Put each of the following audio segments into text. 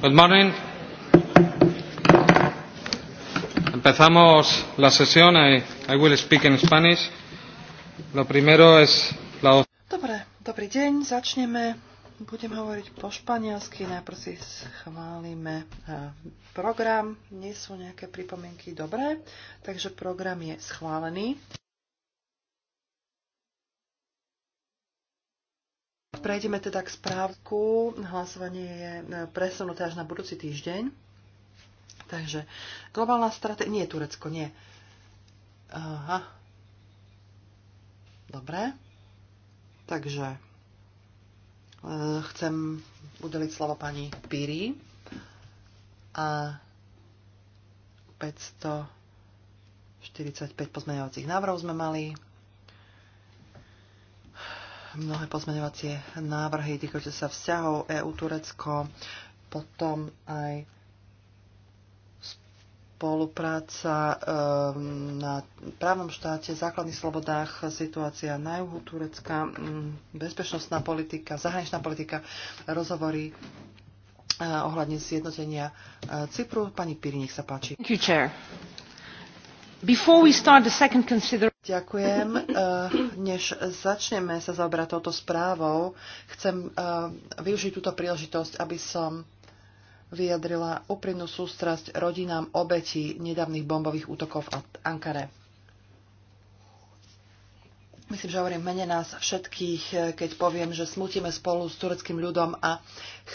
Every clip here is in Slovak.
Good morning. Empezamos la sesión. I, I will speak in Spanish. Lo primero es la... Dobre, dobrý deň, začneme. Budem hovoriť po španielsky. Najprv si schválime e, program. Nie sú nejaké pripomienky. dobré, takže program je schválený. Prejdeme teda k správku. Hlasovanie je e, presunuté až na budúci týždeň. Takže globálna stratégia... Nie, Turecko, nie. Aha. Dobre. Takže e, chcem udeliť slovo pani Piri a 545 pozmeňovacích návrhov sme mali mnohé pozmeňovacie návrhy týkajúce sa vzťahov EU-Turecko, potom aj spolupráca ehm, na právnom štáte, základných slobodách, situácia na juhu Turecka, mm, bezpečnostná politika, zahraničná politika, rozhovory eh, ohľadne zjednotenia eh, Cypru. Pani Piri, nech sa páči. Thank you, Chair. Before we start the second consideration, Ďakujem. Eh, než začneme sa zaobrať touto správou, chcem eh, využiť túto príležitosť, aby som vyjadrila úprimnú sústrasť rodinám obetí nedávnych bombových útokov v Ankare. Myslím, že hovorím mene nás všetkých, eh, keď poviem, že smutíme spolu s tureckým ľudom a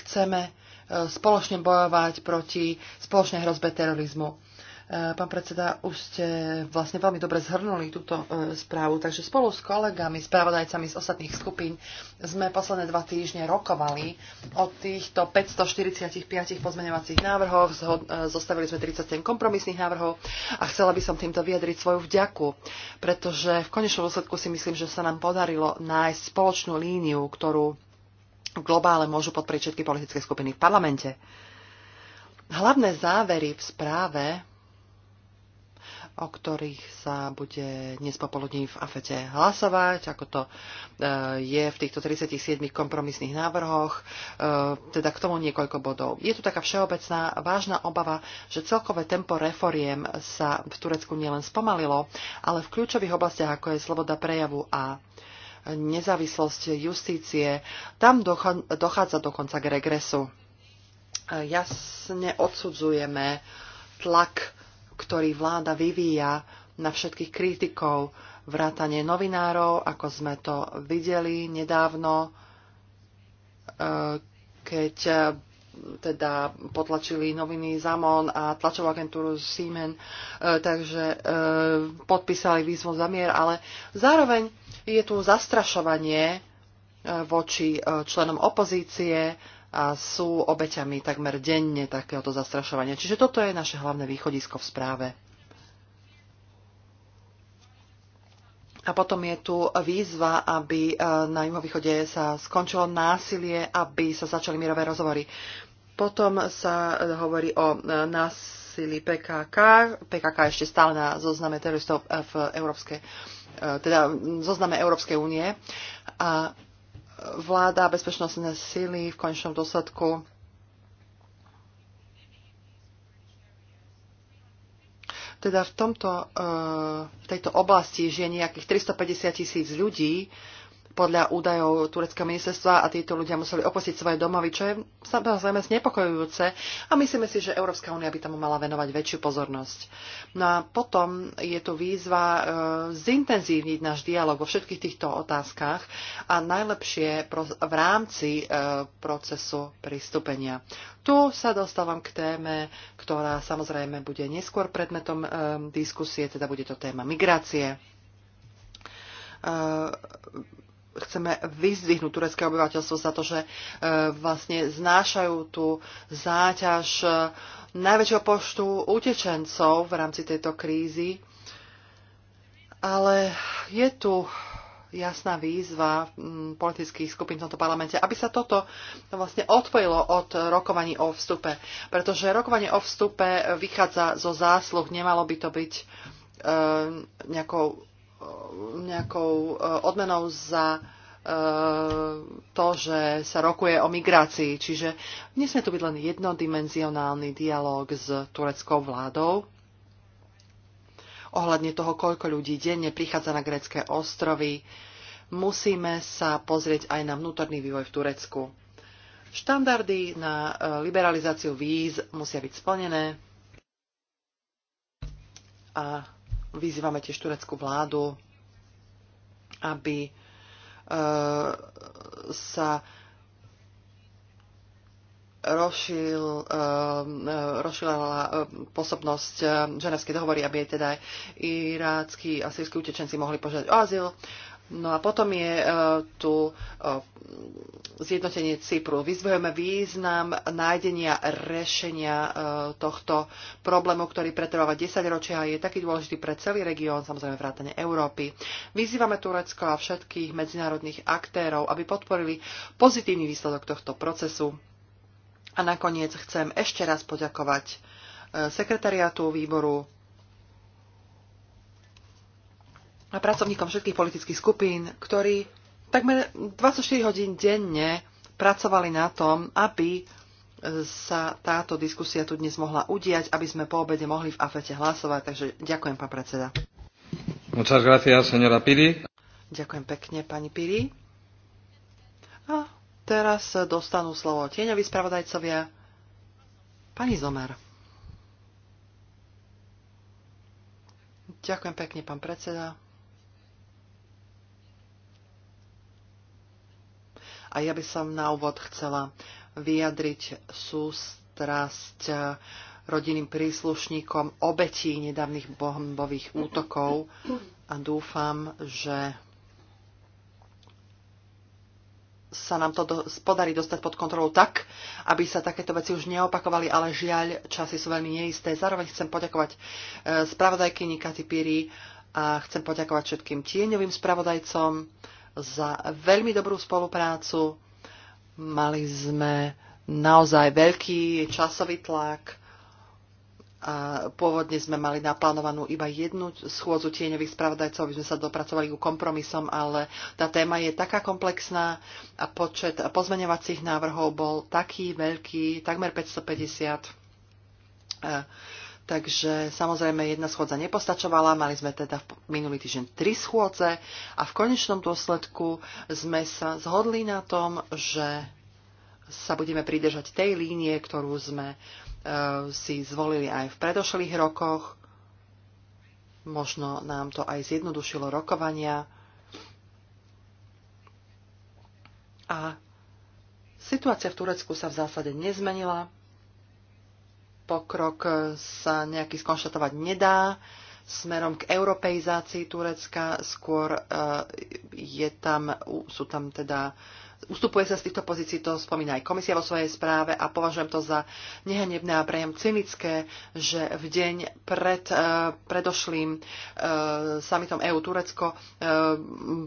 chceme spoločne bojovať proti spoločnej hrozbe terorizmu Eh, pán predseda, už ste vlastne veľmi dobre zhrnuli túto eh, správu, takže spolu s kolegami, správodajcami z ostatných skupín sme posledné dva týždne rokovali o týchto 545 pozmeňovacích návrhov, eh, zostavili sme 37 kompromisných návrhov a chcela by som týmto vyjadriť svoju vďaku, pretože v konečnom dôsledku si myslím, že sa nám podarilo nájsť spoločnú líniu, ktorú globále môžu podporiť všetky politické skupiny v parlamente. Hlavné závery v správe o ktorých sa bude dnes popoludní v AFETE hlasovať, ako to e, je v týchto 37 kompromisných návrhoch. E, teda k tomu niekoľko bodov. Je tu taká všeobecná vážna obava, že celkové tempo reforiem sa v Turecku nielen spomalilo, ale v kľúčových oblastiach, ako je sloboda prejavu a nezávislosť justície, tam dochádza dokonca k regresu. E, jasne odsudzujeme tlak ktorý vláda vyvíja na všetkých kritikov, vrátanie novinárov, ako sme to videli nedávno, e, keď e, teda potlačili noviny Zamon a tlačovú agentúru Siemen, e, takže podpísali výzvu za mier, ale zároveň je tu zastrašovanie voči členom opozície, a sú obeťami takmer denne takéhoto zastrašovania. Čiže toto je naše hlavné východisko v správe. A potom je tu výzva, aby e, na juhovýchode sa skončilo násilie, aby sa začali mirové rozhovory. Potom sa e, hovorí o e, násilí PKK. PKK ešte stále na zozname teroristov v Európskej, teda zozname Európskej únie. A vláda a bezpečnostné síly v konečnom dôsledku teda v, tomto, eh, v tejto oblasti žije nejakých 350 tisíc ľudí podľa údajov tureckého ministerstva a títo ľudia museli opustiť svoje domovy, čo je samozrejme znepokojujúce a myslíme si, že Európska únia by tomu mala venovať väčšiu pozornosť. No a potom je tu výzva e, zintenzívniť náš dialog vo všetkých týchto otázkach a najlepšie v rámci e, procesu pristúpenia. Tu sa dostávam k téme, ktorá samozrejme bude neskôr predmetom e, diskusie, teda bude to téma migrácie. E, chceme vyzdvihnúť turecké obyvateľstvo za to, že e, vlastne znášajú tú záťaž e, najväčšieho počtu utečencov v rámci tejto krízy. Ale je tu jasná výzva politických skupín v tomto parlamente, aby sa toto vlastne odpojilo od rokovaní o vstupe. Pretože rokovanie o vstupe vychádza zo zásluh, nemalo by to byť e, nejakou Um, nejakou uh, odmenou za uh, to, že sa rokuje o migrácii. Čiže nesmie tu byť len jednodimenzionálny dialog s tureckou vládou ohľadne toho, koľko ľudí denne prichádza na grécké ostrovy. Musíme sa pozrieť aj na vnútorný vývoj v Turecku. Štandardy na uh, liberalizáciu víz musia byť splnené a Vyzývame tiež tureckú vládu, aby e, sa rozšil, e, e, posobnosť pôsobnosť ženevské dohovory, aby aj teda irácky a sírsky utečenci mohli požiadať o azyl. No a potom je e, tu e, zjednotenie Cypru. Vyzvojujeme význam nájdenia rešenia e, tohto problému, ktorý pretrváva 10 ročia a je taký dôležitý pre celý región, samozrejme vrátane Európy. Vyzývame Turecko a všetkých medzinárodných aktérov, aby podporili pozitívny výsledok tohto procesu. A nakoniec chcem ešte raz poďakovať sekretariátu výboru a pracovníkom všetkých politických skupín, ktorí takmer 24 hodín denne pracovali na tom, aby sa táto diskusia tu dnes mohla udiať, aby sme po obede mohli v afete hlasovať. Takže ďakujem, pán predseda. Muchas gracias, señora Piri. Ďakujem pekne, pani Piri. A teraz dostanú slovo tieňoví spravodajcovia. Pani Zomer. Ďakujem pekne, pán predseda. A ja by som na úvod chcela vyjadriť sústrasť rodinným príslušníkom obetí nedávnych bombových útokov a dúfam, že sa nám to do, podarí dostať pod kontrolu tak, aby sa takéto veci už neopakovali, ale žiaľ, časy sú veľmi neisté. Zároveň chcem poďakovať e, spravodajkyni Katy Piri a chcem poďakovať všetkým tieňovým spravodajcom, za veľmi dobrú spoluprácu. Mali sme naozaj veľký časový tlak. A pôvodne sme mali naplánovanú iba jednu schôdzu tieňových spravodajcov, aby sme sa dopracovali ku kompromisom, ale tá téma je taká komplexná a počet pozmeňovacích návrhov bol taký veľký, takmer 550 Takže samozrejme jedna schôdza nepostačovala, mali sme teda minulý týždeň tri schôdze a v konečnom dôsledku sme sa zhodli na tom, že sa budeme pridržať tej línie, ktorú sme e, si zvolili aj v predošlých rokoch. Možno nám to aj zjednodušilo rokovania. A situácia v Turecku sa v zásade nezmenila. Pokrok sa nejaký skonštatovať nedá. Smerom k europeizácii Turecka skôr e, je tam, sú tam teda Ustupuje sa z týchto pozícií, to spomína aj komisia vo svojej správe a považujem to za nehanebné a prejem cynické, že v deň pred uh, predošlým uh, e, samitom EU-Turecko uh,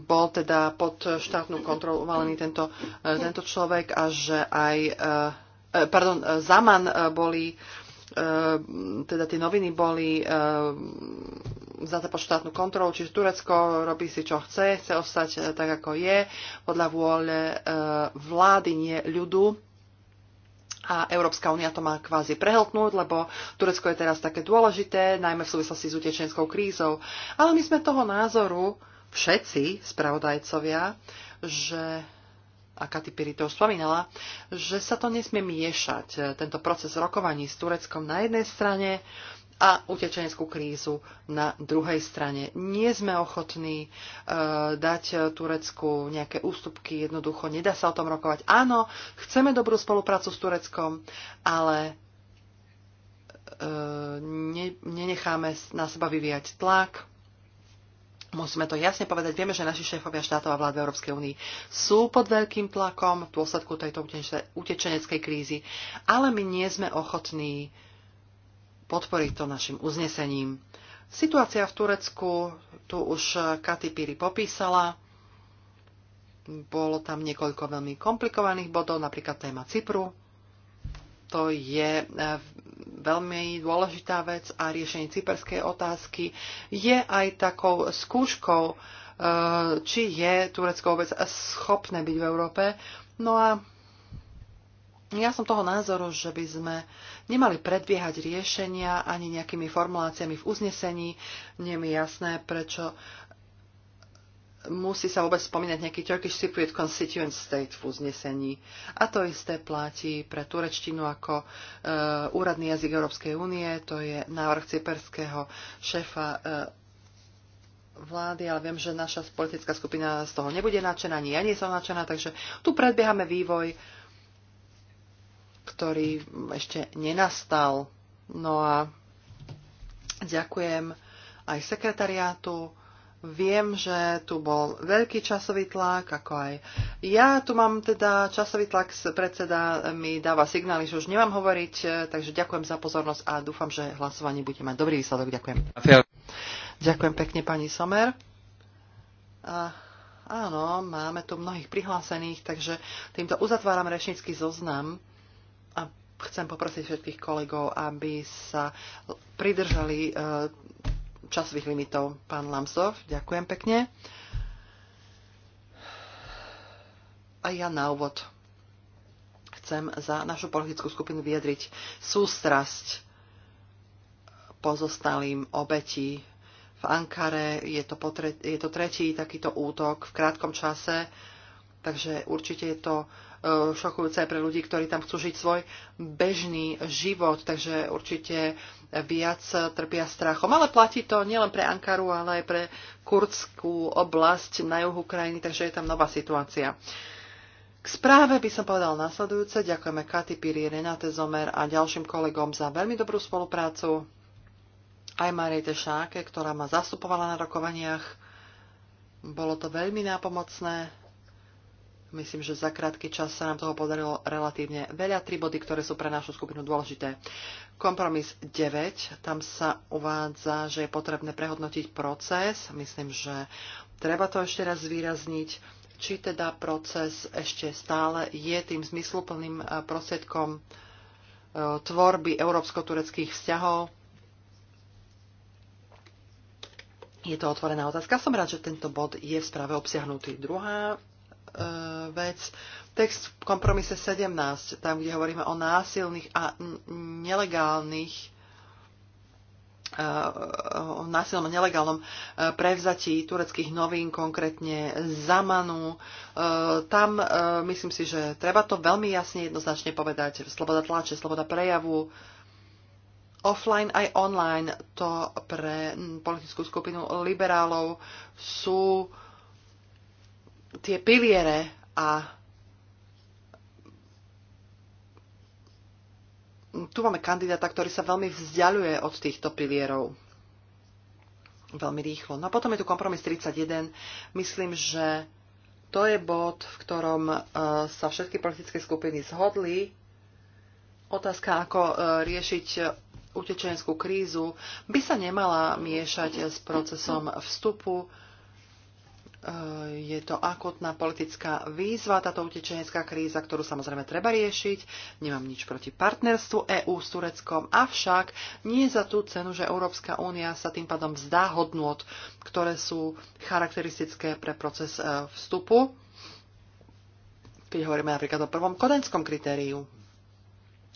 bol teda pod štátnu kontrolu uvalený tento, uh, tento človek a že aj uh, pardon, Zaman boli E, teda tie noviny boli e, zase pod štátnu kontrolu, čiže Turecko robí si čo chce, chce ostať e, tak, ako je, podľa vôle vlády, nie ľudu. A Európska únia to má kvázi prehltnúť, lebo Turecko je teraz také dôležité, najmä v súvislosti s utečenskou krízou. Ale my sme toho názoru, všetci spravodajcovia, že a Katy Piri to už spomínala, že sa to nesmie miešať, e, tento proces rokovaní s Tureckom na jednej strane a utečeneckú krízu na druhej strane. Nie sme ochotní e, dať Turecku nejaké ústupky, jednoducho nedá sa o tom rokovať. Áno, chceme dobrú spoluprácu s Tureckom, ale e, ne, nenecháme na seba vyvíjať tlak, Musíme to jasne povedať. Vieme, že naši šéfovia štátov a vlád v Európskej únii sú pod veľkým tlakom v dôsledku tejto utečeneckej krízy, ale my nie sme ochotní podporiť to našim uznesením. Situácia v Turecku, tu už Katy Piri popísala, bolo tam niekoľko veľmi komplikovaných bodov, napríklad téma Cypru. To je eh, veľmi dôležitá vec a riešenie cyperskej otázky je aj takou skúškou, e, či je Turecko vôbec schopné byť v Európe. No a ja som toho názoru, že by sme nemali predbiehať riešenia ani nejakými formuláciami v uznesení. Nie je mi jasné, prečo musí sa vôbec spomínať nejaký Turkish Cypriot Constituent State v uznesení. A to isté platí pre turečtinu ako e, úradný jazyk Európskej únie. To je návrh cyperského šéfa e, vlády, ale viem, že naša politická skupina z toho nebude nadšená, ani ja nie som nadšená, takže tu predbiehame vývoj, ktorý ešte nenastal. No a ďakujem aj sekretariátu, Viem, že tu bol veľký časový tlak, ako aj ja tu mám teda časový tlak, predseda mi dáva signály, že už nemám hovoriť, e, takže ďakujem za pozornosť a dúfam, že hlasovanie bude mať dobrý výsledok. Ďakujem. Ďakujem pekne, pani Somer. A, áno, máme tu mnohých prihlásených, takže týmto uzatváram rečnícky zoznam a chcem poprosiť všetkých kolegov, aby sa pridržali e, časových limitov. Pán Lamsov, ďakujem pekne. A ja na úvod chcem za našu politickú skupinu vyjadriť sústrasť pozostalým obetí v Ankare. Je to, potre- je to tretí takýto útok v krátkom čase Takže určite je to e, šokujúce aj pre ľudí, ktorí tam chcú žiť svoj bežný život, takže určite viac trpia strachom. Ale platí to nielen pre Ankaru, ale aj pre kurdskú oblasť na juhu krajiny, takže je tam nová situácia. K správe by som povedal nasledujúce. Ďakujeme Katy Piri, Renate Zomer a ďalším kolegom za veľmi dobrú spoluprácu. Aj Mariete Šáke, ktorá ma zastupovala na rokovaniach. Bolo to veľmi nápomocné Myslím, že za krátky čas sa nám toho podarilo relatívne veľa. Tri body, ktoré sú pre našu skupinu dôležité. Kompromis 9, tam sa uvádza, že je potrebné prehodnotiť proces. Myslím, že treba to ešte raz zvýrazniť, či teda proces ešte stále je tým zmysluplným eh, prostriedkom eh, tvorby európsko-tureckých vzťahov. Je to otvorená otázka. Som rád, že tento bod je v správe obsiahnutý. Druhá E, vec. Text v kompromise 17, tam, kde hovoríme o násilných a nelegálnych e, o násilnom a nelegálnom e, prevzatí tureckých novín, konkrétne Zamanu. Tam myslím si, že treba to veľmi jasne jednoznačne povedať. Sloboda tlače, sloboda prejavu, offline aj online, to pre politickú skupinu liberálov sú uh, tie piliere a tu máme kandidáta, ktorý sa veľmi vzdialuje od týchto pilierov. Veľmi rýchlo. No a potom je tu kompromis 31. Myslím, že to je bod, v ktorom e, sa všetky politické skupiny zhodli. Otázka, ako e, riešiť utečenskú krízu, by sa nemala miešať s procesom vstupu Eh, je to akotná politická výzva, táto utečenecká kríza, ktorú samozrejme treba riešiť. Nemám nič proti partnerstvu EÚ s Tureckom, avšak nie za tú cenu, že Európska únia sa tým pádom vzdá hodnot, ktoré sú charakteristické pre proces eh, vstupu, keď hovoríme napríklad o prvom kodenskom kritériu.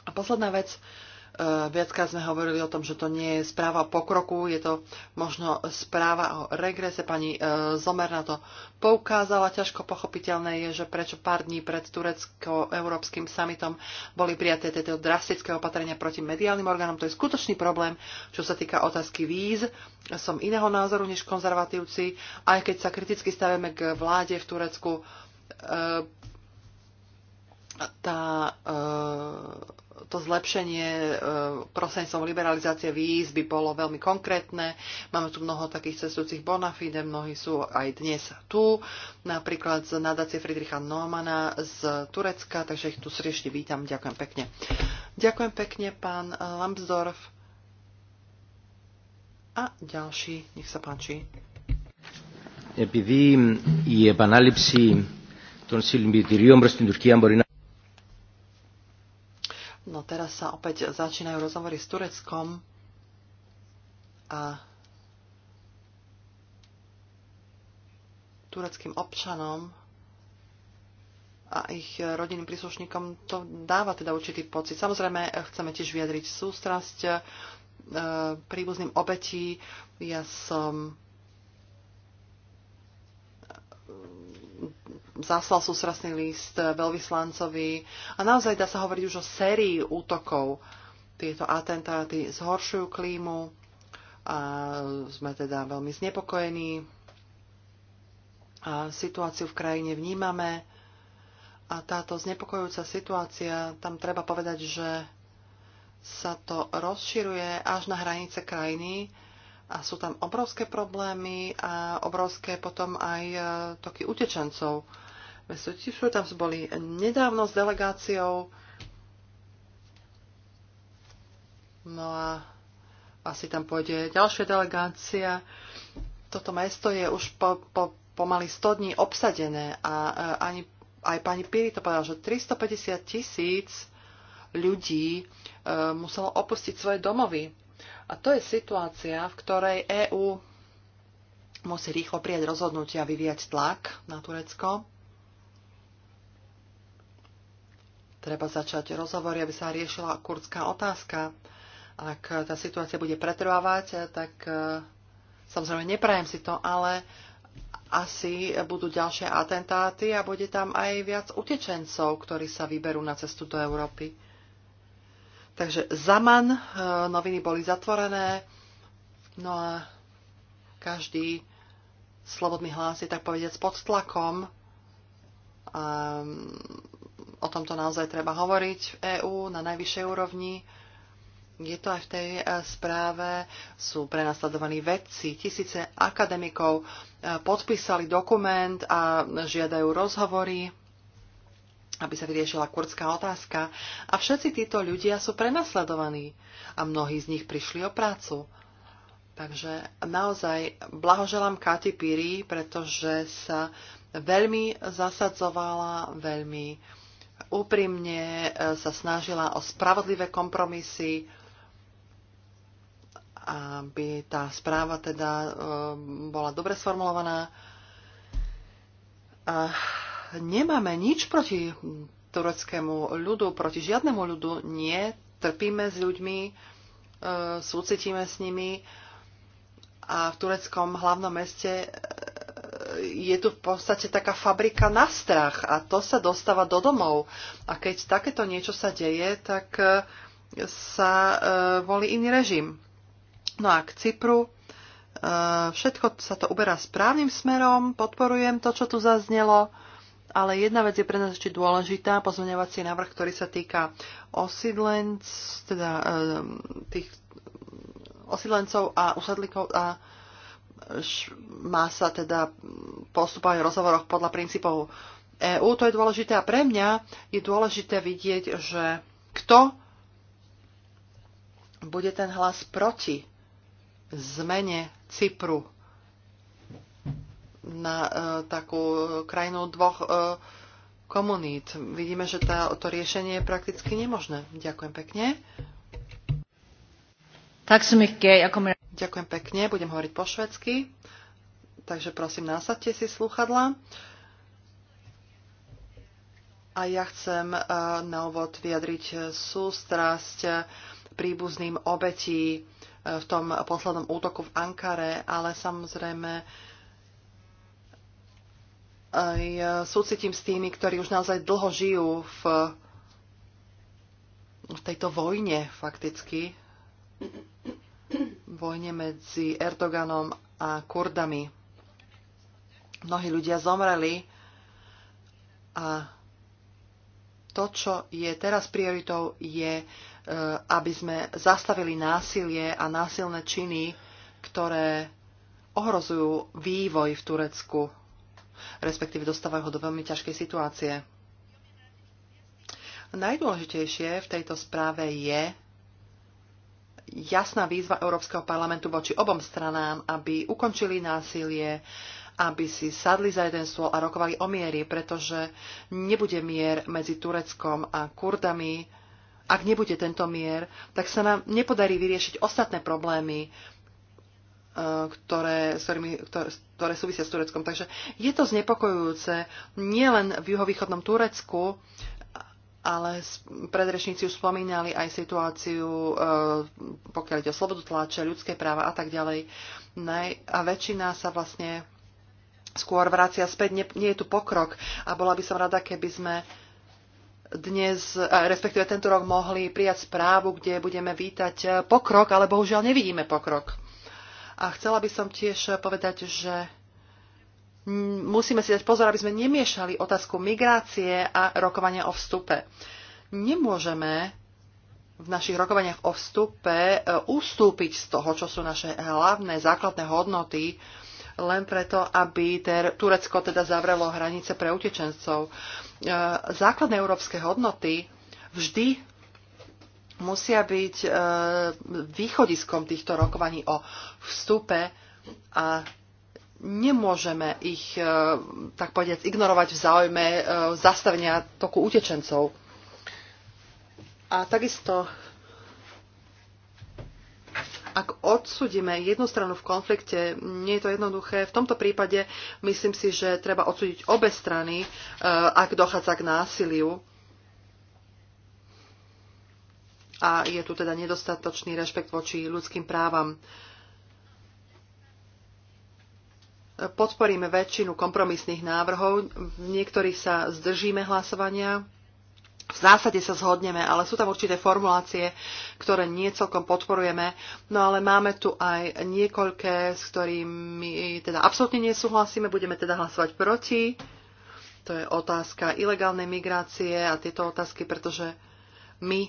A posledná vec, E, viackrát sme hovorili o tom, že to nie je správa o pokroku, je to možno správa o regrese. Pani e, Zomer na to poukázala. Ťažko pochopiteľné je, že prečo pár dní pred turecko-európskym summitom boli prijaté tieto drastické opatrenia proti mediálnym orgánom. To je skutočný problém, čo sa týka otázky víz. Som iného názoru než konzervatívci, aj keď sa kriticky stavíme k vláde v Turecku. E, tá to zlepšenie eh, prosenstvom liberalizácie výz by bolo veľmi konkrétne. Máme tu mnoho takých cestujúcich bonafide, mnohí sú aj dnes tu, napríklad z nadácie Friedricha Normana z Turecka, takže ich tu srdečne vítam. Ďakujem pekne. Ďakujem pekne, pán eh, Lambsdorff. A ďalší, nech sa páči. Επειδή η επανάληψη των συλληπιτηριών προς την Τουρκία μπορεί να No teraz sa opäť začínajú rozhovory s Tureckom a tureckým občanom a ich rodinným príslušníkom to dáva teda určitý pocit. Samozrejme, chceme tiež vyjadriť sústrasť e, príbuzným obetí. Ja som zaslal sústrasný list eh, veľvyslancovi a naozaj dá sa hovoriť už o sérii útokov. Tieto atentáty zhoršujú klímu a sme teda veľmi znepokojení. A situáciu v krajine vnímame a táto znepokojujúca situácia, tam treba povedať, že sa to rozširuje až na hranice krajiny, a sú tam obrovské problémy a obrovské potom aj eh, toky utečencov mesto tam sme boli nedávno s delegáciou. No a asi tam pôjde ďalšia delegácia. Toto mesto je už po, po, pomaly 100 dní obsadené a e, ani, aj pani Piri to povedala, že 350 tisíc ľudí e, muselo opustiť svoje domovy. A to je situácia, v ktorej EÚ musí rýchlo prijať rozhodnutia a vyvíjať tlak na Turecko. Treba začať rozhovory, aby sa riešila kurdská otázka. Ak tá situácia bude pretrvávať, tak e, samozrejme neprajem si to, ale asi budú ďalšie atentáty a bude tam aj viac utečencov, ktorí sa vyberú na cestu do Európy. Takže Zaman, e, noviny boli zatvorené, no a každý slobodný hlas je tak povediať pod tlakom. A o tomto naozaj treba hovoriť v EÚ na najvyššej úrovni. Je to aj v tej e, správe, sú prenasledovaní vedci, tisíce akademikov e, podpísali dokument a žiadajú rozhovory, aby sa vyriešila kurdská otázka. A všetci títo ľudia sú prenasledovaní a mnohí z nich prišli o prácu. Takže naozaj blahoželám Kati Piri, pretože sa veľmi zasadzovala, veľmi úprimne e, sa snažila o spravodlivé kompromisy, aby tá správa teda e, bola dobre sformulovaná. A nemáme nič proti tureckému ľudu, proti žiadnemu ľudu. Nie, trpíme s ľuďmi, e, súcitíme s nimi a v tureckom hlavnom meste je tu v podstate taká fabrika na strach a to sa dostáva do domov. A keď takéto niečo sa deje, tak e, sa e, volí iný režim. No a k Cypru e, všetko sa to uberá správnym smerom, podporujem to, čo tu zaznelo, ale jedna vec je pre nás ešte dôležitá, pozmeňovací návrh, ktorý sa týka osídlenc, teda tých osídlencov a usadlíkov a má sa teda postupovať v rozhovoroch podľa princípov EÚ. To je dôležité a pre mňa je dôležité vidieť, že kto bude ten hlas proti zmene Cypru na e, takú krajinu dvoch e, komunít. Vidíme, že tá, to riešenie je prakticky nemožné. Ďakujem pekne. Tak som ich kej, ako ja Ďakujem pekne, budem hovoriť po švedsky, takže prosím, násadte si slúchadla. A ja chcem eh, na úvod vyjadriť sústrasť príbuzným obetí eh, v tom poslednom útoku v Ankare, ale samozrejme aj eh, súcitím s tými, ktorí už naozaj dlho žijú v, v tejto vojne fakticky vojne medzi Erdoganom a Kurdami. Mnohí ľudia zomreli a to, čo je teraz prioritou, je, e, aby sme zastavili násilie a násilné činy, ktoré ohrozujú vývoj v Turecku, respektíve dostávajú ho do veľmi ťažkej situácie. Najdôležitejšie v tejto správe je, jasná výzva Európskeho parlamentu voči obom stranám, aby ukončili násilie, aby si sadli za jeden stôl a rokovali o miery, pretože nebude mier medzi Tureckom a Kurdami. Ak nebude tento mier, tak sa nám nepodarí vyriešiť ostatné problémy, e, ktoré, s ktorými, ktoré, ktoré súvisia s Tureckom. Takže je to znepokojujúce nielen v juhovýchodnom Turecku, ale predrečníci už spomínali aj situáciu, eh, pokiaľ ide o slobodu tlače, ľudské práva a tak ďalej. A väčšina sa vlastne skôr vracia späť, nie, nie je tu pokrok. A bola by som rada, keby sme dnes, eh, respektíve tento rok, mohli prijať správu, kde budeme vítať eh, pokrok, ale bohužiaľ nevidíme pokrok. A chcela by som tiež povedať, že musíme si dať pozor, aby sme nemiešali otázku migrácie a rokovania o vstupe. Nemôžeme v našich rokovaniach o vstupe e, ustúpiť z toho, čo sú naše hlavné základné hodnoty, len preto, aby ter, Turecko teda zavrelo hranice pre utečencov. E, základné európske hodnoty vždy musia byť e, východiskom týchto rokovaní o vstupe a nemôžeme ich, e, tak povediať, ignorovať v záujme e, zastavenia toku utečencov. A takisto, ak odsudíme jednu stranu v konflikte, nie je to jednoduché. V tomto prípade myslím si, že treba odsúdiť obe strany, e, ak dochádza k násiliu. A je tu teda nedostatočný rešpekt voči ľudským právam. podporíme väčšinu kompromisných návrhov, v niektorých sa zdržíme hlasovania, v zásade sa zhodneme, ale sú tam určité formulácie, ktoré nie celkom podporujeme. No ale máme tu aj niekoľké, s ktorými teda absolútne nesúhlasíme, budeme teda hlasovať proti. To je otázka ilegálnej migrácie a tieto otázky, pretože my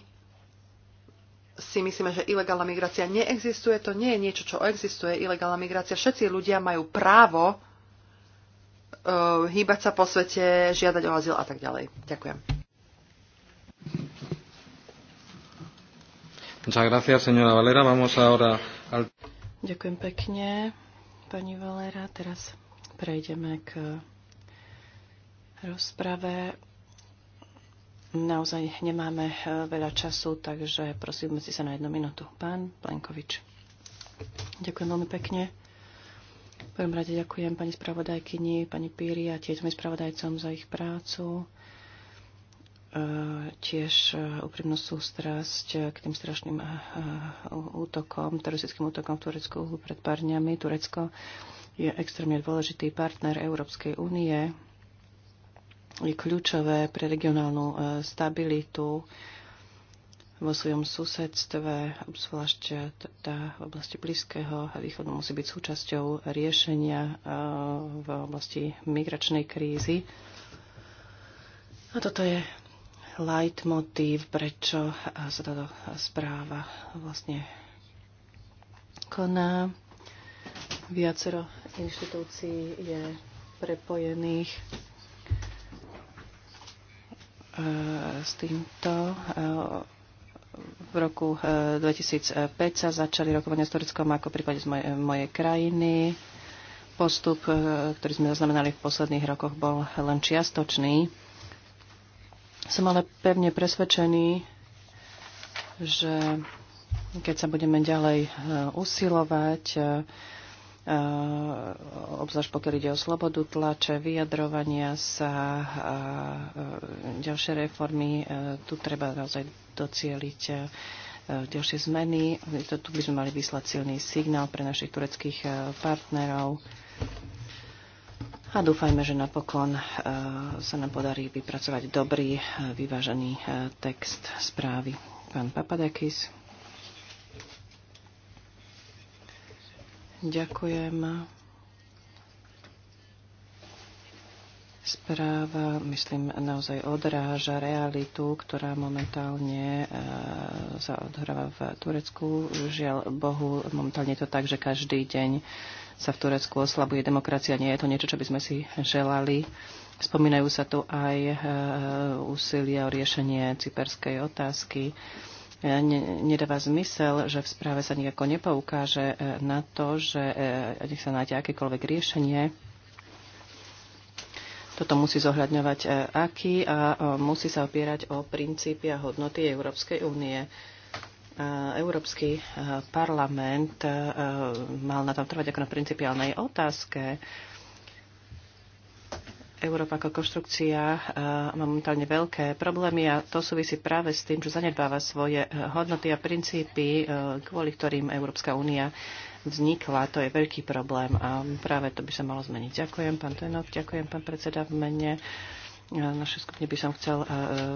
si myslíme, že ilegálna migrácia neexistuje. To nie je niečo, čo existuje. Ilegálna migrácia. Všetci ľudia majú právo uh, hýbať sa po svete, žiadať o azyl a tak ďalej. Ďakujem. Ďakujem pekne, pani Valera. Teraz prejdeme k rozprave. Naozaj nemáme e, veľa času, takže prosím si sa na jednu minútu. Pán Plenkovič. Ďakujem veľmi pekne. V prvom rade ďakujem pani spravodajkyni, pani Píri a tiež spravodajcom za ich prácu. E, tiež e, úprimnú sústrasť k tým strašným útokom, teroristickým útokom v Turecku pred pár dňami. Turecko je extrémne dôležitý partner Európskej únie je kľúčové pre regionálnu e, stabilitu vo svojom susedstve, obzvlášť teda v oblasti Blízkeho a východu musí byť súčasťou riešenia e, v oblasti migračnej krízy. A toto je leitmotív, prečo sa táto správa vlastne koná. Viacero inštitúcií je prepojených E, s týmto e, v roku 2005 e, sa začali rokovania s Tureckom ako v prípade z mojej, mojej krajiny. Postup, ktorý sme zaznamenali v posledných rokoch, bol len čiastočný. Som ale pevne presvedčený, že keď sa budeme ďalej usilovať, Eh, obzvlášť pokiaľ ide o slobodu tlače, vyjadrovania sa a eh, ďalšie reformy. Eh, tu treba naozaj docieliť ďalšie zmeny. Tu by sme mali vyslať silný signál pre našich tureckých partnerov. A dúfajme, že napokon sa nám podarí vypracovať dobrý, vyvážený text správy. Pán Papadakis. Ďakujem. Správa, myslím, naozaj odráža realitu, ktorá momentálne e, sa odhráva v Turecku. Žiaľ Bohu, momentálne je to tak, že každý deň sa v Turecku oslabuje demokracia. Nie je to niečo, čo by sme si želali. Spomínajú sa tu aj e, úsilia o riešenie cyperskej otázky. E, ne, nedáva zmysel, že v správe sa nejako nepoukáže e, na to, že e, nech sa nájde akékoľvek riešenie. Toto musí zohľadňovať aký a musí sa opierať o princípy a hodnoty Európskej únie. Európsky parlament mal na tom trvať ako na principiálnej otázke Európa ako konštrukcia e, má momentálne veľké problémy a to súvisí práve s tým, že zanedbáva svoje e, hodnoty a princípy, e, kvôli ktorým Európska únia vznikla. To je veľký problém a práve to by sa malo zmeniť. Ďakujem, pán Tenok, ďakujem, pán predseda v mene. Našej skupine by som chcel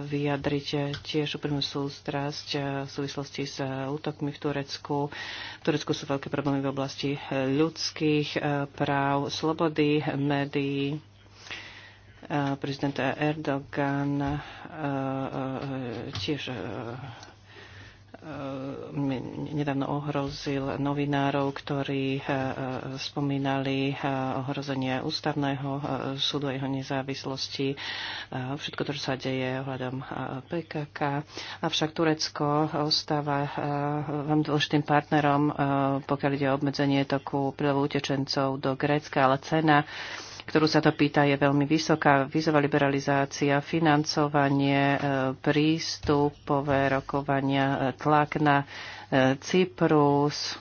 vyjadriť tiež úprimnú sústrasť v súvislosti s útokmi v Turecku. V Turecku sú veľké problémy v oblasti ľudských práv, slobody, médií Eh, prezident Erdogan eh, eh, tiež nedávno ohrozil novinárov, ktorí spomínali ohrozenie ústavného súdu a jeho nezávislosti, všetko to, čo sa deje ohľadom PKK. Avšak Turecko ostáva veľmi dôležitým partnerom, pokiaľ ide o obmedzenie toku prílevu utečencov do Grécka, ale cena ktorú sa to pýta, je veľmi vysoká. vizová liberalizácia, financovanie, e, prístupové rokovania, e, tlak na e, Cyprus,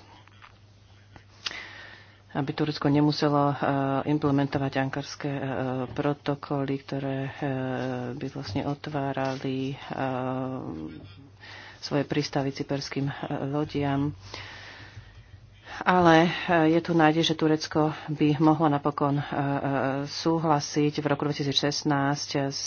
aby Turecko nemuselo implementovať ankarské protokoly, ktoré by vlastne otvárali svoje prístavy cyperským lodiam ale eh, je tu nádej, že Turecko by mohlo napokon eh, eh, súhlasiť v roku 2016 s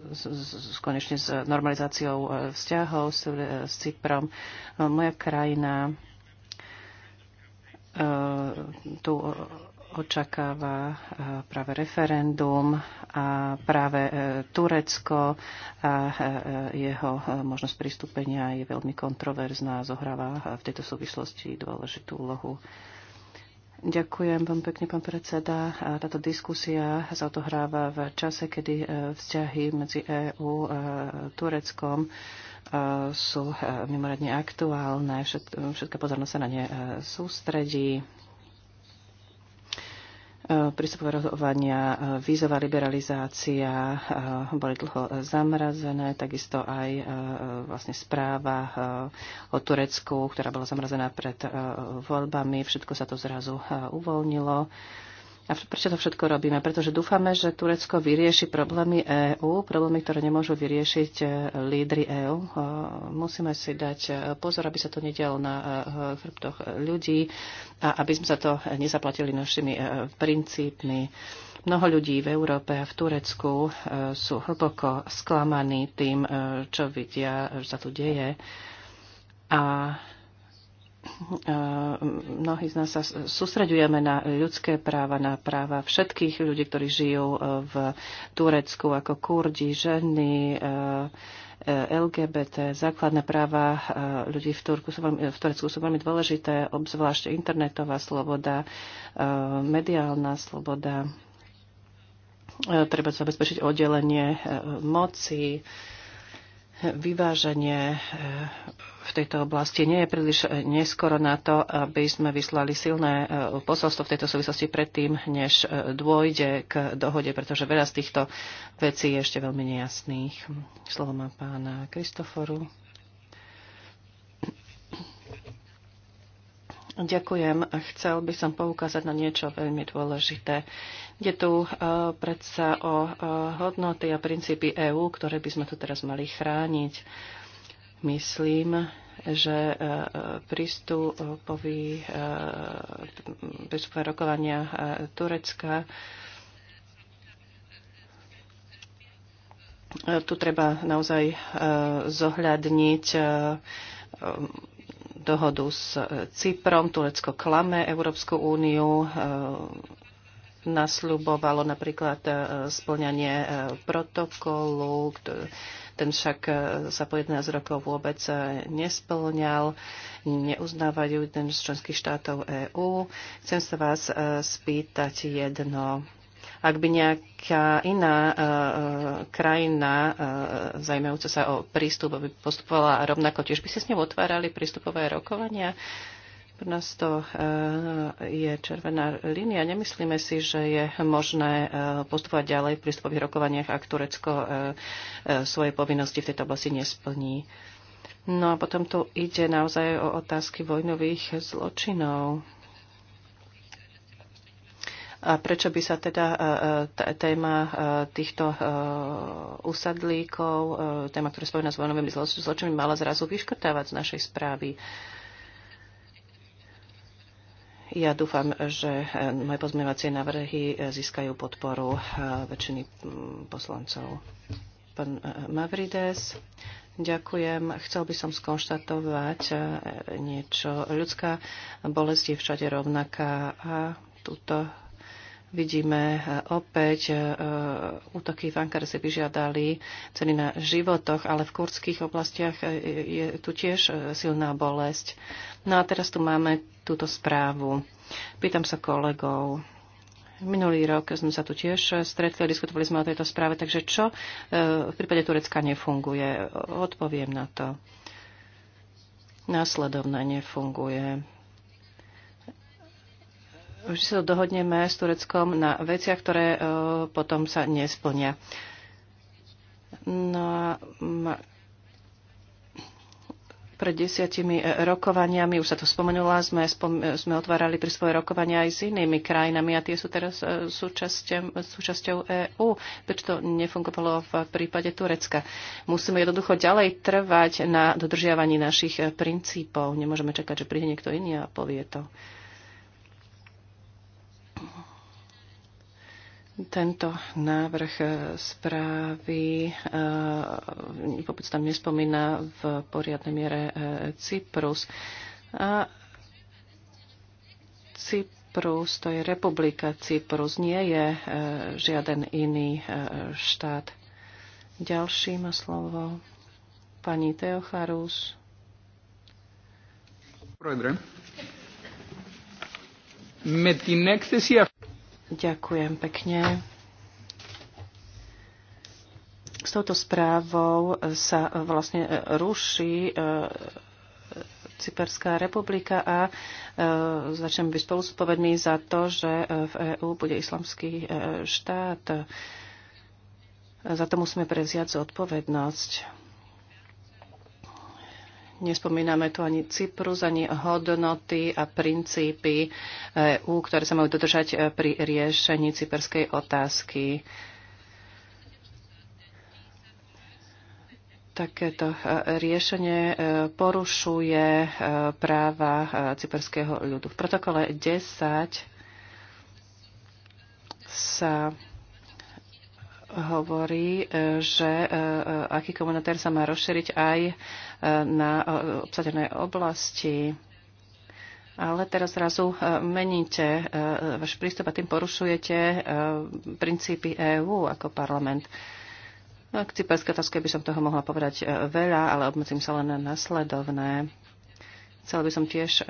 s, s, konečne s normalizáciou vzťahov s, s Cyprom. Moja krajina tu očakáva e, práve referendum a práve e, Turecko a e, jeho možnosť pristúpenia je veľmi kontroverzná a zohráva v tejto súvislosti dôležitú úlohu. Ďakujem vám pekne, pán predseda. Táto diskusia sa odohráva v čase, kedy vzťahy medzi EÚ a Tureckom sú mimoriadne aktuálne. Všetká pozornosť sa na ne sústredí prístupové eh, vízová liberalizácia eh, boli dlho zamrazené, takisto aj eh, vlastne správa o Turecku, ktorá bola zamrazená pred voľbami, všetko sa to zrazu uvoľnilo. A prečo to všetko robíme? Pretože dúfame, že Turecko vyrieši problémy EÚ, problémy, ktoré nemôžu vyriešiť e, lídry EÚ. E, musíme si dať e, pozor, aby sa to nedialo na chrbtoch ľudí a aby sme sa to nezaplatili našimi princípmi. Mnoho ľudí v Európe a v Turecku sú hlboko sklamaní tým, čo vidia, že sa tu deje. A mnohí z nás sa sústreďujeme na ľudské práva, na práva všetkých ľudí, ktorí žijú e, v Turecku, ako kurdi, ženy, e, e, LGBT, základné práva ľudí v, Turku sú veľmi, v Turecku sú veľmi dôležité, obzvlášť internetová sloboda, mediálna sloboda. Treba zabezpečiť oddelenie moci, vyváženie e, v tejto oblasti nie je príliš e, neskoro na to, aby sme vyslali silné e, posolstvo v tejto súvislosti predtým, než dôjde k dohode, pretože veľa z týchto vecí je ešte veľmi nejasných. Slovo má pána Kristoforu. Ďakujem. Chcel by som poukázať na niečo veľmi dôležité. Je tu e, predsa o e, hodnoty a princípy EÚ, ktoré by sme tu teraz mali chrániť. Myslím, že e, prístupový, prístupové rokovania Turecka tu treba naozaj zohľadniť dohodu s e, Cyprom. Turecko klame Európsku úniu, e, nasľubovalo napríklad e, splňanie protokolu, ten však sa po 11 rokov vôbec nesplňal, neuznávajú jeden z členských štátov EÚ. Chcem sa vás spýtať jedno. Ak by nejaká iná e, e, krajina e, zajmajúca sa o prístup, aby postupovala rovnako, tiež by ste s ňou otvárali prístupové rokovania? Pre nás to e, je červená línia. Nemyslíme si, že je možné e, postupovať ďalej v prístupových rokovaniach, ak Turecko svoje povinnosti v tejto oblasti nesplní. No a potom tu ide naozaj o otázky vojnových zločinov. A prečo by sa teda e, e, téma e, týchto usadlíkov, téma, ktorá spojená s vojnovými zločinmi, mala zrazu vyškrtávať z našej správy? Ja dúfam, že moje pozmievacie návrhy získajú podporu väčšiny poslancov. Pán Mavrides, ďakujem. Chcel by som skonštatovať niečo. Ľudská bolesť je všade rovnaká a túto Vidíme e, opäť e, útoky v Ankare si vyžiadali ceny na životoch, ale v kurdských oblastiach e, je tu tiež silná bolesť. No a teraz tu máme túto správu. Pýtam sa kolegov. Minulý rok sme sa tu tiež stretli, diskutovali sme o tejto správe, takže čo v prípade Turecka nefunguje? Odpoviem na to. Následovne nefunguje že sa dohodneme s Tureckom na veciach, ktoré e, potom sa nesplnia. No a pred desiatimi e, rokovaniami, už sa to spomenula, sme, spom, e, sme otvárali pri svoje rokovania aj s inými krajinami a tie sú teraz súčasťou, EÚ, prečo to nefungovalo v prípade Turecka. Musíme jednoducho ďalej trvať na dodržiavaní našich princípov. Nemôžeme čakať, že príde niekto iný a povie to. Tento návrh e, správy e, vôbec tam nespomína v poriadnej miere e, Cyprus. A Cyprus, to je republika Cyprus, nie je žiaden iný štát. Ďalší má slovo pani Teocharus. Prodre. με την έκθεση αυτή Ďakujem pekne. S touto správou sa vlastne ruší e, Cyperská republika a začnem začneme byť spoluspovední za to, že e, v EÚ bude islamský e, štát. Za to musíme preziať zodpovednosť. Nespomíname tu ani Cyprus, ani hodnoty a princípy EU, ktoré sa majú dodržať e, pri riešení cyperskej otázky. Takéto e, riešenie e, porušuje práva cyperského ľudu. V protokole 10 sa hovorí, e, že e, e, aký komunitár sa má rozšíriť aj na obsadené oblasti. Ale teraz zrazu meníte váš prístup a tým porušujete princípy EÚ ako parlament. No, k cyperskej otázke by som toho mohla povedať veľa, ale obmedzím sa len na nasledovné. Chcela by som tiež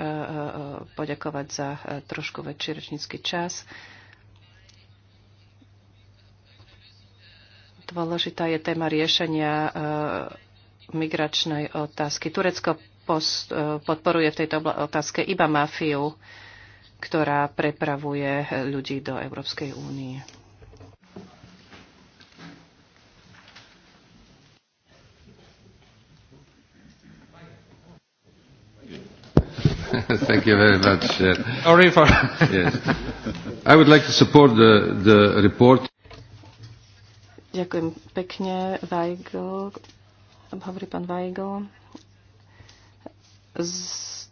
poďakovať za trošku väčší rečnícky čas. Dôležitá je téma riešenia uh, migračnej otázky. Turecko post, uh, podporuje v tejto otázke iba mafiu, ktorá prepravuje ľudí do Európskej únie. Thank you very much. Uh, Sorry for. yes. I would like to support the, the report. Ďakujem pekne, Weigl, hovorí pán Weigl.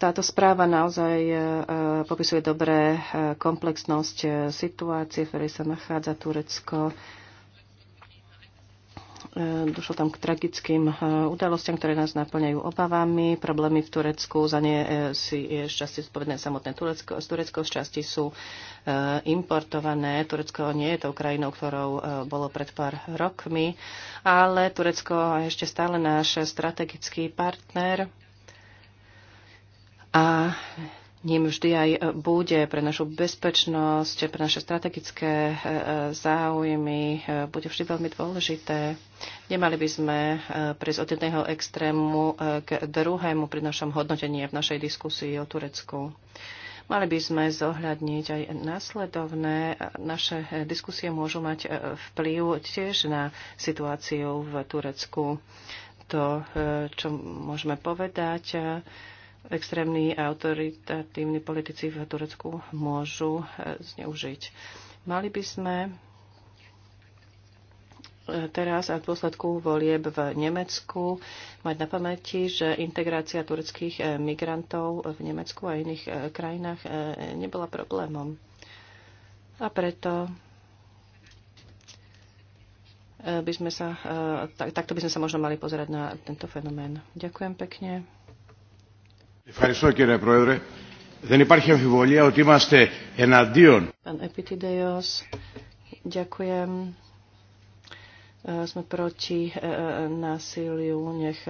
Táto správa naozaj e, popisuje dobré e, komplexnosť e, situácie, v ktorej sa nachádza Turecko Došlo tam k tragickým e, udalostiam, ktoré nás naplňajú obavami. Problémy v Turecku, za ne e, si je šťastie spovedné samotné Turecko. Z Turecko z sú e, importované. Turecko nie je tou krajinou, ktorou bolo pred pár rokmi, ale Turecko je ešte stále náš strategický partner. A ním vždy aj e, bude pre našu bezpečnosť, pre naše strategické e, e, záujmy, bude vždy veľmi dôležité. Nemali by sme prísť od jedného extrému k druhému pri našom hodnotení v našej diskusii o Turecku. Mali by sme zohľadniť aj následovné. Naše diskusie môžu mať vplyv tiež na situáciu v Turecku. To, čo môžeme povedať, extrémni a autoritatívni politici v Turecku môžu e, zneužiť. Mali by sme e, teraz a v dôsledku volieb v Nemecku mať na pamäti, že integrácia tureckých e, migrantov v Nemecku a iných krajinách nebola problémom. A preto by sme sa, tak, takto by sme sa možno mali pozerať na tento fenomén. Ďakujem pekne. Ευχαριστώ κύριε Πρόεδρε. Δεν υπάρχει αμφιβολία ότι είμαστε εναντίον. Pán Epitideios, ďakujem. Sme proti násiliu, nech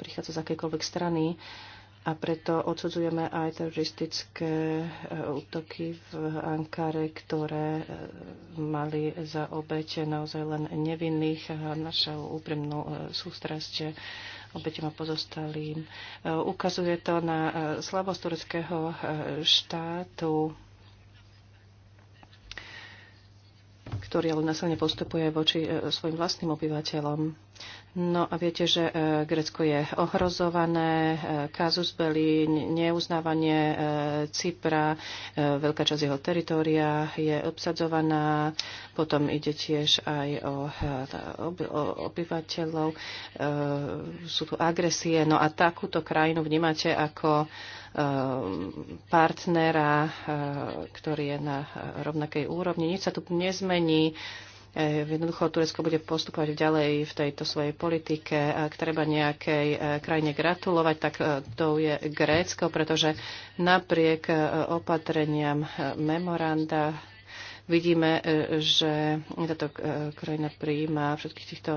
prichádza z akékoľvek strany a preto odsudzujeme aj teroristické e, útoky v Ankare, ktoré e, mali za obete naozaj len nevinných a e, našou úprimnú sústrasť obeťom a pozostalým. E, ukazuje to na e, slabosť tureckého e, štátu, ktorý ale nasilne postupuje voči svojim vlastným obyvateľom. No a viete, že e, Grécko je ohrozované, e, kazus belli, neuznávanie e, Cypra, veľká časť jeho teritória je obsadzovaná, potom ide tiež aj o, o obyvateľov, sú tu agresie. No a takúto krajinu vnímate ako partnera, ktorý je na rovnakej úrovni. Nič sa tu nezmení. E, jednoducho Turecko bude postupovať ďalej v tejto svojej politike. E, ak treba nejakej e, krajine gratulovať, tak to je Grécko, pretože napriek opatreniam memoranda vidíme, že táto krajina prijíma všetkých týchto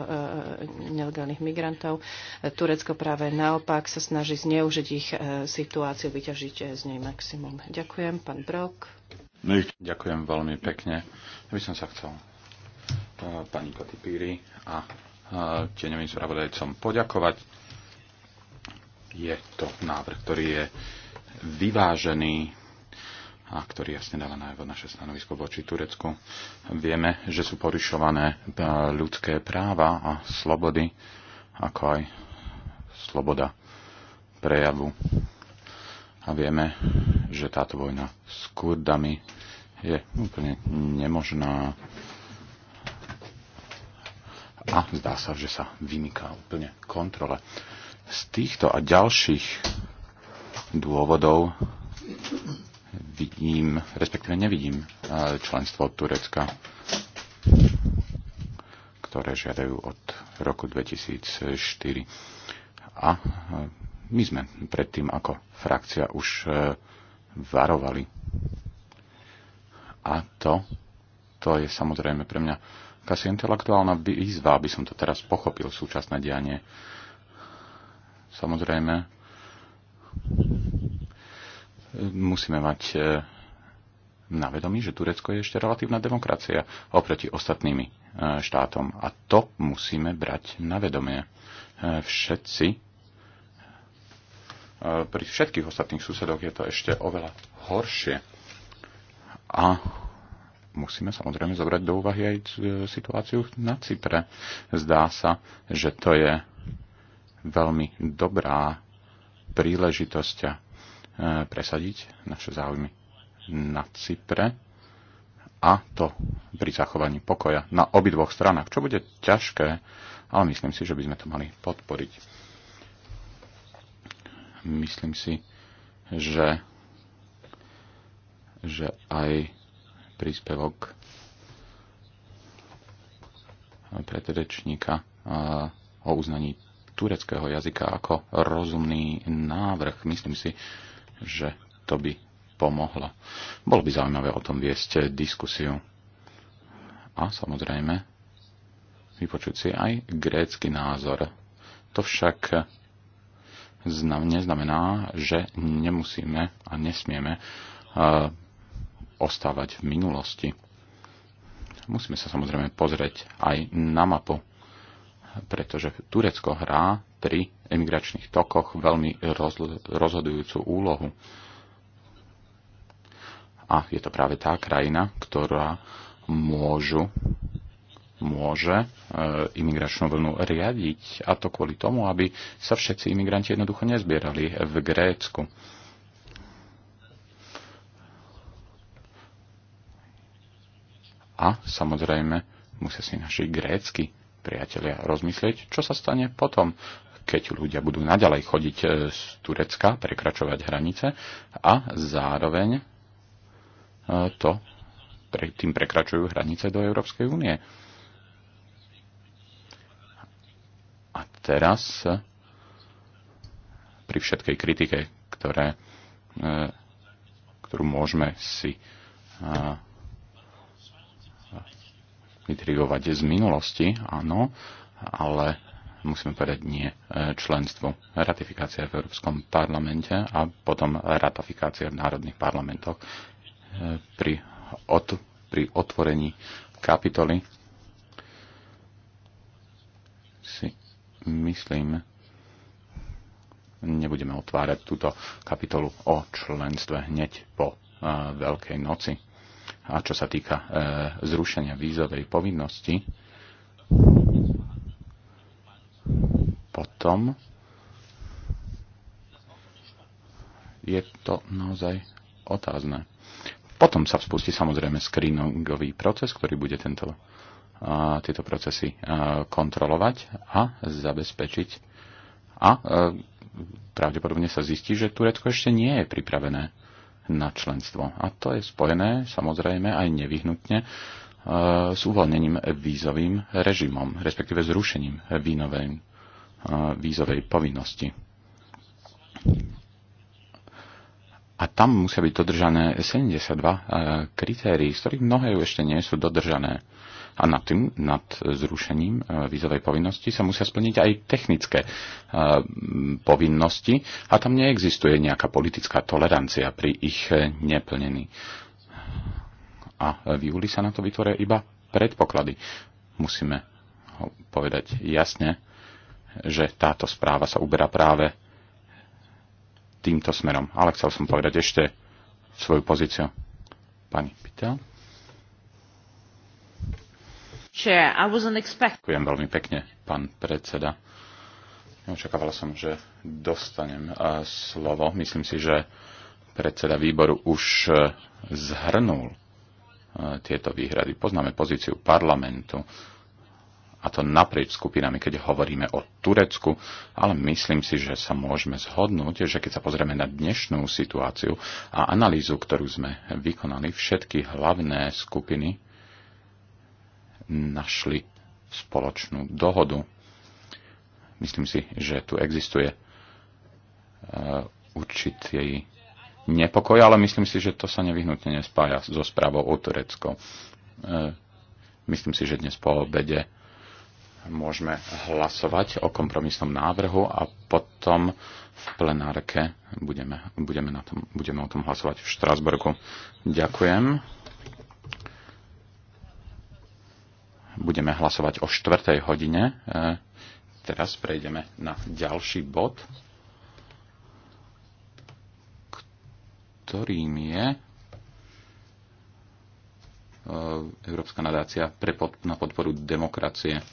nelegálnych migrantov. Turecko práve naopak sa snaží zneužiť ich situáciu, vyťažiť z nej maximum. Ďakujem, pán Brok. Ďakujem veľmi pekne. Ja by som sa chcel E, pani Kotipíri a e, tieňovým spravodajcom poďakovať. Je to návrh, ktorý je vyvážený a ktorý jasne dáva najavo naše stanovisko voči Turecku. Vieme, že sú porušované e, ľudské práva a slobody, ako aj sloboda prejavu. A vieme, že táto vojna s Kurdami je úplne nemožná a zdá sa, že sa vymyká úplne kontrole. Z týchto a ďalších dôvodov vidím, respektíve nevidím e, členstvo Turecka, ktoré žiadajú od roku 2004. A e, my sme predtým ako frakcia už e, varovali. A to, to je samozrejme pre mňa akási intelektuálna výzva, aby som to teraz pochopil, súčasné dianie. Samozrejme, musíme mať e, na vedomí, že Turecko je ešte relatívna demokracia oproti ostatnými e, štátom. A to musíme brať na vedomie. E, všetci, pri všetkých ostatných susedoch je to ešte oveľa horšie. A musíme samozrejme zobrať do úvahy aj e, situáciu na Cypre. Zdá sa, že to je veľmi dobrá príležitosť e, presadiť naše záujmy na Cypre a to pri zachovaní pokoja na obidvoch stranách, čo bude ťažké, ale myslím si, že by sme to mali podporiť. Myslím si, že, že aj príspevok predrečníka o uznaní tureckého jazyka ako rozumný návrh. Myslím si, že to by pomohlo. Bolo by zaujímavé o tom viesť diskusiu. A samozrejme, vypočuť si aj grécky názor. To však neznamená, že nemusíme a nesmieme ostávať v minulosti. Musíme sa samozrejme pozrieť aj na mapu, pretože Turecko hrá pri emigračných tokoch veľmi rozhodujúcu úlohu. A je to práve tá krajina, ktorá môžu, môže e, imigračnú vlnu riadiť. A to kvôli tomu, aby sa všetci imigranti jednoducho nezbierali v Grécku. A samozrejme musia si naši grécky priatelia rozmyslieť, čo sa stane potom, keď ľudia budú naďalej chodiť e, z Turecka, prekračovať hranice a zároveň e, to tým prekračujú hranice do Európskej únie. A teraz e, pri všetkej kritike, ktoré, ktorú môžeme si vytrigovať z minulosti, áno, ale musíme povedať nie e, členstvo. Ratifikácia v Európskom parlamente a potom ratifikácia v národných parlamentoch e, pri, od, pri otvorení kapitoly si myslím, nebudeme otvárať túto kapitolu o členstve hneď po e, Veľkej noci. A čo sa týka e, zrušenia vízovej povinnosti, potom je to naozaj otázne. Potom sa spustí samozrejme screeningový proces, ktorý bude tento, a, tieto procesy a, kontrolovať a zabezpečiť. A, a e, pravdepodobne sa zistí, že Turecko ešte nie je pripravené na členstvo. A to je spojené samozrejme aj nevyhnutne e, s uvoľnením vízovým režimom, respektíve zrušením vínovej, e, vízovej povinnosti. A tam musia byť dodržané 72 e, kritérií, z ktorých mnohé ešte nie sú dodržané a nad, tým, nad zrušením e, vízovej povinnosti sa musia splniť aj technické e, povinnosti a tam neexistuje nejaká politická tolerancia pri ich e, neplnení. A v júli sa na to vytvoria iba predpoklady. Musíme povedať jasne, že táto správa sa uberá práve týmto smerom. Ale chcel som povedať ešte svoju pozíciu. Pani Pita. Ďakujem veľmi pekne, pán predseda. Neočakávala som, že dostanem eh, slovo. Myslím si, že predseda výboru už eh, zhrnul eh, tieto výhrady. Poznáme pozíciu parlamentu a to naprieč skupinami, keď hovoríme o Turecku, ale myslím si, že sa môžeme zhodnúť, že keď sa pozrieme na dnešnú situáciu a analýzu, ktorú sme vykonali, všetky hlavné skupiny našli spoločnú dohodu. Myslím si, že tu existuje e, určitý nepokoj, ale myslím si, že to sa nevyhnutne nespája so správou o Turecko. E, myslím si, že dnes po obede môžeme hlasovať o kompromisnom návrhu a potom v plenárke budeme, budeme, na tom, budeme o tom hlasovať v Štrásburgu. Ďakujem. budeme hlasovať o 4. hodine. E, teraz prejdeme na ďalší bod, ktorým je e, Európska nadácia pre pod, na podporu demokracie.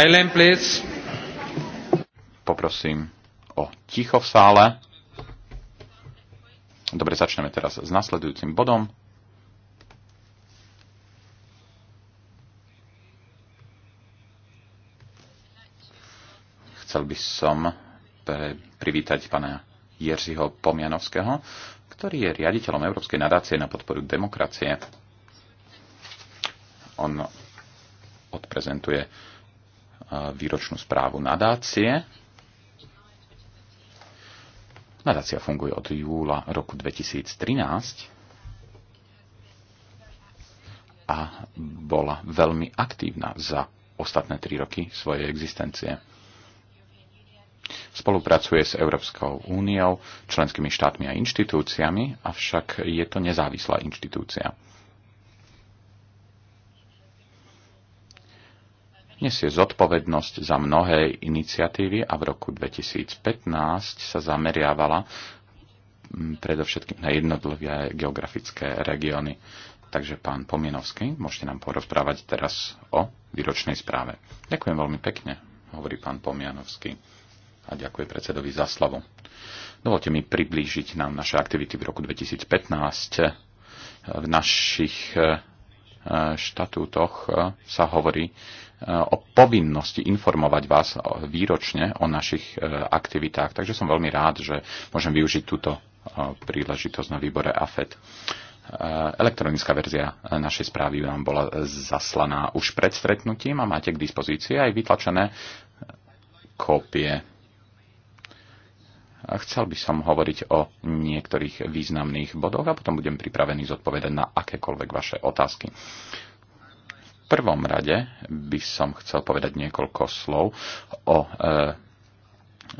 silent, please. Poprosím o ticho v sále. Dobre, začneme teraz s nasledujúcim bodom. Chcel by som privítať pana Jerzyho Pomianovského, ktorý je riaditeľom Európskej nadácie na podporu demokracie. On odprezentuje výročnú správu nadácie. Nadácia funguje od júla roku 2013 a bola veľmi aktívna za ostatné tri roky svojej existencie. Spolupracuje s Európskou úniou, členskými štátmi a inštitúciami, avšak je to nezávislá inštitúcia. nesie zodpovednosť za mnohé iniciatívy a v roku 2015 sa zameriavala mm, predovšetkým na jednotlivé geografické regióny. Takže pán Pomienovský, môžete nám porozprávať teraz o výročnej správe. Ďakujem veľmi pekne, hovorí pán Pomianovský a ďakujem predsedovi za slovo. Dovolte mi priblížiť nám naše aktivity v roku 2015 v našich štatútoch e, sa hovorí e, o povinnosti informovať vás výročne o našich e, aktivitách. Takže som veľmi rád, že môžem využiť túto príležitosť na výbore AFED. Elektronická verzia našej správy vám bola zaslaná už pred stretnutím a máte k dispozícii aj vytlačené kópie Chcel by som hovoriť o niektorých významných bodoch a potom budem pripravený zodpovedať na akékoľvek vaše otázky. V prvom rade by som chcel povedať niekoľko slov o e,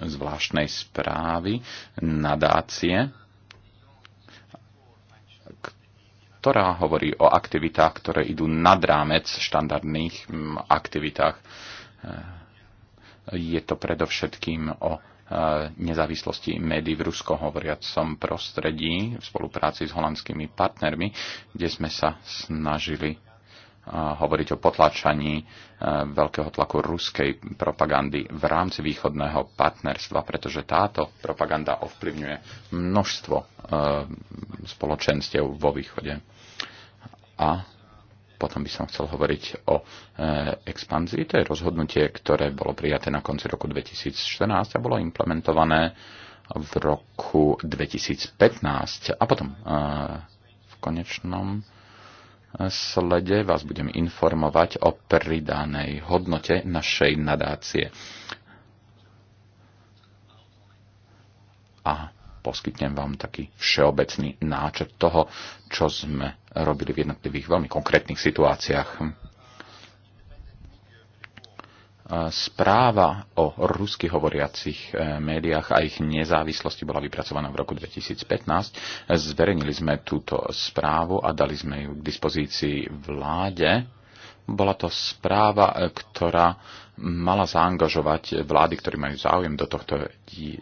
zvláštnej správy nadácie, ktorá hovorí o aktivitách, ktoré idú nad rámec štandardných aktivitách. E, je to predovšetkým o nezávislosti médií v Rusko hovoriacom prostredí v spolupráci s holandskými partnermi, kde sme sa snažili hovoriť o potlačaní veľkého tlaku ruskej propagandy v rámci východného partnerstva, pretože táto propaganda ovplyvňuje množstvo spoločenstiev vo východe. A potom by som chcel hovoriť o e, expanzii. To je rozhodnutie, ktoré bolo prijaté na konci roku 2014 a bolo implementované v roku 2015. A potom e, v konečnom e, slede vás budem informovať o pridanej hodnote našej nadácie. Aha poskytnem vám taký všeobecný náčrt toho, čo sme robili v jednotlivých veľmi konkrétnych situáciách. Správa o rusky hovoriacich e, médiách a ich nezávislosti bola vypracovaná v roku 2015. Zverejnili sme túto správu a dali sme ju k dispozícii vláde bola to správa, e, ktorá mala zaangažovať vlády, ktorí majú záujem do tohto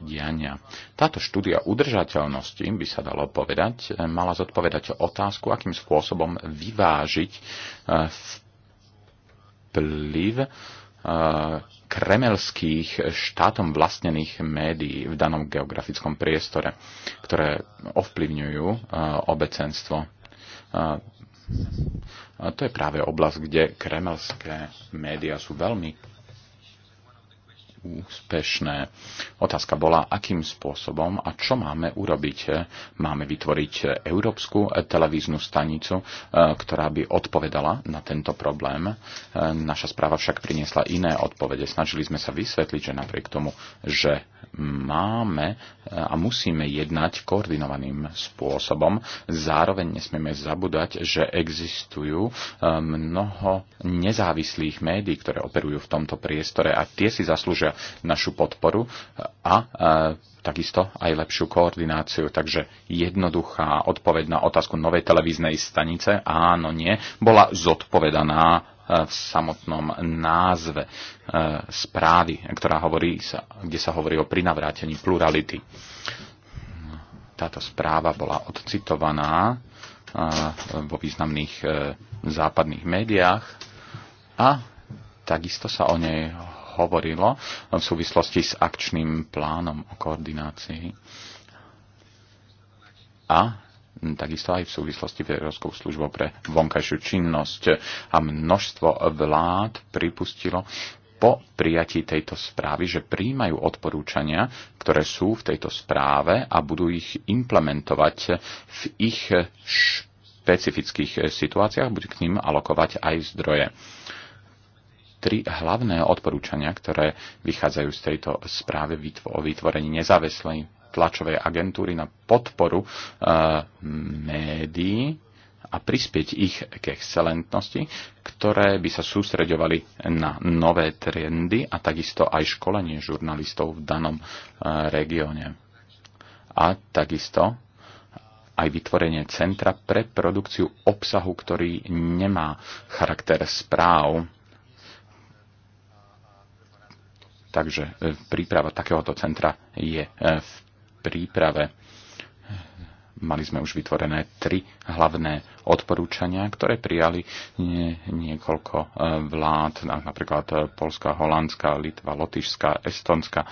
diania. Táto štúdia udržateľnosti, by sa dalo povedať, e, mala zodpovedať otázku, akým spôsobom vyvážiť e, vplyv kremelských štátom vlastnených médií v danom geografickom priestore, ktoré ovplyvňujú obecenstvo a to je práve oblasť, kde kremelské médiá sú veľmi úspešné. Otázka bola, akým spôsobom a čo máme urobiť. Máme vytvoriť európsku televíznu stanicu, eh, ktorá by odpovedala na tento problém. Eh, naša správa však priniesla iné odpovede. Snažili sme sa vysvetliť, že napriek tomu, že máme eh, a musíme jednať koordinovaným spôsobom. Zároveň nesmieme zabúdať, že existujú mnoho nezávislých médií, ktoré operujú v tomto priestore a tie si zaslúžia našu podporu a takisto aj lepšiu koordináciu. Takže jednoduchá odpoveď na otázku novej televíznej stanice, áno, nie, bola zodpovedaná e, v samotnom názve e, správy, ktorá hovorí, kde sa hovorí o prinavrátení plurality. Táto správa bola odcitovaná e, vo významných západných médiách a takisto sa o nej hovorilo v súvislosti s akčným plánom o koordinácii a takisto aj v súvislosti s Európskou službou pre vonkajšiu činnosť. A množstvo vlád pripustilo po prijatí tejto správy, že príjmajú odporúčania, ktoré sú v tejto správe a budú ich implementovať v ich špecifických situáciách, budú k ním alokovať aj zdroje tri hlavné odporúčania, ktoré vychádzajú z tejto správy o vytvorení nezávislej tlačovej agentúry na podporu e, médií a prispieť ich k excelentnosti, ktoré by sa sústreďovali na nové trendy a takisto aj školenie žurnalistov v danom e, regióne. A takisto aj vytvorenie centra pre produkciu obsahu, ktorý nemá charakter správ Takže e, príprava takéhoto centra je e, v príprave. Mali sme už vytvorené tri hlavné odporúčania, ktoré prijali e, niekoľko vlád, napríklad Polska, Holandská, Litva, Lotyšská, Estonská,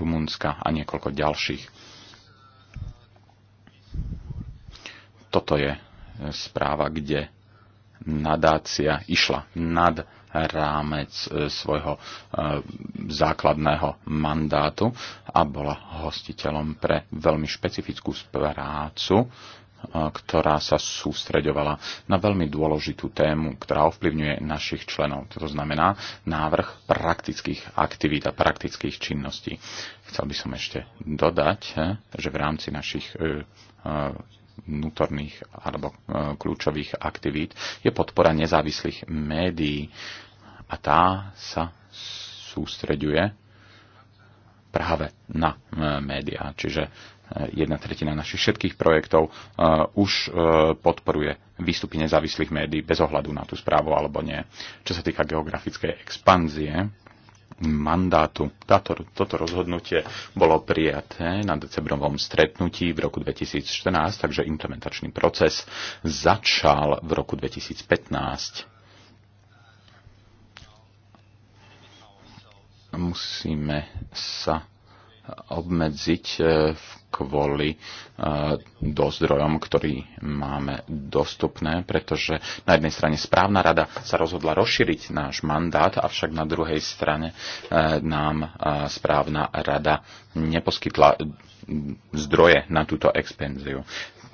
Rumunska a niekoľko ďalších. Toto je správa, kde nadácia išla nad rámec e, svojho e, základného mandátu a bola hostiteľom pre veľmi špecifickú prácu, e, ktorá sa sústreďovala na veľmi dôležitú tému, ktorá ovplyvňuje našich členov. To znamená návrh praktických aktivít a praktických činností. Chcel by som ešte dodať, že v rámci našich vnútorných alebo e, kľúčových aktivít je podpora nezávislých médií a tá sa sústreďuje práve na e, médiá. Čiže e, jedna tretina našich všetkých projektov už podporuje výstupy nezávislých médií bez ohľadu na tú správu alebo nie. Čo sa týka geografickej expanzie, mandátu. Tato, toto rozhodnutie bolo prijaté na decembrovom stretnutí v roku 2014, takže implementačný proces začal v roku 2015. Musíme sa obmedziť e, kvôli e, dozdrojom, ktorý máme dostupné, pretože na jednej strane správna rada sa rozhodla rozšíriť náš mandát, avšak na druhej strane e, nám správna rada neposkytla zdroje na túto expenziu.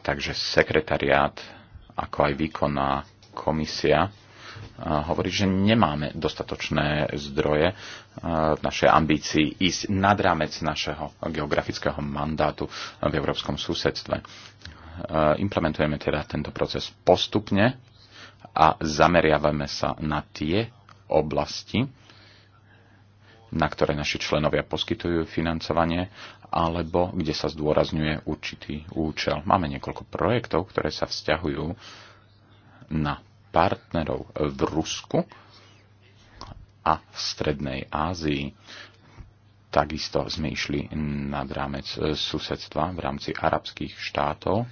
Takže sekretariát, ako aj výkonná komisia, hovorí, že nemáme dostatočné zdroje našej ambícii ísť nad rámec našeho geografického mandátu v európskom susedstve. Implementujeme teda tento proces postupne a zameriavame sa na tie oblasti, na ktoré naši členovia poskytujú financovanie, alebo kde sa zdôrazňuje určitý účel. Máme niekoľko projektov, ktoré sa vzťahujú na partnerov v Rusku a v Strednej Ázii. Takisto sme išli nad rámec e, susedstva v rámci arabských štátov,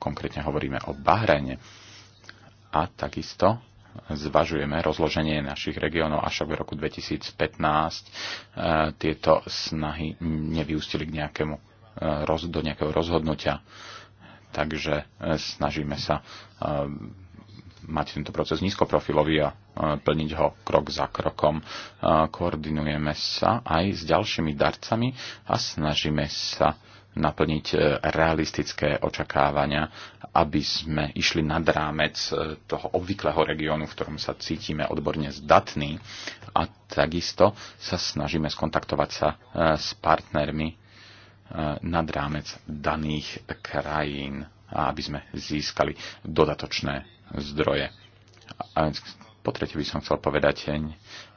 konkrétne hovoríme o Bahrajne. A takisto zvažujeme rozloženie našich regiónov, až v roku 2015 e, tieto snahy nevyústili k nejakému, e, do nejakého rozhodnutia. Takže snažíme sa mať tento proces nízkoprofilový a plniť ho krok za krokom. Koordinujeme sa aj s ďalšími darcami a snažíme sa naplniť e, realistické očakávania, aby sme išli nad rámec e, toho obvyklého regiónu, v ktorom sa cítime odborne zdatní a takisto sa snažíme skontaktovať sa e, s partnermi nad rámec daných krajín, aby sme získali dodatočné zdroje. A po tretie by som chcel povedať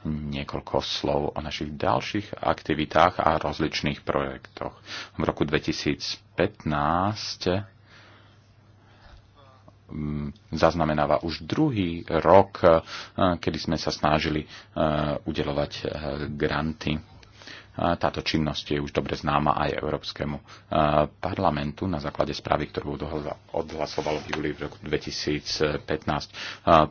niekoľko slov o našich ďalších aktivitách a rozličných projektoch. V roku 2015 mm, zaznamenáva už druhý rok, eh, kedy sme sa snažili eh, udelovať eh, granty táto činnosť je už dobre známa aj Európskemu parlamentu na základe správy, ktorú odhlasovalo v júli v roku 2015.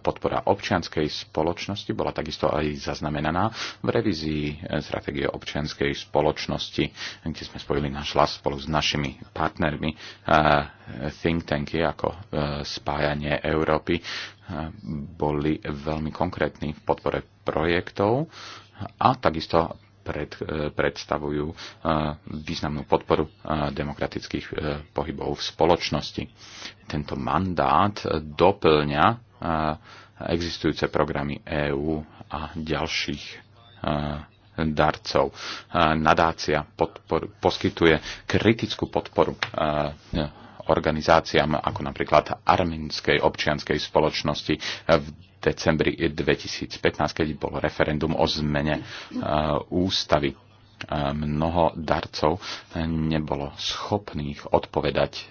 Podpora občianskej spoločnosti bola takisto aj zaznamenaná v revízii stratégie občianskej spoločnosti, kde sme spojili náš hlas spolu s našimi partnermi think tanky ako e, spájanie Európy boli veľmi konkrétni v podpore projektov a takisto pred, e, predstavujú e, významnú podporu e, demokratických pohybov v spoločnosti. Tento mandát doplňa existujúce programy EÚ a ďalších darcov. Nadácia podporu, poskytuje kritickú podporu organizáciám ako napríklad arménskej občianskej spoločnosti v decembri 2015, keď bolo referendum o zmene e, ústavy. E, mnoho darcov nebolo schopných odpovedať e,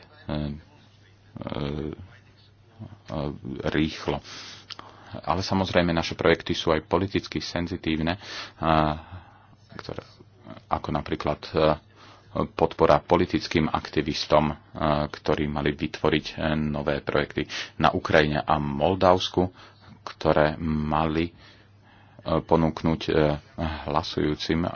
rýchlo. Ale samozrejme, naše projekty sú aj politicky senzitívne, ktoré, ako napríklad podpora politickým aktivistom, e, ktorí mali vytvoriť e, nové projekty na Ukrajine a Moldavsku, ktoré mali e, ponúknuť hlasujúcim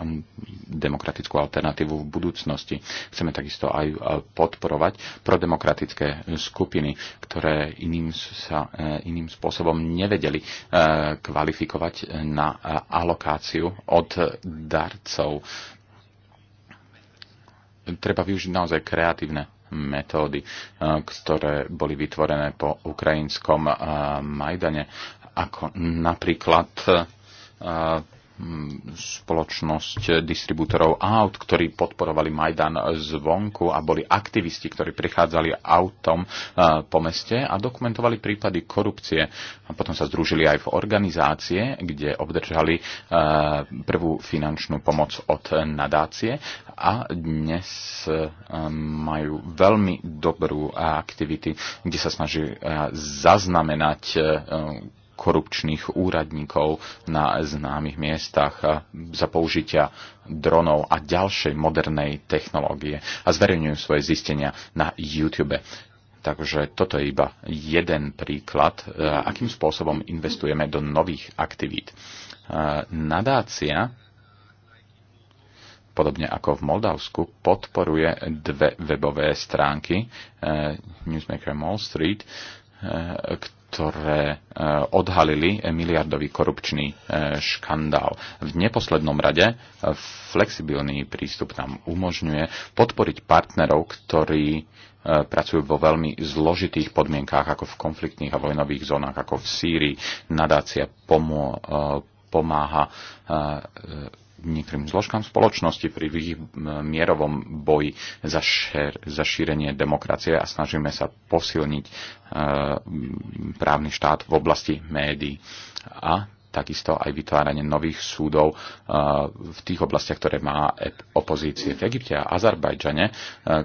demokratickú alternatívu v budúcnosti. Chceme takisto aj podporovať prodemokratické skupiny, ktoré iným, sa, iným spôsobom nevedeli kvalifikovať na alokáciu od darcov treba využiť naozaj kreatívne metódy, eh, ktoré boli vytvorené po ukrajinskom eh, Majdane, ako napríklad eh, spoločnosť distribútorov aut, ktorí podporovali Majdan zvonku a boli aktivisti, ktorí prichádzali autom e, po meste a dokumentovali prípady korupcie. A potom sa združili aj v organizácie, kde obdržali e, prvú finančnú pomoc od nadácie a dnes e, majú veľmi dobrú aktivity, kde sa snaží zaznamenať korupčných úradníkov na známych miestach za použitia dronov a ďalšej modernej technológie a zverejňujú svoje zistenia na YouTube. Takže toto je iba jeden príklad, e, akým spôsobom investujeme do nových aktivít. E, nadácia, podobne ako v Moldavsku, podporuje dve webové stránky, e, Newsmaker Wall Street, ktoré e, odhalili miliardový korupčný e, škandál. V neposlednom rade e, flexibilný prístup nám umožňuje podporiť partnerov, ktorí pracujú vo veľmi zložitých podmienkách, ako v konfliktných a vojnových zónach, ako v Sýrii. Nadácia pomô, pomáha niektorým zložkám spoločnosti pri ich mierovom boji za, šer, za šírenie demokracie a snažíme sa posilniť e, právny štát v oblasti médií a takisto aj vytváranie nových súdov e, v tých oblastiach, ktoré má e, opozície v Egypte a Azerbajdžane, e,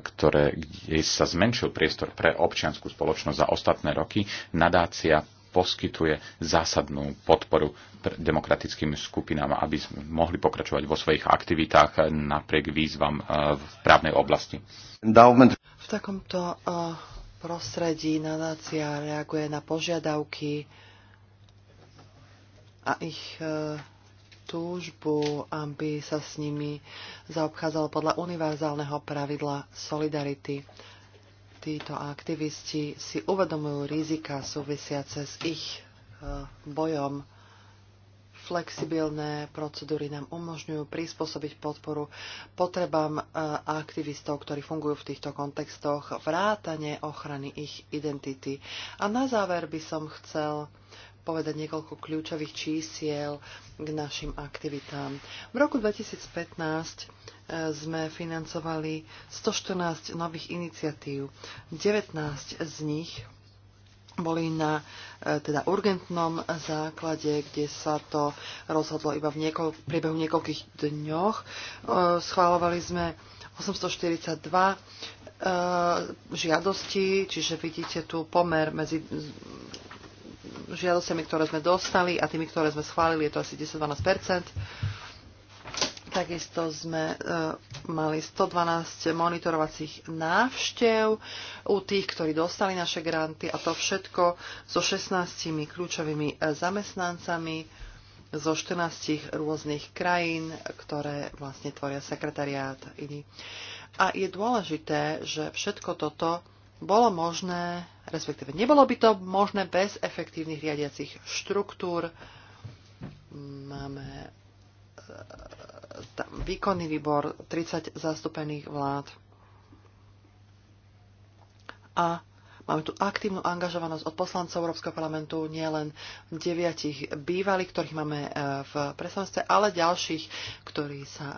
ktoré, kde sa zmenšil priestor pre občianskú spoločnosť za ostatné roky. Nadácia poskytuje zásadnú podporu demokratickým skupinám, aby mohli pokračovať vo svojich aktivitách napriek výzvam eh, v právnej oblasti. V takomto eh, prostredí nadácia reaguje na požiadavky a ich eh, túžbu, aby sa s nimi zaobchádzalo podľa univerzálneho pravidla solidarity títo aktivisti si uvedomujú rizika súvisiace s ich e, bojom. Flexibilné procedúry nám umožňujú prispôsobiť podporu potrebám e, aktivistov, ktorí fungujú v týchto kontextoch, vrátane ochrany ich identity. A na záver by som chcel povedať niekoľko kľúčových čísiel k našim aktivitám. V roku 2015 sme financovali 114 nových iniciatív. 19 z nich boli na e, teda urgentnom základe, kde sa to rozhodlo iba v niekoľ, priebehu niekoľkých dňoch. E, schválovali sme 842 e, žiadosti, čiže vidíte tu pomer medzi žiadostiami, ktoré sme dostali a tými, ktoré sme schválili, je to asi 10-12 Takisto sme e, mali 112 monitorovacích návštev u tých, ktorí dostali naše granty a to všetko so 16 kľúčovými e, zamestnancami zo 14 rôznych krajín, ktoré vlastne tvoria sekretariát iný. A je dôležité, že všetko toto bolo možné, respektíve nebolo by to možné bez efektívnych riadiacich štruktúr. Máme výkonný výbor 30 zastúpených vlád. A máme tu aktívnu angažovanosť od poslancov Európskeho parlamentu, nielen deviatich bývalých, ktorých máme e, v predstavnosti, ale ďalších, ktorí sa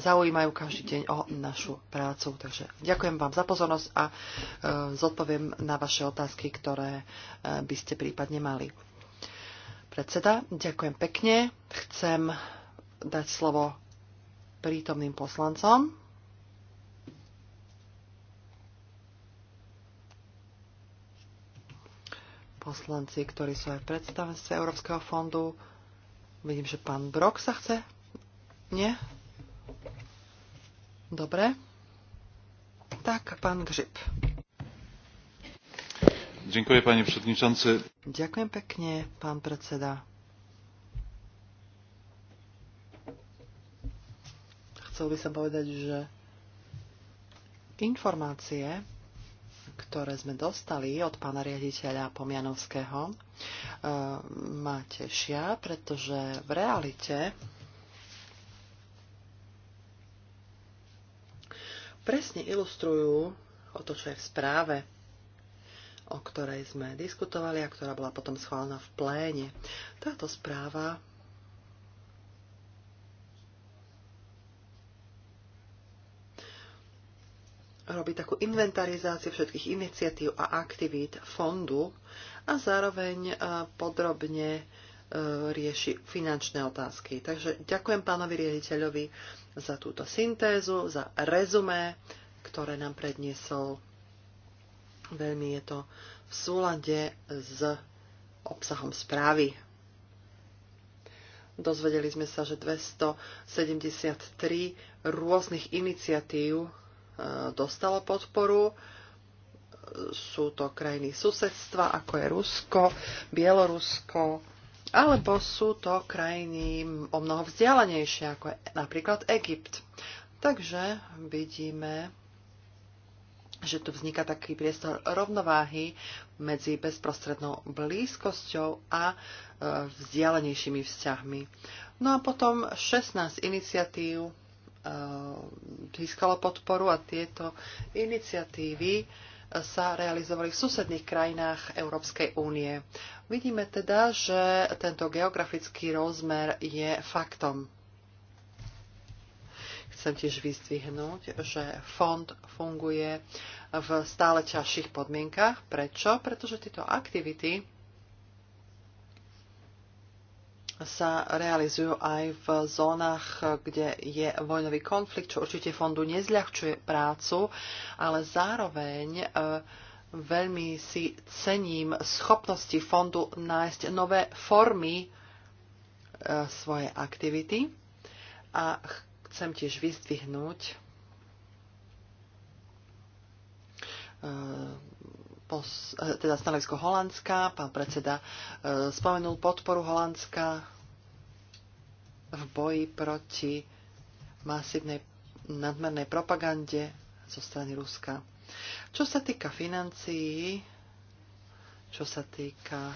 zaujímajú každý deň o našu prácu. Takže ďakujem vám za pozornosť a e, zodpoviem na vaše otázky, ktoré e, by ste prípadne mali. Predseda, ďakujem pekne. Chcem dať slovo prítomným poslancom. Poslanci, ktorí sú aj v predstavenstve Európskeho fondu. Vidím, že pán Brok sa chce. Nie? Dobre. Tak, pán Grzyb. Dziękuję, panie przewodniczący. Ďakujem pekne, pán predseda. Chcel by som povedať, že informácie, ktoré sme dostali od pána riaditeľa Pomianovského, e, ma tešia, pretože v realite presne ilustrujú o to, čo je v správe o ktorej sme diskutovali a ktorá bola potom schválená v pléne. Táto správa robí takú inventarizáciu všetkých iniciatív a aktivít fondu a zároveň e, podrobne e, rieši finančné otázky. Takže ďakujem pánovi riaditeľovi za túto syntézu, za rezumé, ktoré nám predniesol Veľmi je to v súlade s obsahom správy. Dozvedeli sme sa, že 273 rôznych iniciatív e, dostalo podporu. Sú to krajiny susedstva, ako je Rusko, Bielorusko, alebo sú to krajiny o mnoho vzdialenejšie, ako je napríklad Egypt. Takže vidíme, že tu vzniká taký priestor rovnováhy medzi bezprostrednou blízkosťou a e, vzdialenejšími vzťahmi. No a potom 16 iniciatív e, získalo podporu a tieto iniciatívy e, sa realizovali v susedných krajinách Európskej únie. Vidíme teda, že tento geografický rozmer je faktom. Chcem tiež vyzdvihnúť, že fond funguje v stále ťažších podmienkach. Prečo? Pretože tieto aktivity sa realizujú aj v zónach, kde je vojnový konflikt, čo určite fondu nezľahčuje prácu, ale zároveň e, veľmi si cením schopnosti fondu nájsť nové formy e, svoje aktivity a chcem tiež vyzdvihnúť e, e, teda stanovisko Holandska. Pán predseda e, spomenul podporu Holandska v boji proti masívnej nadmernej propagande zo strany Ruska. Čo sa týka financií, čo sa týka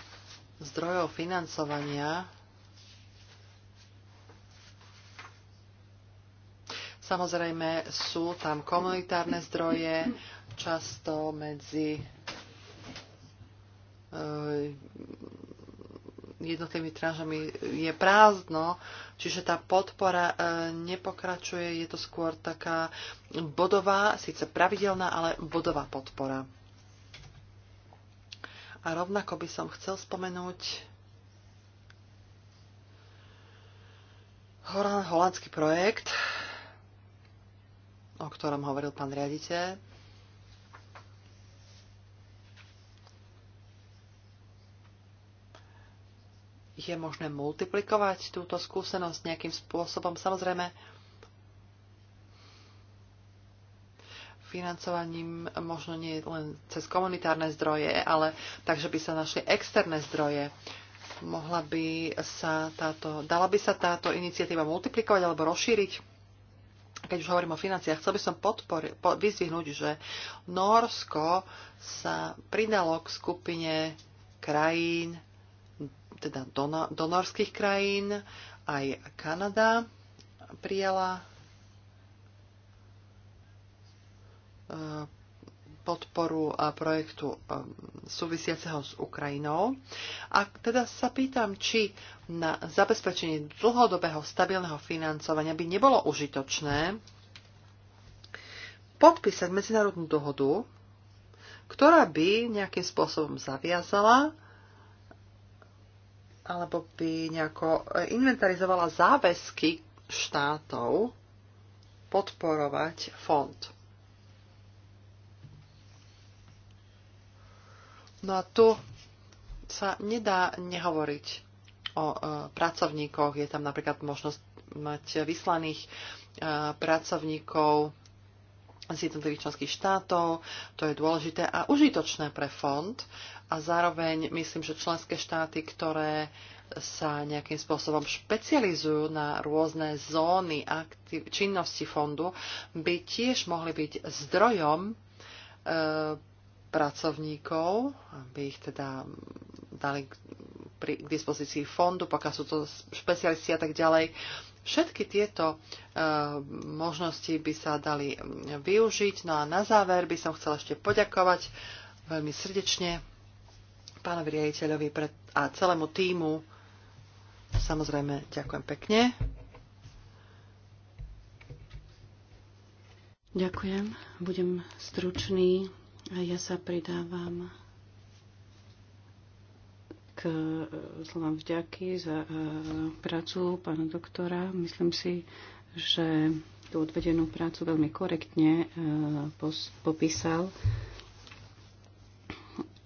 zdrojov financovania Samozrejme sú tam komunitárne zdroje, často medzi eh, jednotlivými tranžami je prázdno, čiže tá podpora eh, nepokračuje, je to skôr taká bodová, síce pravidelná, ale bodová podpora. A rovnako by som chcel spomenúť holandský projekt, o ktorom hovoril pán riaditeľ. Je možné multiplikovať túto skúsenosť nejakým spôsobom? Samozrejme, financovaním možno nie len cez komunitárne zdroje, ale takže by sa našli externé zdroje. Mohla by sa táto, dala by sa táto iniciatíva multiplikovať alebo rozšíriť? keď už hovorím o financiách, chcel by som podpori, po, vyzvihnúť, že Norsko sa pridalo k skupine krajín, teda do no- donorských krajín, aj Kanada prijala e, podporu projektu um, súvisiaceho s Ukrajinou. A teda sa pýtam, či na zabezpečenie dlhodobého stabilného financovania by nebolo užitočné podpísať medzinárodnú dohodu, ktorá by nejakým spôsobom zaviazala alebo by nejako e, inventarizovala záväzky štátov podporovať fond. No a tu sa nedá nehovoriť o e, pracovníkoch. Je tam napríklad možnosť mať vyslaných e, pracovníkov z jednotlivých členských štátov. To je dôležité a užitočné pre fond. A zároveň myslím, že členské štáty, ktoré sa nejakým spôsobom špecializujú na rôzne zóny aktiv- činnosti fondu, by tiež mohli byť zdrojom e, pracovníkov, aby ich teda dali pri, k dispozícii fondu, pokiaľ sú to špecialisti a tak ďalej. Všetky tieto e, možnosti by sa dali využiť. No a na záver by som chcela ešte poďakovať veľmi srdečne pánovi riaditeľovi a celému týmu. Samozrejme, ďakujem pekne. Ďakujem. Budem stručný. A ja sa pridávam k slovám e, vďaky za e, prácu pána doktora. Myslím si, že tú odvedenú prácu veľmi korektne e, popísal.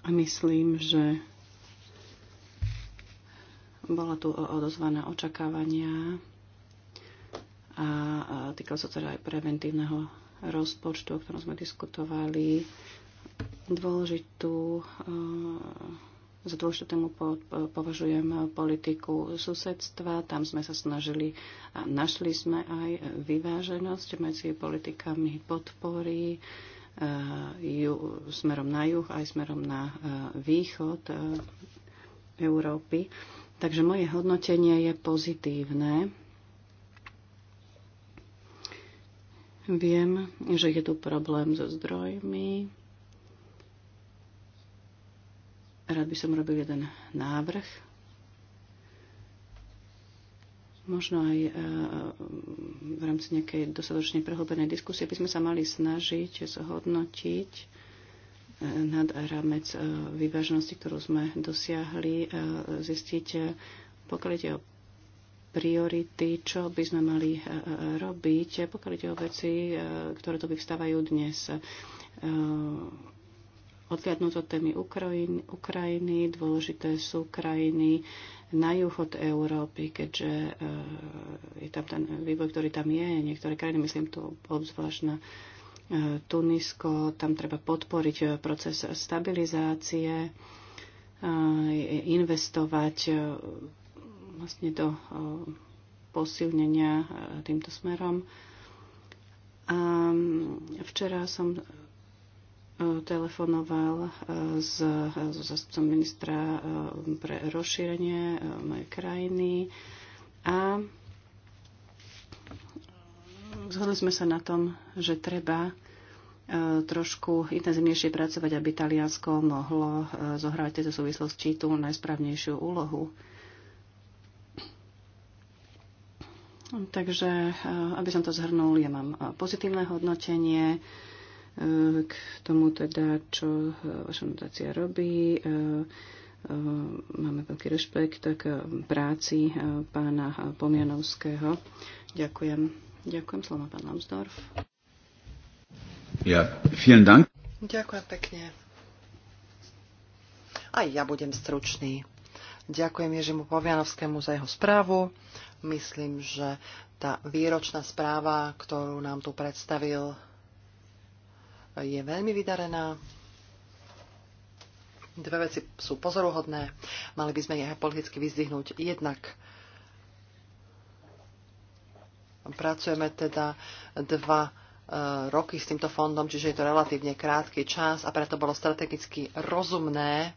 A myslím, že bola tu odozvaná očakávania a týkal sa teda aj preventívneho rozpočtu, o ktorom sme diskutovali dôležitú e, za dôležitú tému e, považujem politiku susedstva. Tam sme sa snažili a našli sme aj vyváženosť medzi politikami podpory e, ju, smerom na juh aj smerom na východ Európy. Takže moje hodnotenie je pozitívne. Viem, že je tu problém so zdrojmi, Rád by som robil jeden návrh. Možno aj e, v rámci nejakej dosadočne prehlbenej diskusie by sme sa mali snažiť zhodnotiť e, nad rámec e, vyváženosti, ktorú sme dosiahli, zistiť, pokiaľ ide o priority, čo by sme mali robiť, pokiaľ ide o veci, ktoré tu vstávajú dnes odliadnúť od témy Ukrajiny, Ukrajiny, dôležité sú krajiny na juh od Európy, keďže eh, je tam ten vývoj, ktorý tam je. Niektoré krajiny, myslím tu obzvlášť na eh, Tunisko, tam treba podporiť eh, proces stabilizácie, investovať vlastne do posilnenia týmto smerom. A mm, včera som telefonoval e, s, so zastupcom ministra e, pre rozšírenie e, mojej krajiny a zhodli sme sa na tom, že treba trošku intenzívnejšie pracovať, aby Taliansko mohlo zohrávať tieto súvislosti tú najsprávnejšiu úlohu. Takže, aby som to zhrnul, ja mám pozitívne hodnotenie, Eh, k tomu teda, čo eh, vaša notácia robí. Eh, máme veľký rešpekt k práci pána Pomianovského. Ďakujem. Ďakujem. Slovo pán Lambsdorff. Ja, vielen Dank. Ďakujem pekne. Aj ja budem stručný. Ďakujem Ježimu Povianovskému za jeho správu. Myslím, že tá výročná správa, ktorú nám tu predstavil, je veľmi vydarená. Dve veci sú pozoruhodné. Mali by sme ich politicky vyzdvihnúť. Jednak pracujeme teda dva e, roky s týmto fondom, čiže je to relatívne krátky čas a preto bolo strategicky rozumné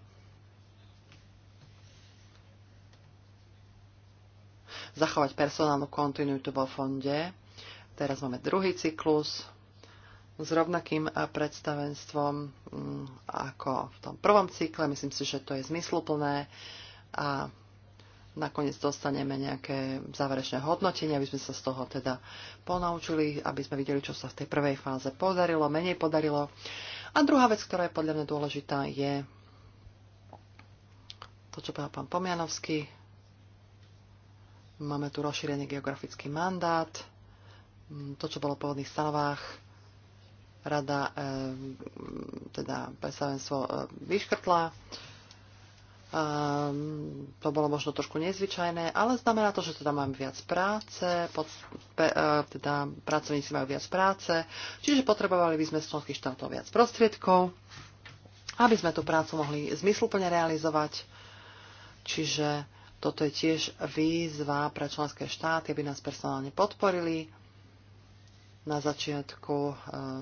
zachovať personálnu kontinuitu vo fonde. Teraz máme druhý cyklus, s rovnakým eh, predstavenstvom mm, ako v tom prvom cykle. Myslím si, že to je zmysluplné a nakoniec dostaneme nejaké záverečné hodnotenie, aby sme sa z toho teda ponaučili, aby sme videli, čo sa v tej prvej fáze podarilo, menej podarilo. A druhá vec, ktorá je podľa mňa dôležitá, je to, čo povedal pán Pomianovský. Máme tu rozšírený geografický mandát, mm, to, čo bolo v pôvodných stanovách, rada, eh, teda predstavenstvo eh, vyškrtla. E, to bolo možno trošku nezvyčajné, ale znamená to, že teda mám viac práce, pod, pe, e, teda pracovníci majú viac práce, čiže potrebovali by sme z členských štátov viac prostriedkov, aby sme tú prácu mohli zmysluplne realizovať. Čiže toto je tiež výzva pre členské štáty, aby nás personálne podporili na začiatku e,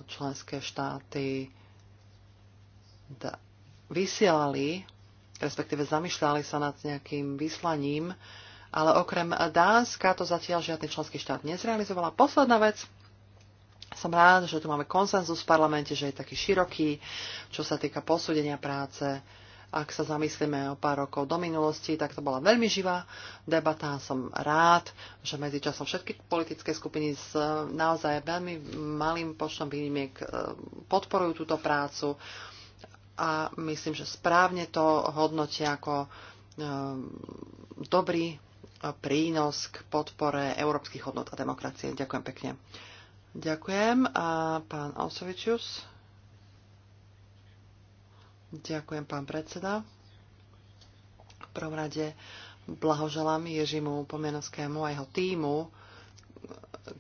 členské štáty vysielali, respektíve zamýšľali sa nad nejakým vyslaním, ale okrem Dánska to zatiaľ žiadny členský štát nezrealizovala. Posledná vec, som rád, že tu máme konsenzus v parlamente, že je taký široký, čo sa týka posúdenia práce ak sa zamyslíme o pár rokov do minulosti, tak to bola veľmi živá debata som rád, že medzi časom všetky politické skupiny s naozaj veľmi malým počtom výnimiek e, podporujú túto prácu a myslím, že správne to hodnotia ako e, dobrý prínos k podpore európskych hodnot a demokracie. Ďakujem pekne. Ďakujem. A pán Osovičius. Ďakujem, pán predseda. V prvom rade blahoželám Ježimu pomenovskému a jeho týmu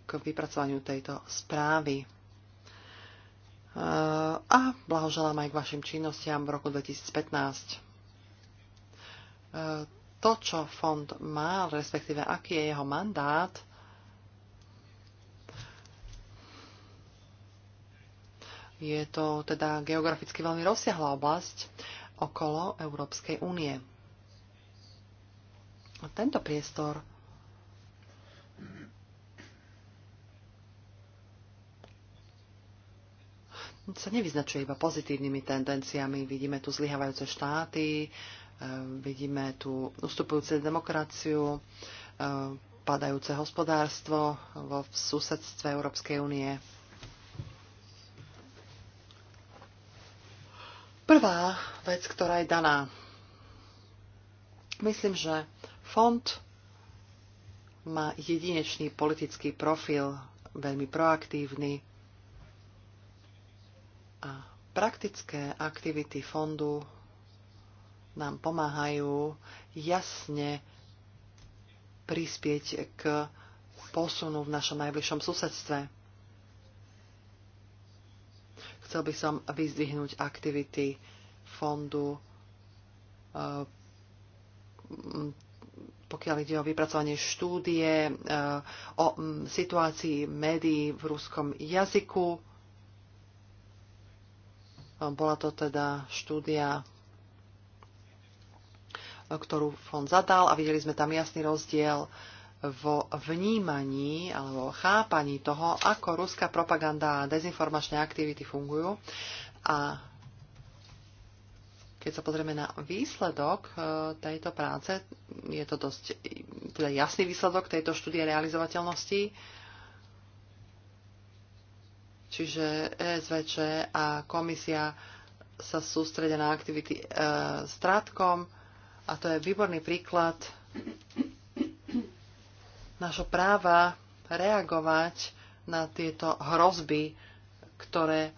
k vypracovaniu tejto správy. A blahoželám aj k vašim činnostiam v roku 2015. To, čo fond má, respektíve aký je jeho mandát, Je to teda geograficky veľmi rozsiahla oblasť okolo Európskej únie. Tento priestor sa nevyznačuje iba pozitívnymi tendenciami. Vidíme tu zlyhávajúce štáty, e, vidíme tu ustupujúce demokraciu, e, padajúce hospodárstvo vo susedstve Európskej únie. Prvá vec, ktorá je daná. Myslím, že fond má jedinečný politický profil, veľmi proaktívny a praktické aktivity fondu nám pomáhajú jasne prispieť k posunu v našom najbližšom susedstve. Chcel by som vyzdvihnúť aktivity fondu, eh, pokiaľ ide o vypracovanie štúdie, eh, o mm, situácii médií v ruskom jazyku. Eh, bola to teda štúdia ktorú fond zadal a videli sme tam jasný rozdiel vo vnímaní alebo chápaní toho, ako ruská propaganda a dezinformačné aktivity fungujú. A keď sa pozrieme na výsledok e, tejto práce, je to dosť teda jasný výsledok tejto štúdie realizovateľnosti. Čiže ESVČ a komisia sa sústredia na aktivity e, s Trátkom a to je výborný príklad nášho práva reagovať na tieto hrozby, ktoré e,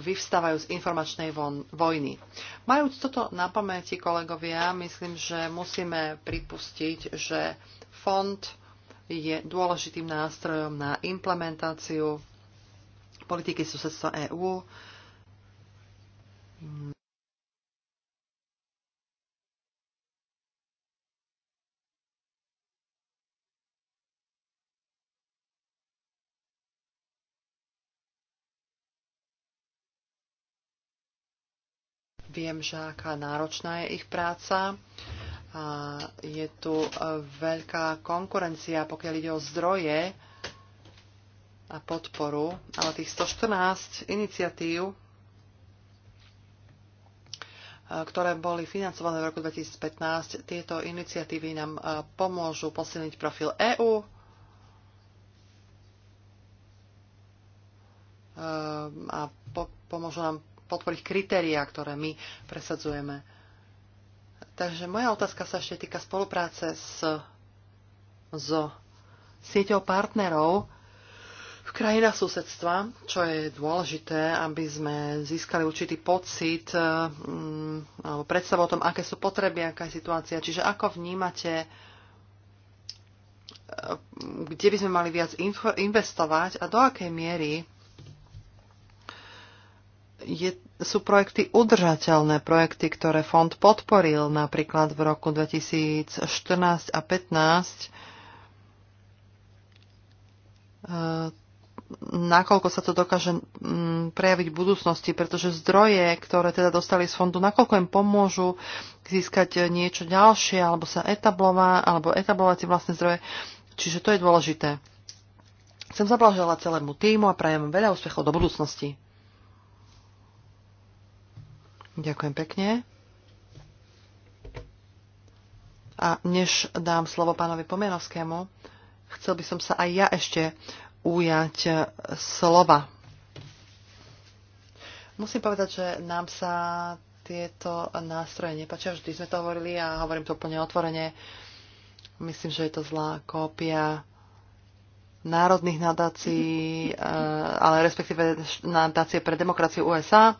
vyvstávajú z informačnej vojny. Majúc toto na pamäti, kolegovia, myslím, že musíme pripustiť, že fond je dôležitým nástrojom na implementáciu politiky susedstva EÚ Viem, že aká náročná je ich práca. A je tu e, veľká konkurencia, pokiaľ ide o zdroje a podporu, ale tých 114 iniciatív, e, ktoré boli financované v roku 2015, tieto iniciatívy nám e, pomôžu posilniť profil EÚ, a po, pomôžu nám podporiť kritériá, ktoré my presadzujeme. Takže moja otázka sa ešte týka spolupráce s, s sieťou partnerov v krajinách susedstva, čo je dôležité, aby sme získali určitý pocit eh, mm, alebo predstavu o tom, aké sú potreby, aká je situácia. Čiže ako vnímate eh, kde by sme mali viac investovať a do akej miery je, sú projekty udržateľné, projekty, ktoré fond podporil napríklad v roku 2014 a 2015. E, nakoľko sa to dokáže mm, prejaviť v budúcnosti, pretože zdroje, ktoré teda dostali z fondu, nakoľko im pomôžu získať niečo ďalšie, alebo sa etablovať, alebo etablovať si vlastné zdroje. Čiže to je dôležité. Chcem zablaželať celému týmu a prajem veľa úspechov do budúcnosti. Ďakujem pekne. A než dám slovo pánovi Pomenovskému, chcel by som sa aj ja ešte ujať slova. Musím povedať, že nám sa tieto nástroje nepačia. Vždy sme to hovorili a hovorím to úplne otvorene. Myslím, že je to zlá kópia národných nadácií, eh, ale respektíve nadácie pre demokraciu USA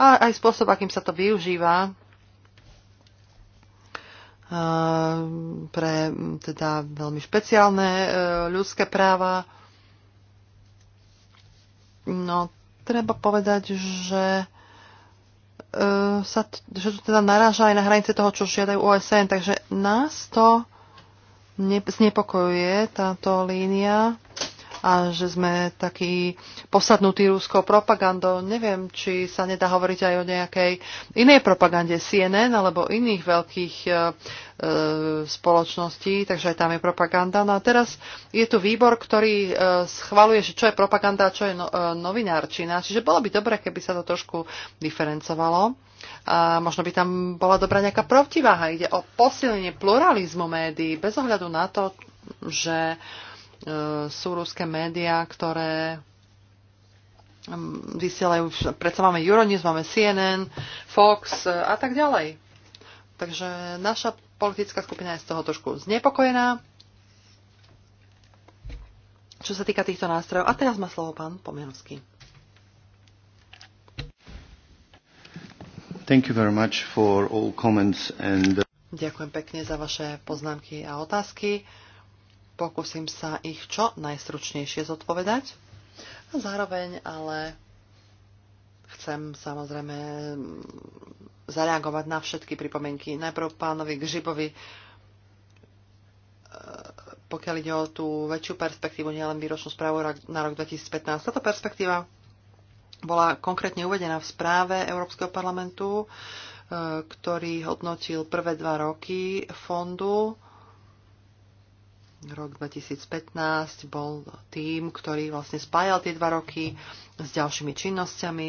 a aj spôsob, akým sa to využíva eh, pre mm, teda veľmi špeciálne eh, ľudské práva. No, treba povedať, že sa, že to teda naráža aj na hranice toho, čo žiadajú OSN, takže nás to znepokojuje táto línia a že sme taký posadnutý rúskou propagandou. Neviem, či sa nedá hovoriť aj o nejakej inej propagande CNN alebo iných veľkých e, e, spoločností, takže aj tam je propaganda. No a teraz je tu výbor, ktorý e, schvaluje, že čo je propaganda a čo je no, e, novinárčina. Čiže bolo by dobre, keby sa to trošku diferencovalo. A možno by tam bola dobrá nejaká protiváha. Ide o posilnenie pluralizmu médií bez ohľadu na to, že e, sú ruské médiá, ktoré mm, vysielajú, predsa máme Euronews, máme CNN, Fox e, a tak ďalej. Takže naša politická skupina je z toho trošku znepokojená. Čo sa týka týchto nástrojov. A teraz má slovo pán Pomianovský. Thank you very much for all comments and... Uh, Ďakujem pekne za vaše poznámky a otázky. Pokúsim sa ich čo najstručnejšie zodpovedať. A zároveň ale chcem samozrejme mm, zareagovať na všetky pripomienky. Najprv pánovi Gžibovi, e, pokiaľ ide o tú väčšiu perspektívu, nielen výročnú správu na rok 2015. Táto perspektíva bola konkrétne uvedená v správe Európskeho parlamentu, e, ktorý hodnotil prvé dva roky fondu. Rok 2015 bol tým, ktorý vlastne spájal tie dva roky s ďalšími činnosťami.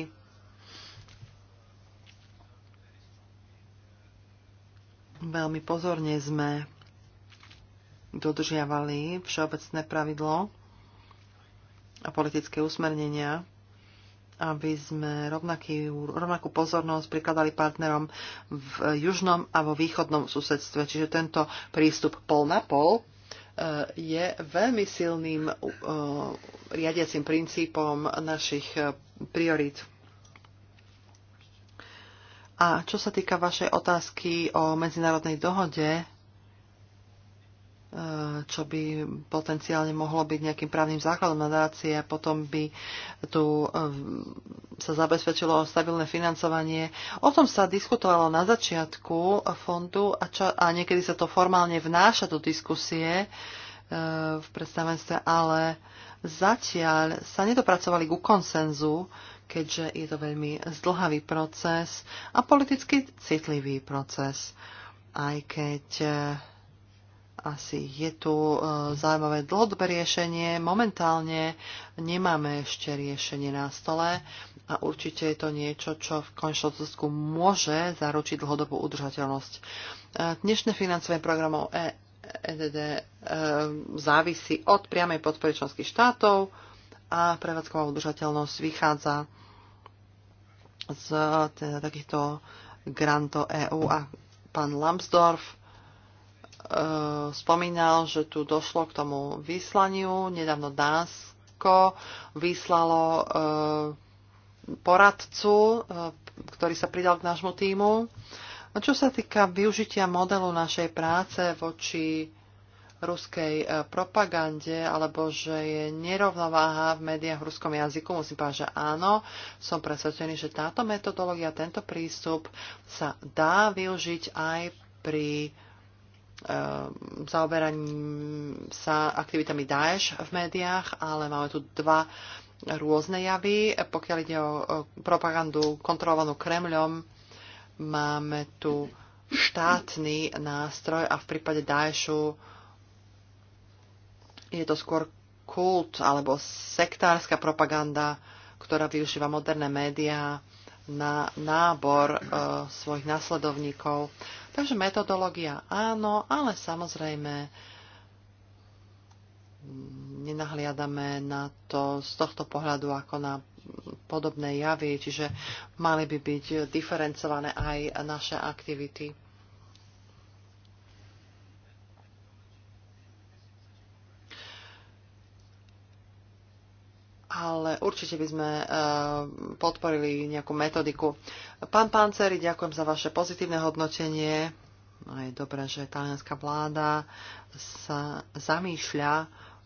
Veľmi pozorne sme dodržiavali všeobecné pravidlo a politické usmernenia aby sme rovnaký, rovnakú pozornosť prikladali partnerom v južnom a vo východnom susedstve. Čiže tento prístup pol na pol e, je veľmi silným e, riadiacim princípom našich e, priorít. A čo sa týka vašej otázky o medzinárodnej dohode, čo by potenciálne mohlo byť nejakým právnym základom nadácie a potom by tu um, sa zabezpečilo stabilné financovanie. O tom sa diskutovalo na začiatku fondu a, čo, a niekedy sa to formálne vnáša do diskusie uh, v predstavenstve, ale zatiaľ sa nedopracovali ku konsenzu, keďže je to veľmi zdlhavý proces a politicky citlivý proces, aj keď uh, asi je tu e, zaujímavé dlhodobé riešenie. Momentálne nemáme ešte riešenie na stole a určite je to niečo, čo v končnom dôsledku môže zaručiť dlhodobú udržateľnosť. E, dnešné financovanie programov EDD e závisí od priamej podpory členských štátov a prevádzková udržateľnosť vychádza z teda, takýchto grantov EÚ a pán Lambsdorff E, spomínal, že tu došlo k tomu vyslaniu. Nedávno Dánsko vyslalo e, poradcu, e, ktorý sa pridal k nášmu týmu. A čo sa týka využitia modelu našej práce voči ruskej propagande, alebo že je nerovnováha v médiách v ruskom jazyku. Musím povedať, že áno, som presvedčený, že táto metodológia, tento prístup sa dá využiť aj pri Ehm, zaoberaním sa aktivitami Daesh v médiách, ale máme tu dva rôzne javy. Pokiaľ ide o propagandu kontrolovanú Kremľom, máme tu štátny nástroj a v prípade Daeshu. je to skôr kult alebo sektárska propaganda, ktorá využíva moderné médiá na nábor e, svojich následovníkov. Takže metodológia áno, ale samozrejme mm, nenahliadame na to z tohto pohľadu ako na podobné javy, čiže mali by byť diferencované aj naše aktivity. ale určite by sme eh, podporili nejakú metodiku. Pán Panceri, ďakujem za vaše pozitívne hodnotenie. No je dobré, že talianská vláda sa zamýšľa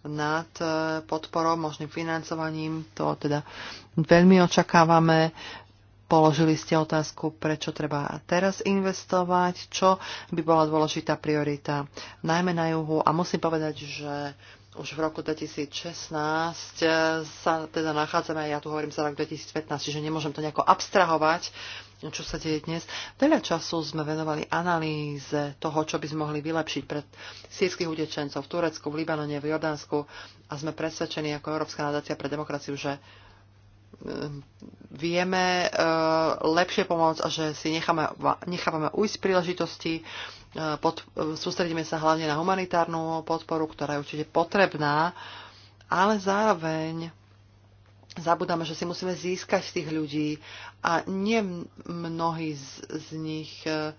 nad eh, podporou, možným financovaním. To teda veľmi očakávame. Položili ste otázku, prečo treba teraz investovať, čo by bola dôležitá priorita, najmä na juhu. A musím povedať, že už v roku 2016 e, sa teda nachádzame, ja tu hovorím za rok 2015, čiže nemôžem to nejako abstrahovať, čo sa deje dnes. Veľa času sme venovali analýze toho, čo by sme mohli vylepšiť pred sírskych utečencov v Turecku, v Libanone, v Jordánsku a sme presvedčení ako Európska nadácia pre demokraciu, že e, vieme e, lepšie pomôcť a že si nechávame ujsť príležitosti E, pod, e, sústredíme sa hlavne na humanitárnu podporu, ktorá je určite potrebná, ale zároveň zabudáme, že si musíme získať tých ľudí a nie mnohí z, z nich e,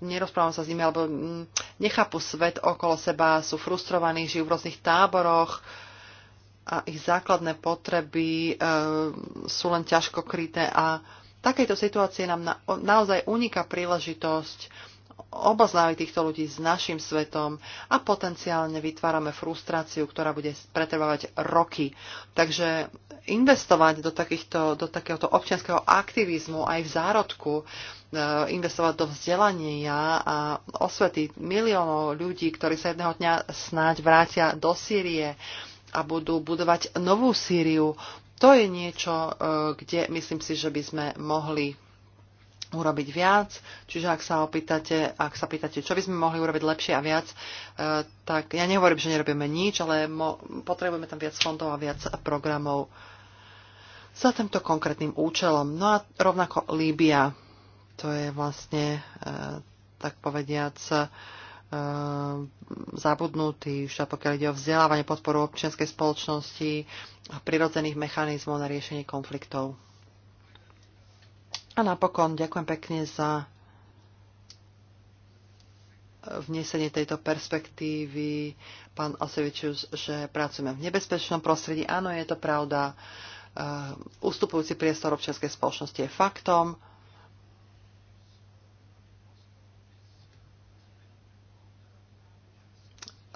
nerozprávam sa s nimi, alebo nechápu svet okolo seba, sú frustrovaní, žijú v rôznych táboroch a ich základné potreby sú len ťažko kryté a takejto situácie nám na, naozaj uniká príležitosť oboznáviť týchto ľudí s našim svetom a potenciálne vytvárame frustráciu, ktorá bude pretrvávať roky. Takže investovať do, takýchto, do takéhoto občianského aktivizmu aj v zárodku, e, investovať do vzdelania a osvety miliónov ľudí, ktorí sa jedného dňa snáď vrátia do Sýrie a budú budovať novú Sýriu, to je niečo, e, kde myslím si, že by sme mohli urobiť viac. Čiže ak sa opýtate, ak sa pýtate, čo by sme mohli urobiť lepšie a viac, e, tak ja nehovorím, že nerobíme nič, ale potrebujeme tam viac fondov a viac programov za týmto konkrétnym účelom. No a rovnako Líbia, to je vlastne, e, tak povediac, E, zabudnutý, však pokiaľ ide o vzdelávanie, podporu občianskej spoločnosti a prirodzených mechanizmov na riešenie konfliktov. A napokon ďakujem pekne za vnesenie tejto perspektívy, pán Osevičus, že pracujeme v nebezpečnom prostredí. Áno, je to pravda. Ústupujúci e, priestor občianskej spoločnosti je faktom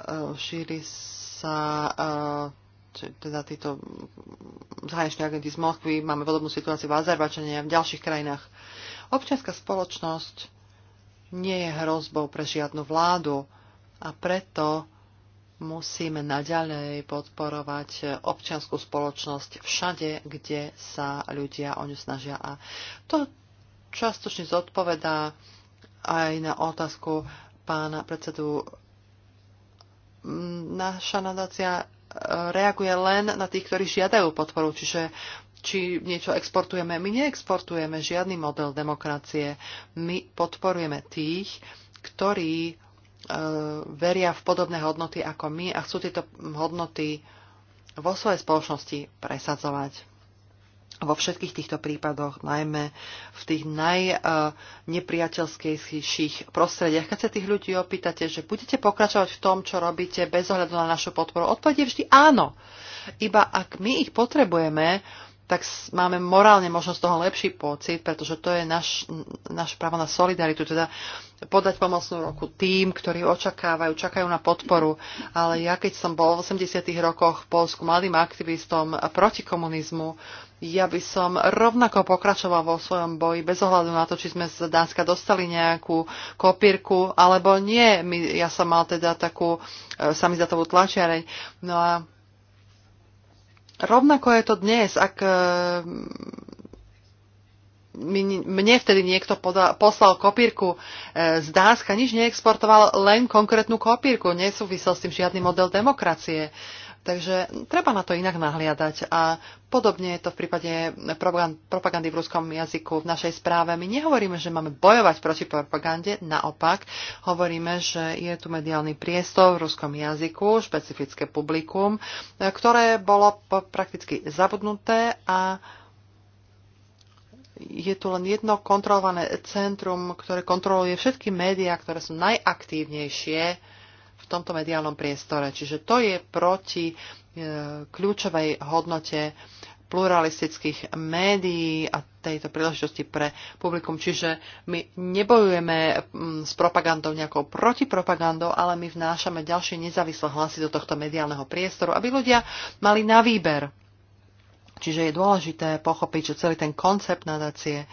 Eh, šíri sa eh, teda títo zahraniční agenti z Moskvy, máme podobnú situáciu v Azerbačane a v ďalších krajinách. Občianská spoločnosť nie je hrozbou pre žiadnu vládu a preto musíme naďalej podporovať občianskú spoločnosť všade, kde sa ľudia o ňu snažia. A to častočne zodpovedá aj na otázku pána predsedu naša nadácia e, reaguje len na tých, ktorí žiadajú podporu. Čiže či niečo exportujeme. My neexportujeme žiadny model demokracie. My podporujeme tých, ktorí e, veria v podobné hodnoty ako my a chcú tieto hodnoty vo svojej spoločnosti presadzovať vo všetkých týchto prípadoch, najmä v tých najnepriateľskejších prostrediach. Keď sa tých ľudí opýtate, že budete pokračovať v tom, čo robíte bez ohľadu na našu podporu, odpovedie vždy áno. Iba ak my ich potrebujeme, tak máme morálne možnosť toho lepší pocit, pretože to je náš, naš právo na solidaritu, teda podať pomocnú roku tým, ktorí očakávajú, čakajú na podporu. Ale ja, keď som bol v 80. rokoch v Polsku mladým aktivistom proti komunizmu, ja by som rovnako pokračoval vo svojom boji bez ohľadu na to, či sme z Dánska dostali nejakú kopírku alebo nie. My, ja som mal teda takú e, samizatovú tlačiareň. No a Rovnako je to dnes, ak e, mne vtedy niekto podal, poslal kopírku e, z Dánska, nič neexportoval, len konkrétnu kopírku. Nesúvisel s tým žiadny model demokracie. Uh, Takže treba na to inak nahliadať a podobne je to v prípade propagandy v ruskom jazyku. V našej správe my nehovoríme, že máme bojovať proti propagande, naopak hovoríme, že je tu mediálny priestor v ruskom jazyku, špecifické publikum, ktoré bolo prakticky zabudnuté a je tu len jedno kontrolované centrum, ktoré kontroluje všetky médiá, ktoré sú najaktívnejšie v tomto mediálnom priestore. Čiže to je proti e, kľúčovej hodnote pluralistických médií a tejto príležitosti pre publikum. Čiže my nebojujeme mm, s propagandou nejakou protipropagandou, ale my vnášame ďalšie nezávislé hlasy do tohto mediálneho priestoru, aby ľudia mali na výber. Čiže je dôležité pochopiť, že celý ten koncept nadácie uh,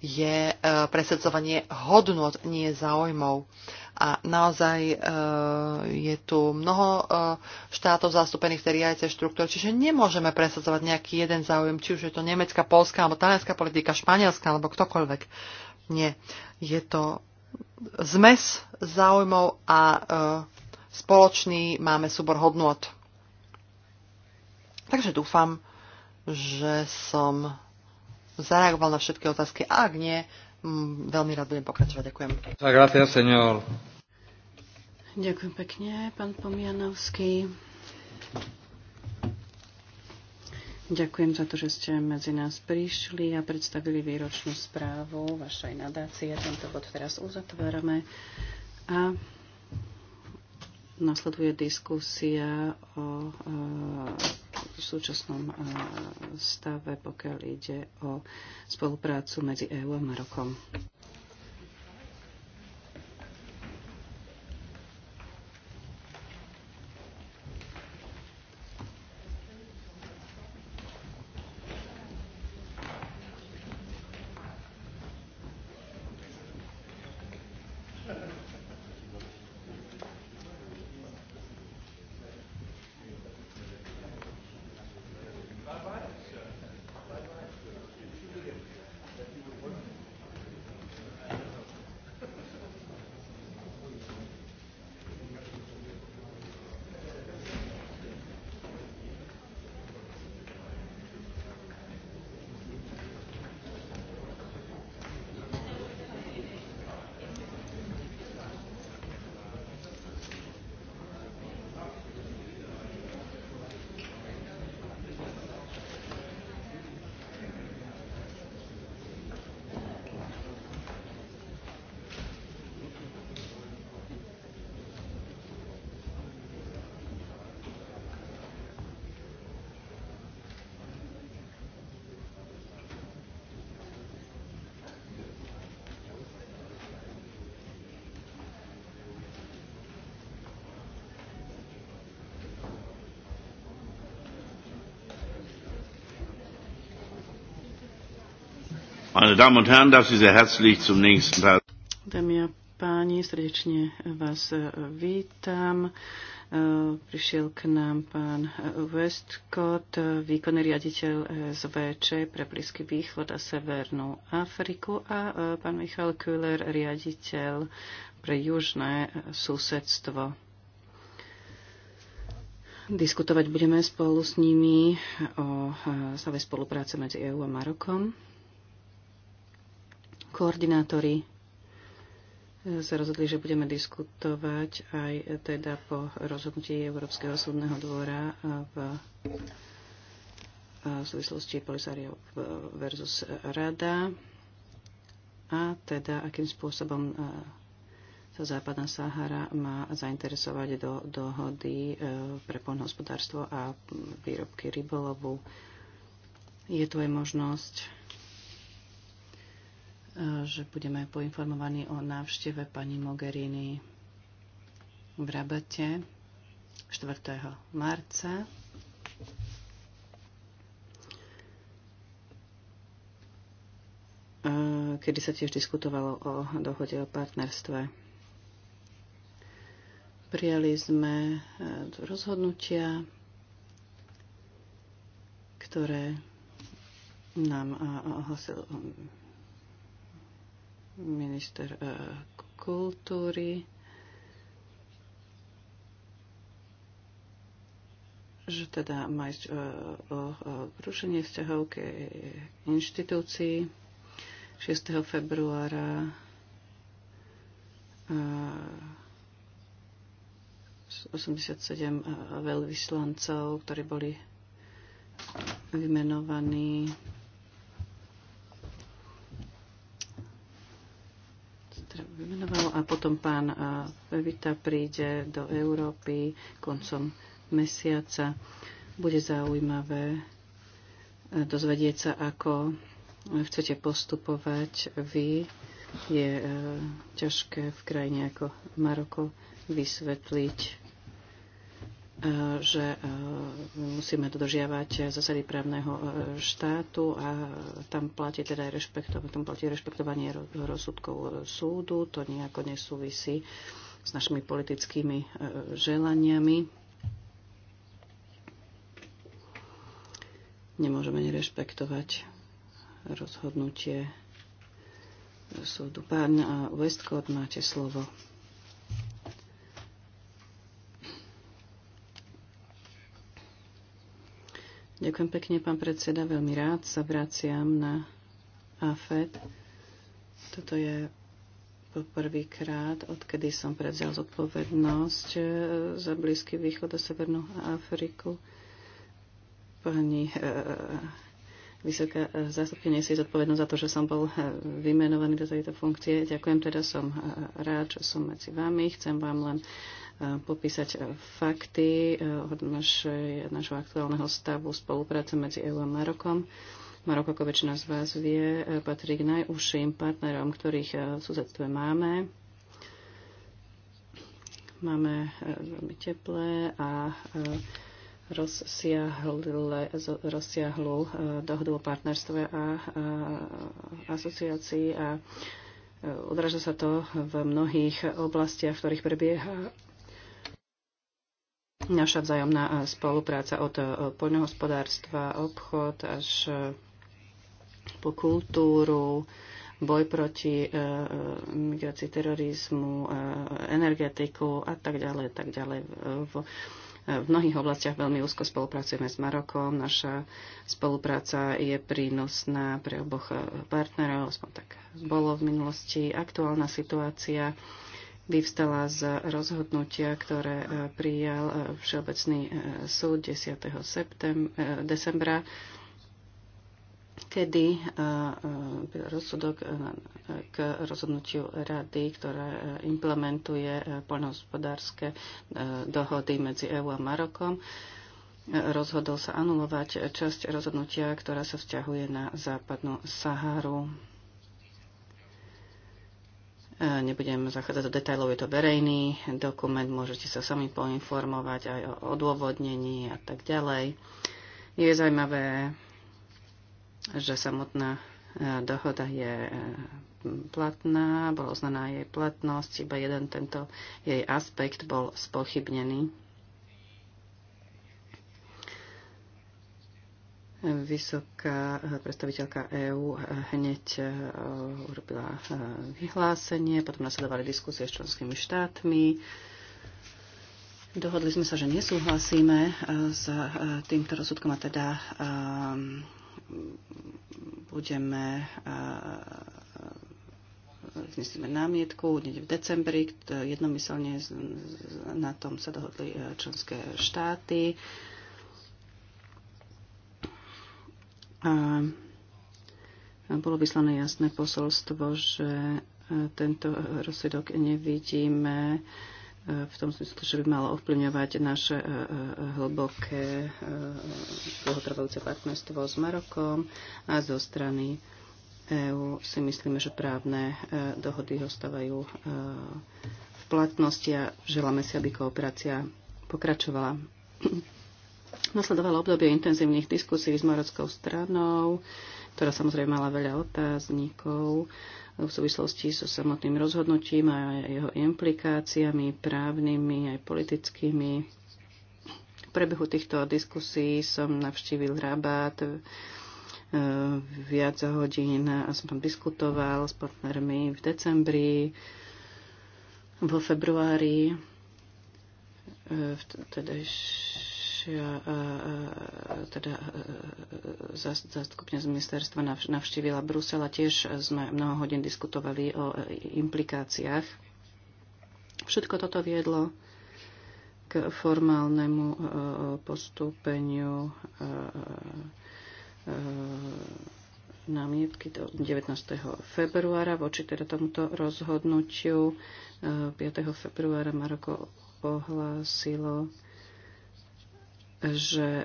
je e, presedzovanie hodnot, nie záujmov. A naozaj e, je tu mnoho e, štátov zastúpených v tej riadice štruktúre, čiže nemôžeme presadzovať nejaký jeden záujem, či už je to nemecká, polská alebo talianská politika, španielská alebo ktokoľvek. Nie. Je to zmes záujmov a spoločný máme súbor hodnot. Takže dúfam, že som zareagoval na všetky otázky. A ak nie, veľmi rád budem pokračovať. Ďakujem. Gracias, señor. Ďakujem pekne, pán Pomianovský. Ďakujem za to, že ste medzi nás prišli a predstavili výročnú správu vašej nadácie. Tento bod teraz uzatvárame. A nasleduje diskusia o, o e, v súčasnom eh, stave, pokiaľ ide o spoluprácu medzi EÚ a Marokom. Meine Damen und Herren, darf Sie sehr herzlich zum nächsten Teil. Dámy a páni, srdečne vás e, vítam. E, prišiel k nám pán e, Westcott, výkonný riaditeľ z VČ pre Blízky východ a Severnú Afriku a pán Michal Kühler, riaditeľ pre južné susedstvo. Diskutovať budeme spolu s nimi o stave spolupráce medzi EÚ a Marokom. Koordinátori sa rozhodli, že budeme diskutovať aj teda po rozhodnutí Európskeho súdneho dvora v súvislosti Polisario versus Rada a teda akým spôsobom sa západná Sahara má zainteresovať do dohody e, pre poľnohospodárstvo a výrobky rybolovu. Je tu aj možnosť že budeme poinformovaní o návšteve pani Mogherini v Rabate 4. marca. kedy sa tiež diskutovalo o dohode o partnerstve. Prijali sme e, rozhodnutia, ktoré nám e, ohlasil minister e, kultúry, že teda majú uh, e, o rušenie vzťahov k inštitúcii 6. februára uh, e, 87 veľvyslancov, ktorí boli vymenovaní vymenoval a potom pán Vevita príde do Európy koncom mesiaca. Bude zaujímavé e, dozvedieť sa, ako chcete postupovať vy. Je e, ťažké v krajine ako Maroko vysvetliť E, že e, musíme dodržiavať zásady právneho e, štátu a tam platí teda aj rešpektovanie, tam platí rešpektovanie rozsudkov súdu, to nejako nesúvisí s našimi politickými želaniami. Nemôžeme nerešpektovať rozhodnutie súdu. Pán Westcott, máte slovo. Ďakujem pekne, pán predseda. Veľmi rád sa vraciam na AFED. Toto je poprvýkrát, odkedy som prevzal zodpovednosť eh, za Blízky východ a Severnú Afriku. Pani eh, vysoká eh, zástupkynia si zodpovednosť za to, že som bol vymenovaný do tejto funkcie. Ďakujem teda, som rád, že som medzi vami. Chcem vám len popísať e, fakty e, od našho aktuálneho stavu spolupráce medzi EU a Marokom. Maroko, ako väčšina z vás vie, e, patrí k najúžším partnerom, ktorých v susedstve máme. Máme veľmi teplé a rozsiahlu dohodu o partnerstve a asociácii a odraža sa to v mnohých oblastiach, v ktorých prebieha Naša vzájomná eh, spolupráca od eh, poľnohospodárstva, obchod až eh, po kultúru, boj proti migrácii terorizmu, energetiku a tak ďalej, tak ďalej. V, v mnohých oblastiach veľmi úzko spolupracujeme s Marokom. Naša spolupráca je prínosná pre oboch partnerov, aspoň tak bolo v minulosti. Aktuálna situácia vyvstala z rozhodnutia, ktoré e, prijal e, Všeobecný e, súd 10. Septem, decembra, kedy rozsudok k rozhodnutiu rady, ktorá implementuje poľnohospodárske dohody medzi EÚ a Marokom, rozhodol sa anulovať časť rozhodnutia, ktorá sa vzťahuje na západnú Saharu Nebudem zachádzať do detajlov, je to verejný dokument, môžete sa sami poinformovať aj o odôvodnení a tak ďalej. Je zaujímavé, že samotná e, dohoda je e, platná, bola uznaná jej platnosť, iba jeden tento jej aspekt bol spochybnený. Vysoká eh, predstaviteľka EÚ hneď eh, urobila eh, vyhlásenie, potom nasledovali diskusie s členskými štátmi. Dohodli sme sa, že nesúhlasíme s týmto rozsudkom a teda budeme vznesieme námietku hneď v decembri. Jednomyselne na tom sa dohodli členské štáty A bolo vyslané jasné posolstvo, že e, tento rozsudok nevidíme e, v tom smysle, že by malo ovplyvňovať naše e, hlboké dlhotrvajúce partnerstvo s Marokom a zo strany EÚ si myslíme, že právne dohody ostávajú v platnosti a želáme si, aby kooperácia pokračovala. Nasledovalo obdobie intenzívnych diskusí s marockou stranou, ktorá samozrejme mala veľa otáznikov v súvislosti so samotným rozhodnutím a jeho implikáciami právnymi aj politickými. V prebehu týchto diskusí som navštívil Rabat e, viac hodín a som tam diskutoval s partnermi v decembri, vo februári, e, vtedy Ďalšia e, e, teda, e, zastupňa z ministerstva navštívila Brusel a tiež sme mnoho hodín diskutovali o implikáciách. Všetko toto viedlo k formálnemu postúpeniu námietky do 19. februára voči teda tomuto rozhodnutiu. 5. februára Maroko ohlásilo že e,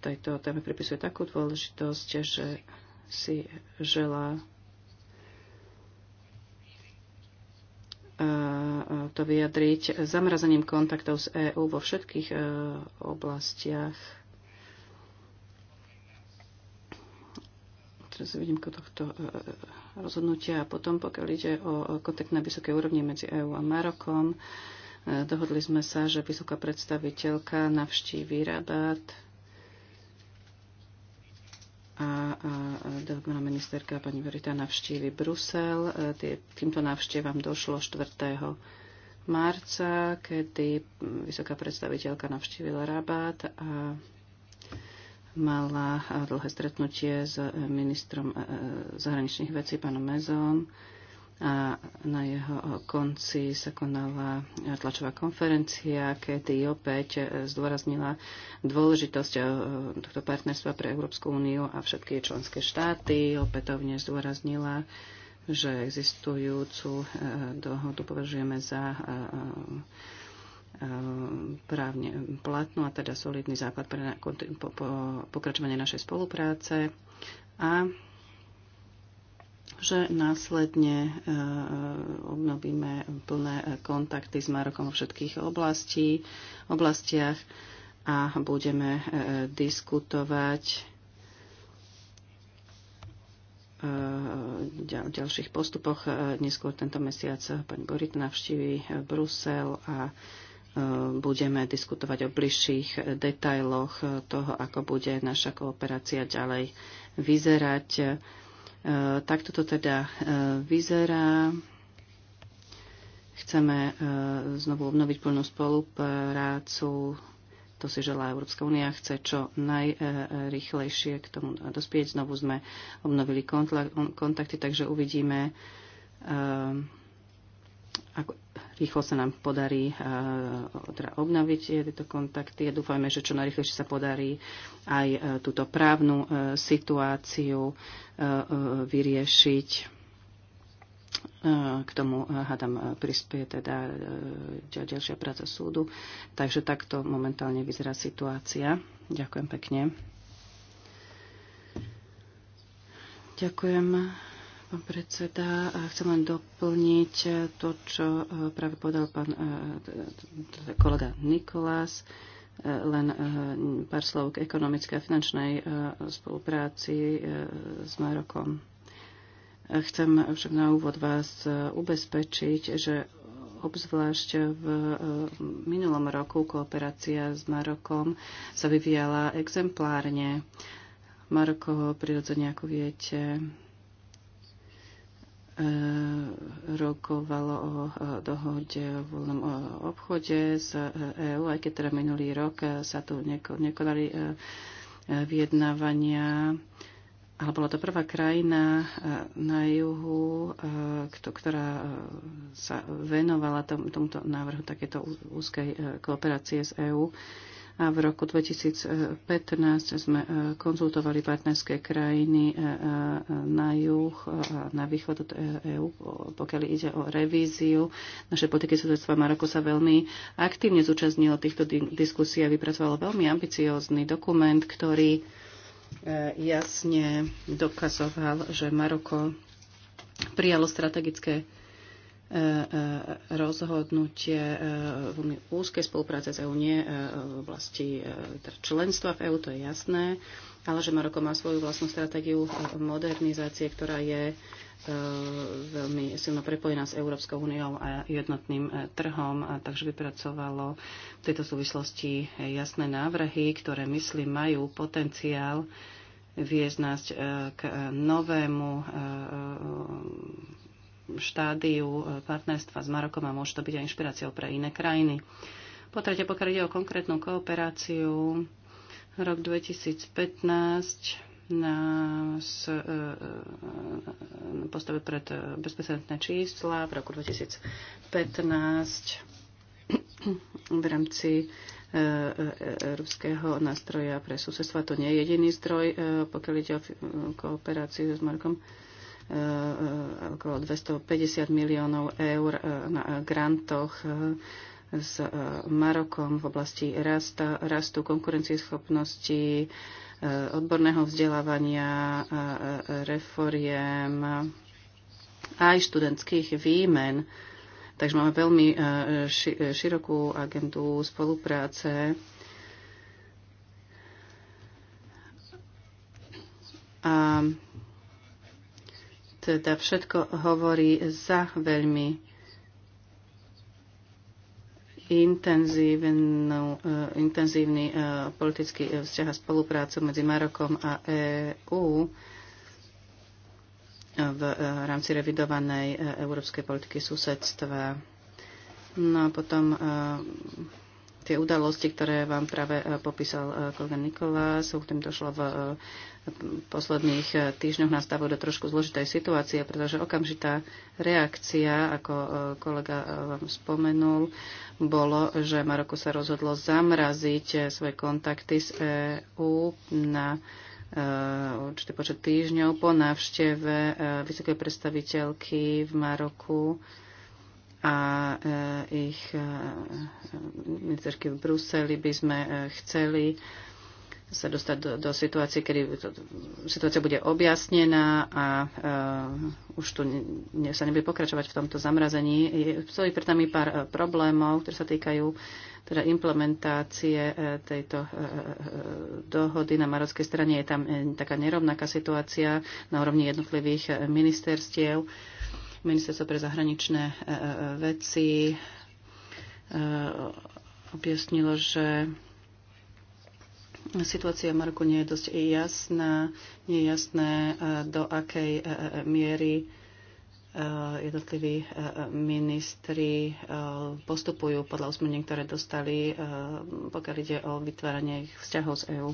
tejto téme pripisuje takú dôležitosť, že si želá e, to vyjadriť zamrazením kontaktov z EÚ vo všetkých e, oblastiach. Teraz vidím tohto rozhodnutia. A potom, pokiaľ ide o kontakt na vysokej úrovni medzi EÚ a Marokom, Dohodli sme sa, že vysoká predstaviteľka navštíví Rabat a, a ministerka pani Verita navštívi Brusel. E, týmto návštevám došlo 4 marca, kedy vysoká predstaviteľka navštívila Rabat a mala dlhé stretnutie s e, ministrom e, zahraničných vecí, pánom Mezom a na jeho konci sa konala tlačová konferencia, kedy opäť e, zdôraznila dôležitosť e, tohto partnerstva pre Európsku úniu a všetky členské štáty. Opätovne zdôraznila, že existujúcu e, dohodu považujeme za právne platnú a teda solidný základ pre pokračovanie našej spolupráce. A že následne e, obnovíme plné kontakty s Marokom vo všetkých oblastí, oblastiach a budeme e, diskutovať e, v ďalších postupoch. Neskôr tento mesiac pani Borit navštíví Brusel a budeme diskutovať o bližších detailoch toho, ako bude naša kooperácia ďalej vyzerať Eh, Takto to teda eh, vyzerá. Chceme eh, znovu obnoviť plnú spoluprácu. To si želá Európska únia. Chce čo najrychlejšie k tomu dospieť. Znovu sme obnovili kontakty, takže uvidíme, ako rýchlo sa nám podarí eh, teda obnoviť eh, tieto kontakty a dúfajme, že čo najrychlejšie sa podarí aj eh, túto právnu situáciu vyriešiť. K tomu, hádam, prispieje teda ďalšia práca súdu. Takže takto momentálne vyzerá situácia. Ďakujem pekne. Ďakujem. Pán predseda, chcem len doplniť to, čo e, práve povedal pán e, kolega Nikolás, e, len pár slov k ekonomickej a finančnej spolupráci s Marokom. Chcem však na úvod vás ubezpečiť, že obzvlášť v minulom roku kooperácia s Marokom sa vyvíjala exemplárne. Maroko prirodzene, ako viete, Eh, rokovalo o dohode o voľnom obchode z EÚ, eh, e aj keď teda minulý rok eh, sa tu nekonali vyjednávania. Ale bola to prvá krajina na juhu, ktorá sa venovala tomuto návrhu takéto úzkej kooperácie z EÚ a v roku 2015 sme e, konzultovali partnerské krajiny e, e, na juh a na východ od EÚ, pokiaľ ide o revíziu. Naše politiky súdectva Maroko sa veľmi aktívne zúčastnilo týchto diskusí a vypracovalo veľmi ambiciózny dokument, ktorý jasne dokazoval, že Maroko prijalo strategické E, e, rozhodnutie e, veľmi úzkej spolupráce s EÚ, nie v oblasti teda členstva v EÚ, to je jasné, ale že Maroko má svoju vlastnú stratégiu modernizácie, ktorá je veľmi silno prepojená s Európskou úniou a jednotným trhom, a takže vypracovalo v tejto súvislosti jasné návrhy, ktoré, myslím, majú potenciál viesť nás k novému štádiu e, partnerstva s Marokom a môže to byť aj inšpiráciou pre iné krajiny. Po tretie, pokiaľ ide o konkrétnu kooperáciu, rok 2015 nás postavil pred e, bezprecedentné čísla v roku 2015 v rámci Európskeho e, nástroja pre susedstva. To nie je jediný zdroj, pokiaľ ide o kooperáciu s Markom. Eh, okolo 250 miliónov eur eh, na grantoch eh, s Marokom v oblasti rasta, rastu konkurencieschopnosti, odborného vzdelávania, reforiem, aj študentských výmen. Takže máme veľmi širokú agendu spolupráce. A teda všetko hovorí za veľmi eh, intenzívny eh, politický vzťah a spoluprácu medzi Marokom a EÚ v eh, rámci revidovanej európskej politiky susedstva. No a potom tie udalosti, ktoré vám práve e, popísal e, kolega Nikolás, k tým došlo v e, posledných týždňoch na do trošku zložitej situácie, pretože okamžitá reakcia, ako kolega vám spomenul, bolo, že Maroko sa rozhodlo zamraziť svoje kontakty s EÚ na určitý počet týždňov po návšteve vysokej predstaviteľky v Maroku a e, ich e, ministerky v Bruseli by sme e, chceli sa dostať do, do situácie, kedy to, situácia bude objasnená a uh, už tu ne, sa nebude pokračovať v tomto zamrazení. Sú pred nami pár problémov, ktoré sa týkajú teda implementácie tejto uh, dohody. Na marockej strane je tam taká nerovnaká situácia na úrovni jednotlivých ministerstiev. Uh, ministerstvo pre zahraničné e, e, veci e, objasnilo, že situácia v Maroku nie je dosť jasná, nie je jasné, do akej miery jednotliví ministri postupujú podľa usmernení, ktoré dostali, pokiaľ ide o vytváranie ich vzťahov z EÚ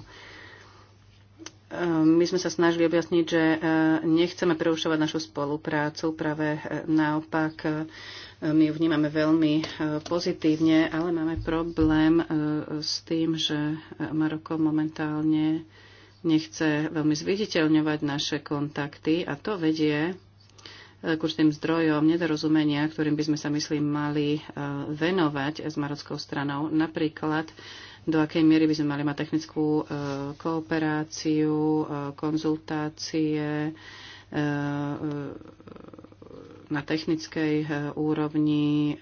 my sme sa snažili objasniť, že e, nechceme prerušovať našu spoluprácu, práve e, naopak e, my ju vnímame veľmi pozitívne, ale máme problém s tým, že Maroko momentálne nechce veľmi zviditeľňovať naše kontakty a to vedie k určitým zdrojom nedorozumenia, ktorým by sme sa, myslím, mali venovať s marockou stranou. Napríklad do akej miery by sme mali mať technickú e, kooperáciu, e, konzultácie e, na technickej úrovni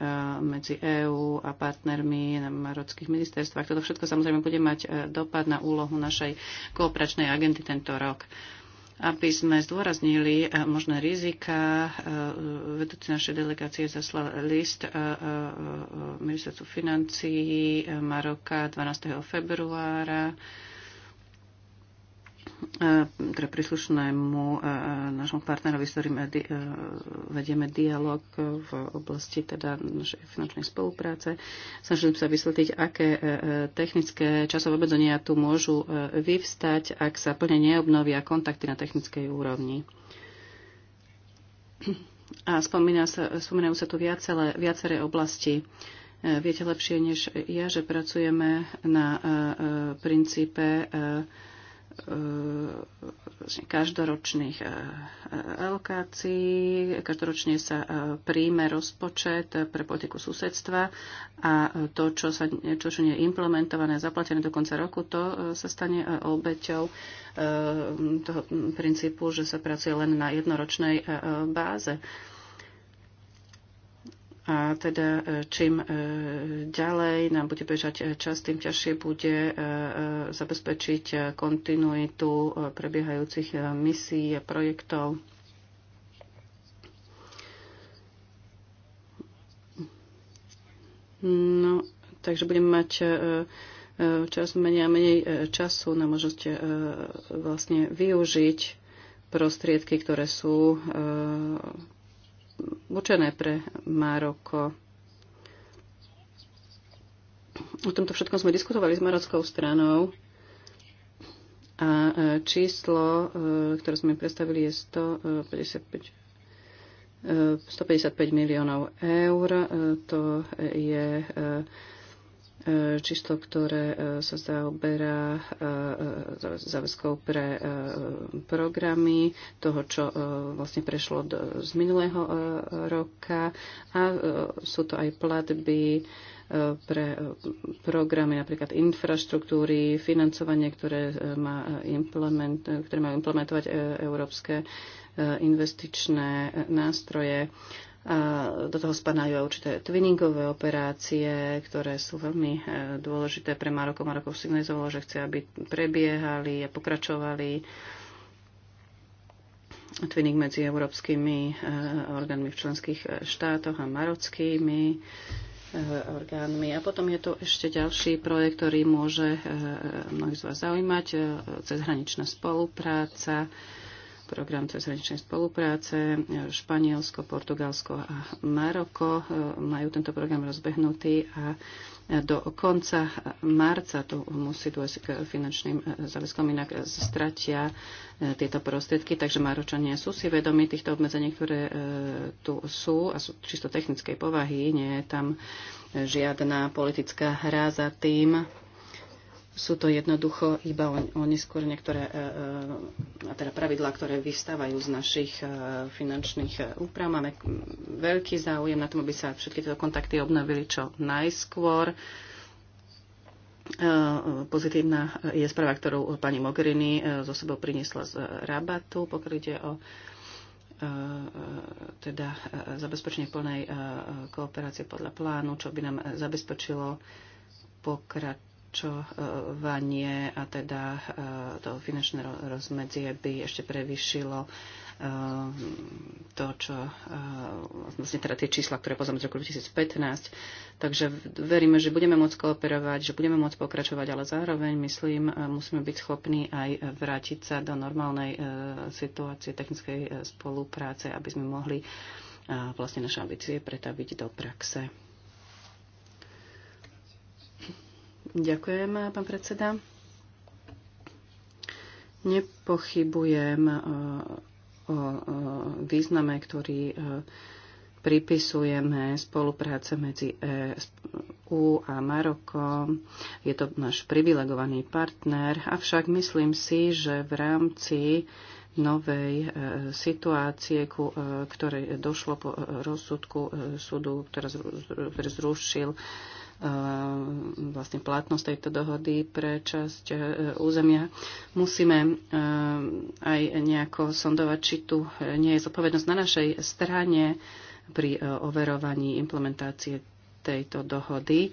medzi EÚ a partnermi na marockých ministerstvách. Toto všetko samozrejme bude mať dopad na úlohu našej kooperačnej agenty tento rok aby sme zdôraznili eh, možné rizika. Eh, vedúci našej delegácie zaslal list eh, ministerstvu financií Maroka 12. februára teda príslušnému nášmu partnerovi, s ktorým e, e, vedieme dialog v oblasti teda našej finančnej spolupráce. Snažím sa vysvetliť, aké e, technické časové obmedzenia tu môžu vyvstať, ak sa plne neobnovia kontakty na technickej úrovni. A spomína sa, spomínajú sa tu viacere, viaceré oblasti. Viete lepšie než ja, že pracujeme na princípe E, každoročných e, alokácií. Každoročne sa e, príjme rozpočet pre politiku susedstva a to, čo, sa, čo, čo nie je implementované zaplatené do konca roku, to sa stane obeťou toho princípu, že sa pracuje len na jednoročnej báze. A teda e, čím e, ďalej nám bude bežať e, čas, tým ťažšie bude zabezpečiť kontinuitu prebiehajúcich misií a projektov. No, takže budeme mať čas menej a menej času na možnosť vlastne využiť prostriedky, ktoré sú určené pre Maroko. O tomto všetkom sme diskutovali s marockou stranou a e, číslo, e, ktoré sme im predstavili, je 155 155 e, miliónov eur. To je čisto, ktoré e, sa zaoberá e, e, záväzkou pre programy toho, čo vlastne prešlo z minulého roka a sú to aj platby pre programy napríklad infraštruktúry, financovanie, ktoré, má implement, ktoré majú implementovať európske investičné nástroje. A do toho spadajú aj určité twinningové operácie, ktoré sú veľmi e, dôležité pre Maroko. Maroko signalizovalo, že chce, aby prebiehali a pokračovali twinning medzi európskymi e, orgánmi v členských e, štátoch a marockými orgánmi. A potom je tu ešte ďalší projekt, ktorý môže mnohých z vás zaujímať, cezhraničná spolupráca program cezhraničnej spolupráce. Španielsko, Portugalsko a Maroko e, majú tento program rozbehnutý a do konca marca tu musí dôjsť k finančným e, záväzkom, inak stratia e, tieto prostriedky. Takže Maročania sú si vedomi týchto obmedzení, ktoré tu sú a sú čisto technickej povahy. Nie je tam žiadna politická hra za tým sú to jednoducho iba neskôr niektoré e, e, teda pravidlá, ktoré vystávajú z našich e, finančných úprav. Máme veľký záujem na tom, aby sa všetky tieto kontakty obnovili čo najskôr. Pozitívna je správa, ktorú pani Mogherini zo sebou priniesla z Rabatu, pokiaľ ide o teda zabezpečenie plnej kooperácie podľa plánu, čo by nám zabezpečilo pokrat, určovanie a teda e, to finančné rozmedzie by ešte prevyšilo e, to, čo e, vlastne teda tie čísla, ktoré poznáme z roku 2015. Takže veríme, že budeme môcť kooperovať, že budeme môcť pokračovať, ale zároveň, myslím, musíme byť schopní aj vrátiť sa do normálnej situácie technickej spolupráce, aby sme mohli vlastne naše ambície pretaviť do praxe. Ďakujem, pán predseda. Nepochybujem e, o význame, ktorý e, pripisujeme spolupráce medzi EU a Marokom. Je to náš privilegovaný partner, avšak myslím si, že v rámci novej e, situácie, ku ktorej došlo po rozsudku súdu, ktorý zrušil vlastne platnosť tejto dohody pre časť e, územia. Musíme e, aj nejako sondovať, či tu nie je zodpovednosť na našej strane pri e, overovaní implementácie tejto dohody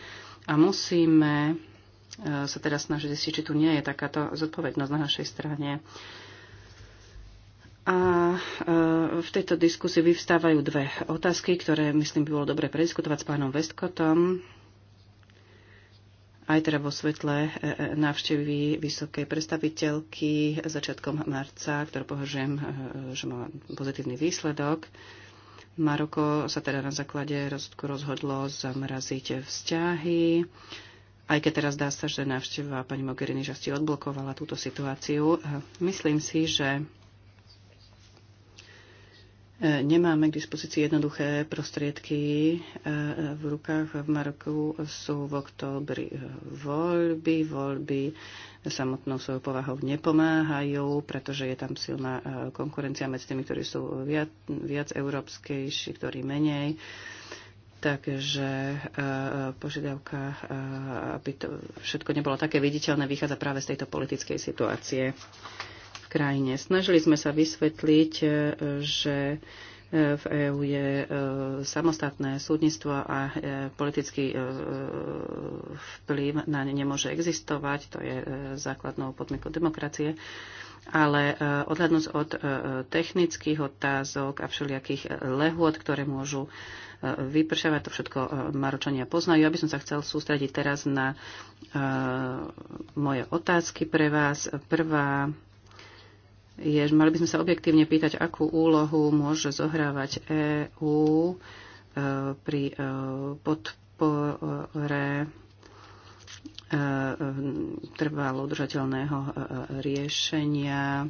a musíme sa teraz snažiť zistiť, či tu nie je takáto zodpovednosť na našej strane. A v tejto diskusii vyvstávajú dve otázky, ktoré myslím by bolo dobre prediskutovať s pánom Westkotom aj teda vo svetle e, e, návštevy vysokej predstaviteľky začiatkom marca, ktorú považujem, e, že má pozitívny výsledok. Maroko sa teda na základe rozhodku rozhodlo zamraziť vzťahy, aj keď teraz dá sa, že návšteva pani Mogherini žasti odblokovala túto situáciu. Myslím si, že Nemáme k dispozícii jednoduché prostriedky. E, v rukách v Maroku sú v októbri voľby. Voľby samotnou svojou povahou nepomáhajú, pretože je tam silná e, konkurencia medzi tými, ktorí sú viac, viac európskejší, ktorí menej. Takže e, požiadavka, aby to všetko nebolo také viditeľné, vychádza práve z tejto politickej situácie krajine. Snažili sme sa vysvetliť, e, že e, v EÚ je e, samostatné súdnictvo a politický vplyv na ne nemôže existovať. To je základnou podmienkou demokracie ale odhľadnúť od technických otázok a všelijakých lehôd, ktoré môžu vypršavať, to všetko Maročania poznajú. ja by som sa chcel sústrediť teraz na moje otázky pre vás. Prvá je, že mali by sme sa objektívne pýtať, akú úlohu môže zohrávať EÚ e, pri e, podpore e, trvalo udržateľného riešenia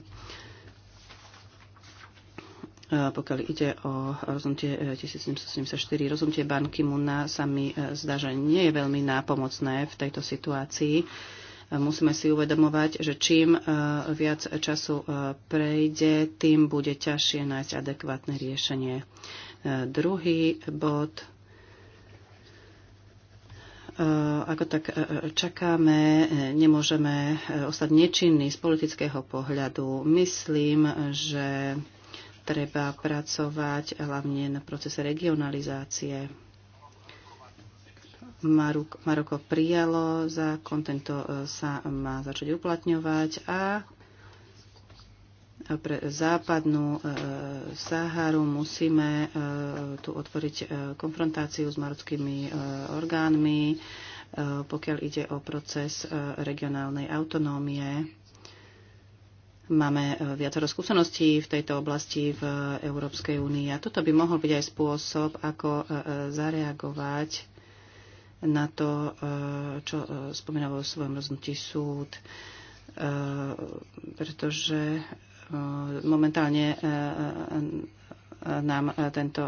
pokiaľ ide o rozhodnutie 1774. Rozhodnutie banky Muna sa mi zdá, že nie je veľmi nápomocné v tejto situácii musíme si uvedomovať, že čím e, viac času e, prejde, tým bude ťažšie nájsť adekvátne riešenie. E, druhý bod ako tak čakáme, nemôžeme ostať nečinní z politického pohľadu. Myslím, že treba pracovať hlavne na procese regionalizácie Marok, Maroko prijalo zákon, tento e, sa má začať uplatňovať a pre západnú e, Saharu musíme e, tu otvoriť konfrontáciu s marockými orgánmi, pokiaľ ide o proces regionálnej autonómie. Máme viacero skúseností v tejto oblasti v Európskej únii a toto by mohol byť aj spôsob, ako zareagovať na to, eh, čo eh, spomínal vo svojom rozhodnutí súd, eh, pretože momentálne nám tento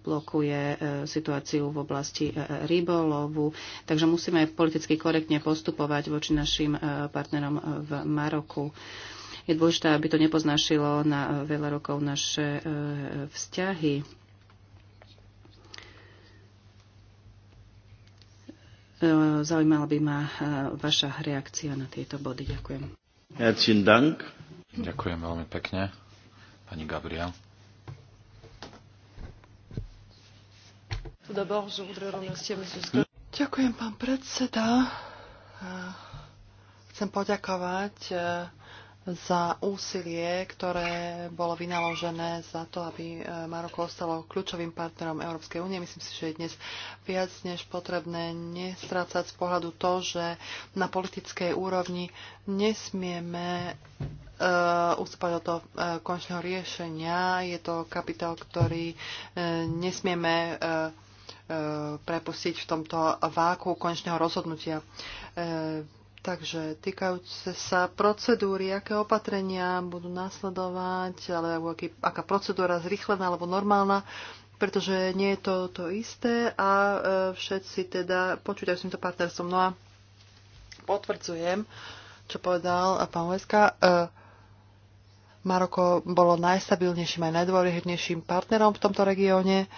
blokuje situáciu v oblasti rybolovu. Takže musíme politicky korektne postupovať voči našim partnerom v Maroku. Je dôležité, aby to nepoznášilo na veľa rokov naše vzťahy E, zaujímala by ma e, vaša reakcia na tieto body. Ďakujem. Ďakujem veľmi pekne, pani Gabriel. Ďakujem, pán predseda. E, chcem poďakovať za úsilie, ktoré bolo vynaložené za to, aby e, Maroko ostalo kľúčovým partnerom Európskej únie. Myslím si, že je dnes viac než potrebné nestrácať z pohľadu to, že na politickej úrovni nesmieme uh, ustúpať od toho uh, e, končného riešenia. Je to kapitál, ktorý uh, nesmieme uh, prepustiť v tomto váku konečného rozhodnutia. Uh, Takže týkajúce sa procedúry, aké opatrenia budú následovať, ale aký, aká procedúra zrýchlená alebo normálna, pretože nie je to to isté a e, všetci teda počúvajú s týmto partnerstvom. No a potvrdzujem, čo povedal pán Leska, e, Maroko bolo najstabilnejším aj najdôležitejším partnerom v tomto regióne.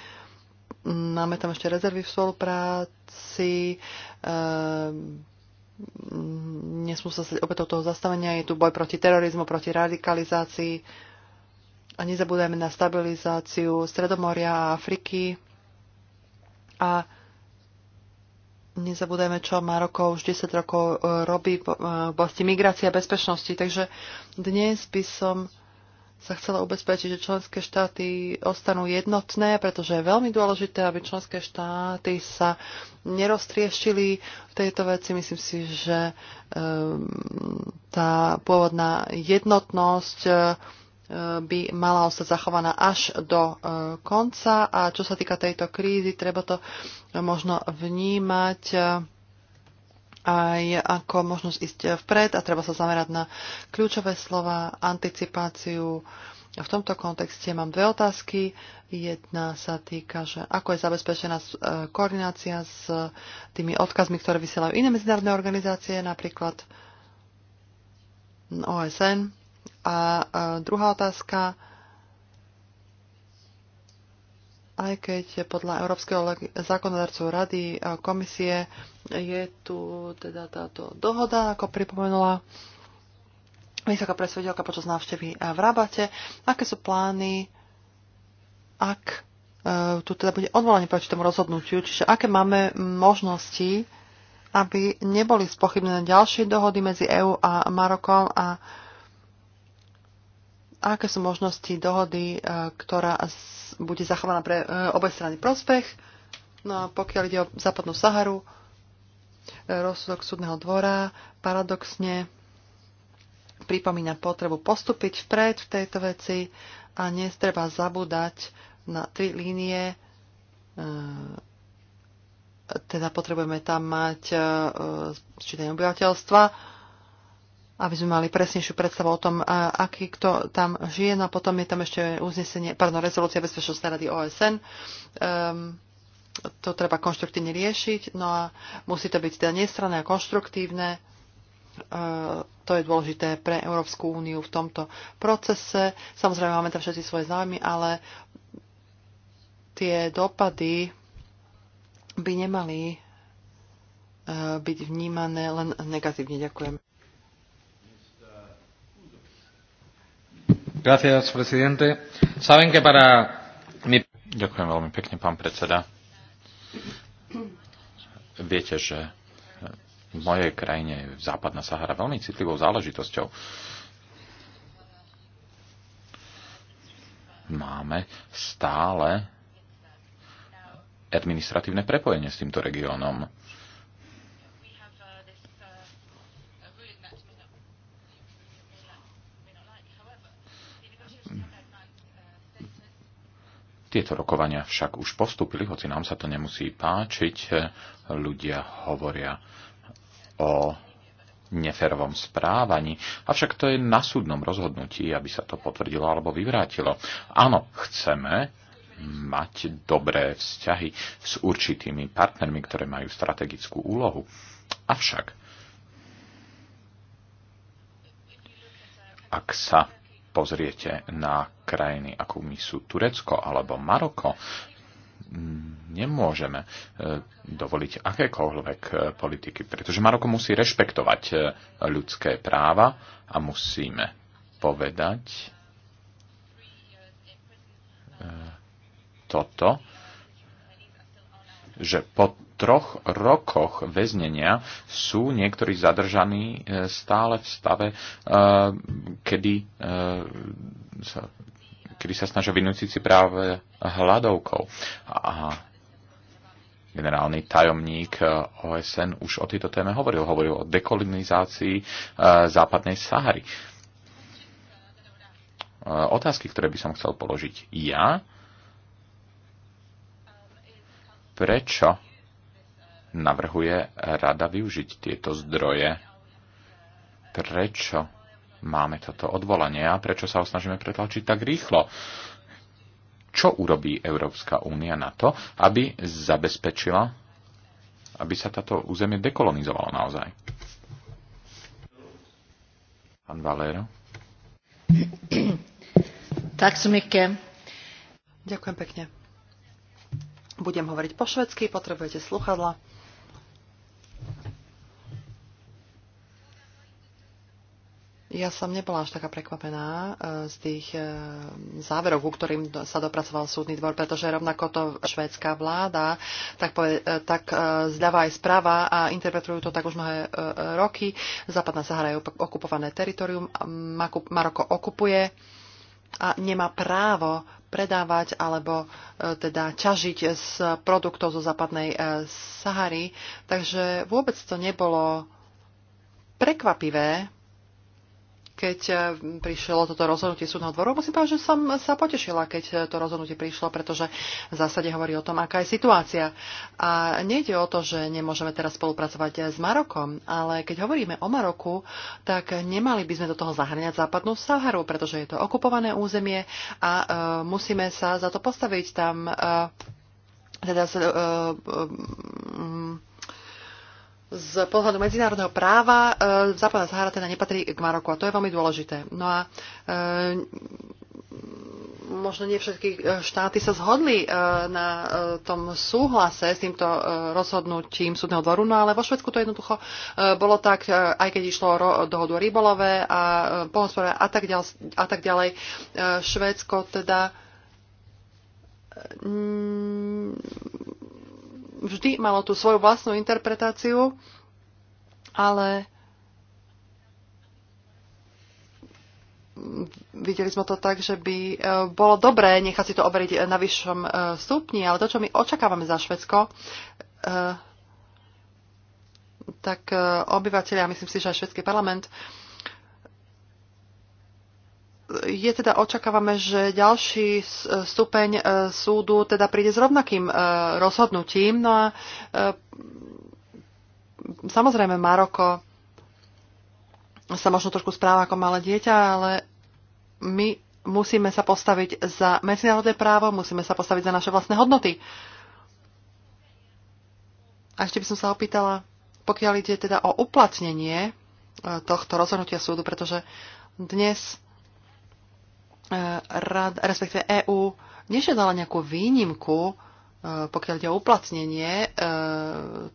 Máme tam ešte rezervy v spolupráci. E, Mm, nesmú sa stať opäť toho zastavenia. Je tu boj proti terorizmu, proti radikalizácii. A nezabúdajme na stabilizáciu Stredomoria a Afriky. A nezabúdajme, čo Maroko už 10 rokov robí v oblasti migrácie a bezpečnosti. Takže dnes by som sa chcela ubezpečiť, že členské štáty ostanú jednotné, pretože je veľmi dôležité, aby členské štáty sa neroztrieštili v tejto veci. Myslím si, že ehm, tá pôvodná jednotnosť e, by mala ostať zachovaná až do e, konca. A čo sa týka tejto krízy, treba to možno vnímať e, aj ako možnosť ísť vpred a treba sa zamerať na kľúčové slova, anticipáciu. V tomto kontexte mám dve otázky. Jedna sa týka, že ako je zabezpečená e, koordinácia s tými odkazmi, ktoré vysielajú iné medzinárodné organizácie, napríklad OSN. A e, druhá otázka, aj keď podľa Európskeho zákonodarcov Rady a komisie je tu teda táto dohoda, ako pripomenula vysoká predstaviteľka počas návštevy v Rabate. Aké sú plány, ak e, tu teda bude odvolanie proti tomu rozhodnutiu, čiže aké máme možnosti, aby neboli spochybnené ďalšie dohody medzi EÚ a Marokom a aké sú možnosti dohody, e, ktorá bude zachovaná pre e, obe strany prospech. No a pokiaľ ide o západnú Saharu, e, rozsudok súdneho dvora paradoxne pripomína potrebu postúpiť vpred v tejto veci a nestreba zabúdať na tri línie. Teda potrebujeme tam mať sčítanie obyvateľstva, aby sme mali presnejšiu predstavu o tom, aký kto tam žije. No a potom je tam ešte uznesenie, pardon, rezolúcia Bezpečnostnej rady OSN. Um, ehm, to treba konštruktívne riešiť, no a musí to byť teda nestranné a konštruktívne. Uh, to je dôležité pre Európsku úniu v tomto procese. Samozrejme, máme tam všetci svoje záujmy, ale tie dopady by nemali e, byť vnímané len negatívne. Ďakujem. Ďakujem veľmi pekne, pán predseda. Viete, že v mojej krajine je západná Sahara veľmi citlivou záležitosťou. Máme stále administratívne prepojenie s týmto regiónom Tieto rokovania však už postupili, hoci nám sa to nemusí páčiť. Ľudia hovoria o neferovom správaní, avšak to je na súdnom rozhodnutí, aby sa to potvrdilo alebo vyvrátilo. Áno, chceme mať dobré vzťahy s určitými partnermi, ktoré majú strategickú úlohu. Avšak, ak sa pozriete na krajiny, ako my sú Turecko alebo Maroko, nemôžeme e, dovoliť akékoľvek e, politiky, pretože Maroko musí rešpektovať e, ľudské práva a musíme povedať toto že po troch rokoch väznenia sú niektorí zadržaní e, stále v stave, e, kedy e, sa, kedy sa snažia vynúciť si práve hľadovkou. A generálny tajomník OSN už o tejto téme hovoril. Hovoril o dekolonizácii západnej Sahary. Otázky, ktoré by som chcel položiť ja, prečo navrhuje rada využiť tieto zdroje? Prečo máme toto odvolanie a prečo sa ho snažíme pretlačiť tak rýchlo? Čo urobí Európska únia na to, aby zabezpečila, aby sa táto územie dekolonizovalo naozaj? Pán Valero. Tak Ďakujem pekne. Budem hovoriť po švedsky, potrebujete sluchadla. Ja som nebola až taká prekvapená e, z tých e, záverov, ku ktorým sa dopracoval súdny dvor, pretože rovnako to švédska vláda, tak, poved, e, tak zľava aj správa a interpretujú to tak už mnohé roky. Západná Sahara je okupované teritorium, Maroko okupuje a nemá právo predávať alebo e, teda ťažiť z produktov zo západnej e, Sahary. Takže vôbec to nebolo prekvapivé, keď eh, prišlo toto rozhodnutie súdneho dvoru. Musím povedať, že som sa potešila, keď eh, to rozhodnutie prišlo, pretože v zásade hovorí o tom, aká je situácia. A nejde o to, že nemôžeme teraz spolupracovať eh, s Marokom, ale keď hovoríme o Maroku, tak nemali by sme do toho zahrňať západnú Saharu, pretože je to okupované územie a uh, musíme sa za to postaviť tam. Uh, teda sa, e, mm, z pohľadu medzinárodného práva e, Západná Sahara teda nepatrí k Maroku a to je veľmi dôležité. No a e, možno nie všetky e, štáty sa zhodli e, na e, tom súhlase s týmto e, rozhodnutím súdneho dvoru, no ale vo Švedsku to jednoducho e, bolo tak, e, aj keď išlo ro- dohodu rybolové a e, pohospodárstvo a tak, a tak ďalej. E, Švédsko teda mm, vždy malo tú svoju vlastnú interpretáciu, ale videli sme to tak, že by e, bolo dobré nechať si to overiť na vyššom e, stupni, ale to, čo my očakávame za Švedsko, e, tak obyvateľia, myslím si, že aj švedský parlament, je teda očakávame, že ďalší e, stupeň e, súdu teda príde s rovnakým e, rozhodnutím. No a samozrejme Maroko sa možno trošku správa ako malé dieťa, ale my musíme sa postaviť za medzinárodné právo, musíme sa postaviť za naše vlastné hodnoty. A ešte by som sa opýtala, pokiaľ ide teda o uplatnenie tohto rozhodnutia súdu, pretože dnes E, rad, respektíve EÚ nežiadala nejakú výnimku, e, pokiaľ ide o uplatnenie e,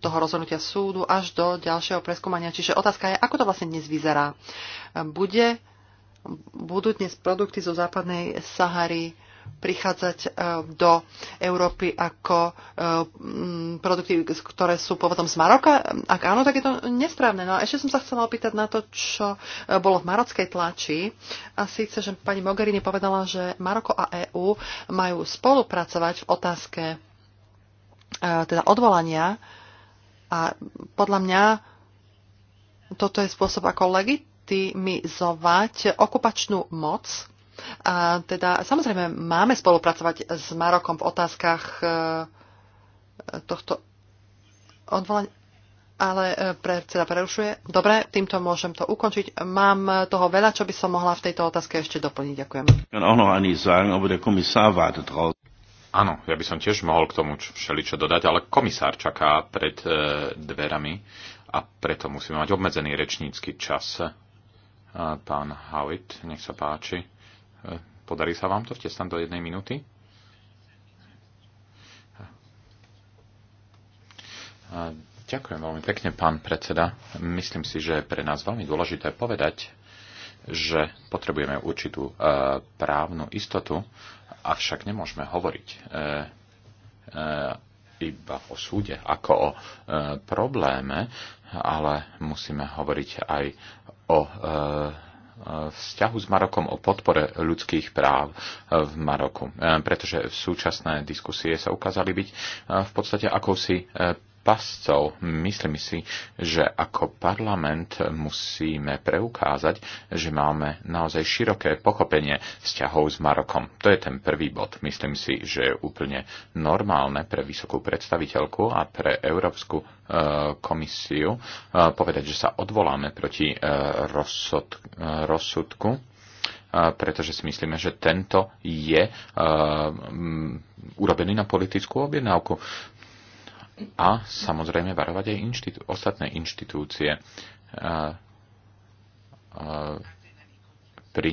toho rozhodnutia súdu až do ďalšieho preskúmania. Čiže otázka je, ako to vlastne dnes vyzerá. Bude, budú dnes produkty zo západnej Sahary prichádzať eh, do Európy ako eh, produkty, ktoré sú pôvodom z Maroka? Ak áno, tak je to nesprávne. No a ešte som sa chcela opýtať na to, čo eh, bolo v marockej tlači. A síce, že pani Mogherini povedala, že Maroko a EÚ majú spolupracovať v otázke teda odvolania a podľa mňa toto je spôsob, ako legitimizovať okupačnú moc a teda samozrejme máme spolupracovať s Marokom v otázkach e, tohto odvolania. Ale e, predseda prerušuje. Dobre, týmto môžem to ukončiť. Mám toho veľa, čo by som mohla v tejto otázke ešte doplniť. Ďakujem. Áno, ja by som tiež mohol k tomu všeličo dodať, ale komisár čaká pred e, dverami a preto musíme mať obmedzený rečnícky čas. Pán Howitt, nech sa páči. Podarí sa vám to vtesť tam do jednej minúty? Ďakujem veľmi pekne, pán predseda. Myslím si, že je pre nás veľmi dôležité povedať, že potrebujeme určitú e, právnu istotu, avšak nemôžeme hovoriť e, e, iba o súde ako o probléme, ale musíme hovoriť aj o vzťahu s Marokom o podpore ľudských práv v Maroku, e, pretože v súčasné diskusie sa ukázali byť e, v podstate akousi e, pascov. Myslím si, že ako parlament musíme preukázať, že máme naozaj široké pochopenie vzťahov s Marokom. To je ten prvý bod. Myslím si, že je úplne normálne pre vysokú predstaviteľku a pre Európsku e, komisiu e, povedať, že sa odvoláme proti e, rozsudku pretože si myslíme, že tento je urobený na politickú objednávku a samozrejme varovať aj inštitú- ostatné inštitúcie pri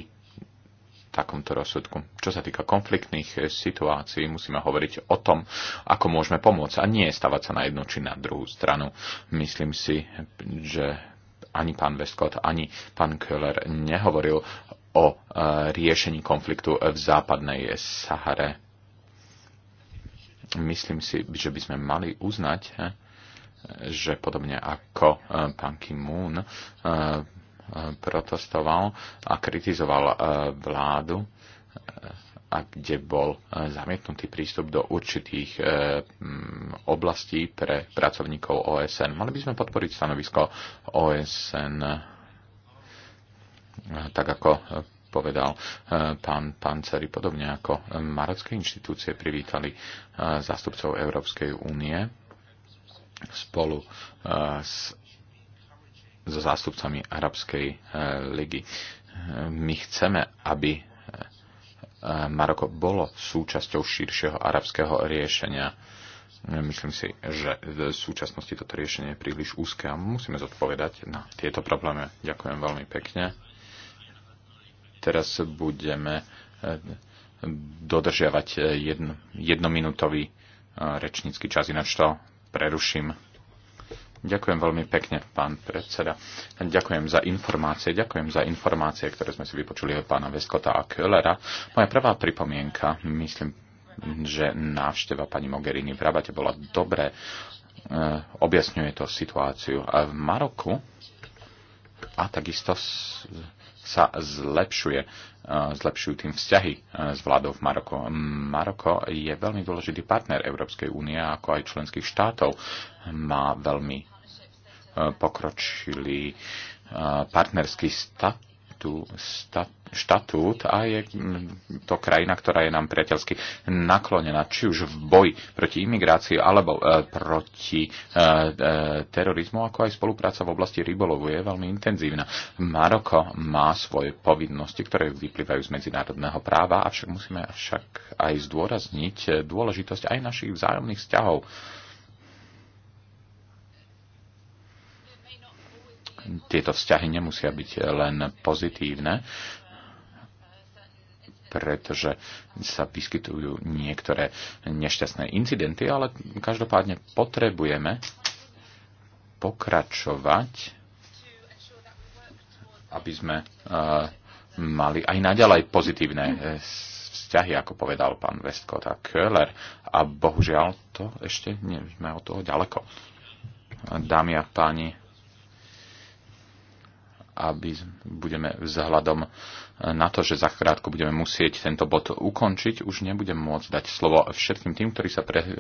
takomto rozsudku. Čo sa týka konfliktných e, situácií, musíme hovoriť o tom, ako môžeme pomôcť a nie stavať sa na jednu či na druhú stranu. Myslím si, že ani pán Westcott, ani pán Köhler nehovoril o e, riešení konfliktu v západnej Sahare myslím si, že by sme mali uznať, eh, že podobne ako eh, pán Kim Moon eh, protestoval a kritizoval vládu, a kde bol zamietnutý prístup do určitých mm, oblastí pre pracovníkov OSN. Mali by sme podporiť stanovisko OSN tak ako povedal e, pán Cery, podobne ako marocké inštitúcie privítali e, zástupcov Európskej únie spolu e, s so zástupcami Arabskej ligy. My chceme, aby Maroko bolo súčasťou širšieho arabského riešenia. Myslím si, že v súčasnosti toto riešenie je príliš úzke a musíme zodpovedať na tieto problémy. Ďakujem veľmi pekne teraz budeme eh, dodržiavať eh, jedno, jednominútový eh, rečnícky čas, ináč to preruším. Ďakujem veľmi pekne, pán predseda. Ďakujem za informácie, ďakujem za informácie, ktoré sme si vypočuli od pána Veskota a Köllera. Moja prvá pripomienka, myslím, že návšteva pani Mogherini v Rabate bola dobré. Objasňuje to situáciu v Maroku a takisto sa zlepšuje, eh, zlepšujú tým vzťahy eh, s vládou v Maroko. Maroko je veľmi dôležitý partner Európskej únie, ako aj členských štátov. Má veľmi eh, pokročilý partnerský stav štatú, stat, štatút a je mm, to krajina, ktorá je nám priateľsky naklonená, či už v boji proti imigrácii alebo e, proti e, e, terorizmu, ako aj spolupráca v oblasti rybolovu je veľmi intenzívna. Maroko má svoje povinnosti, ktoré vyplývajú z medzinárodného práva, avšak musíme však aj zdôrazniť e, dôležitosť aj našich vzájomných vzťahov tieto vzťahy nemusia byť len pozitívne, pretože sa vyskytujú niektoré nešťastné incidenty, ale každopádne potrebujeme pokračovať, aby sme eh, mali aj naďalej pozitívne eh, vzťahy, ako povedal pán Westcott a Köhler. A bohužiaľ, to ešte nie, sme od toho ďaleko. Dámy a páni, aby budeme vzhľadom na to, že za krátko budeme musieť tento bod ukončiť, už nebudem môcť dať slovo všetkým tým, ktorí sa pre, e,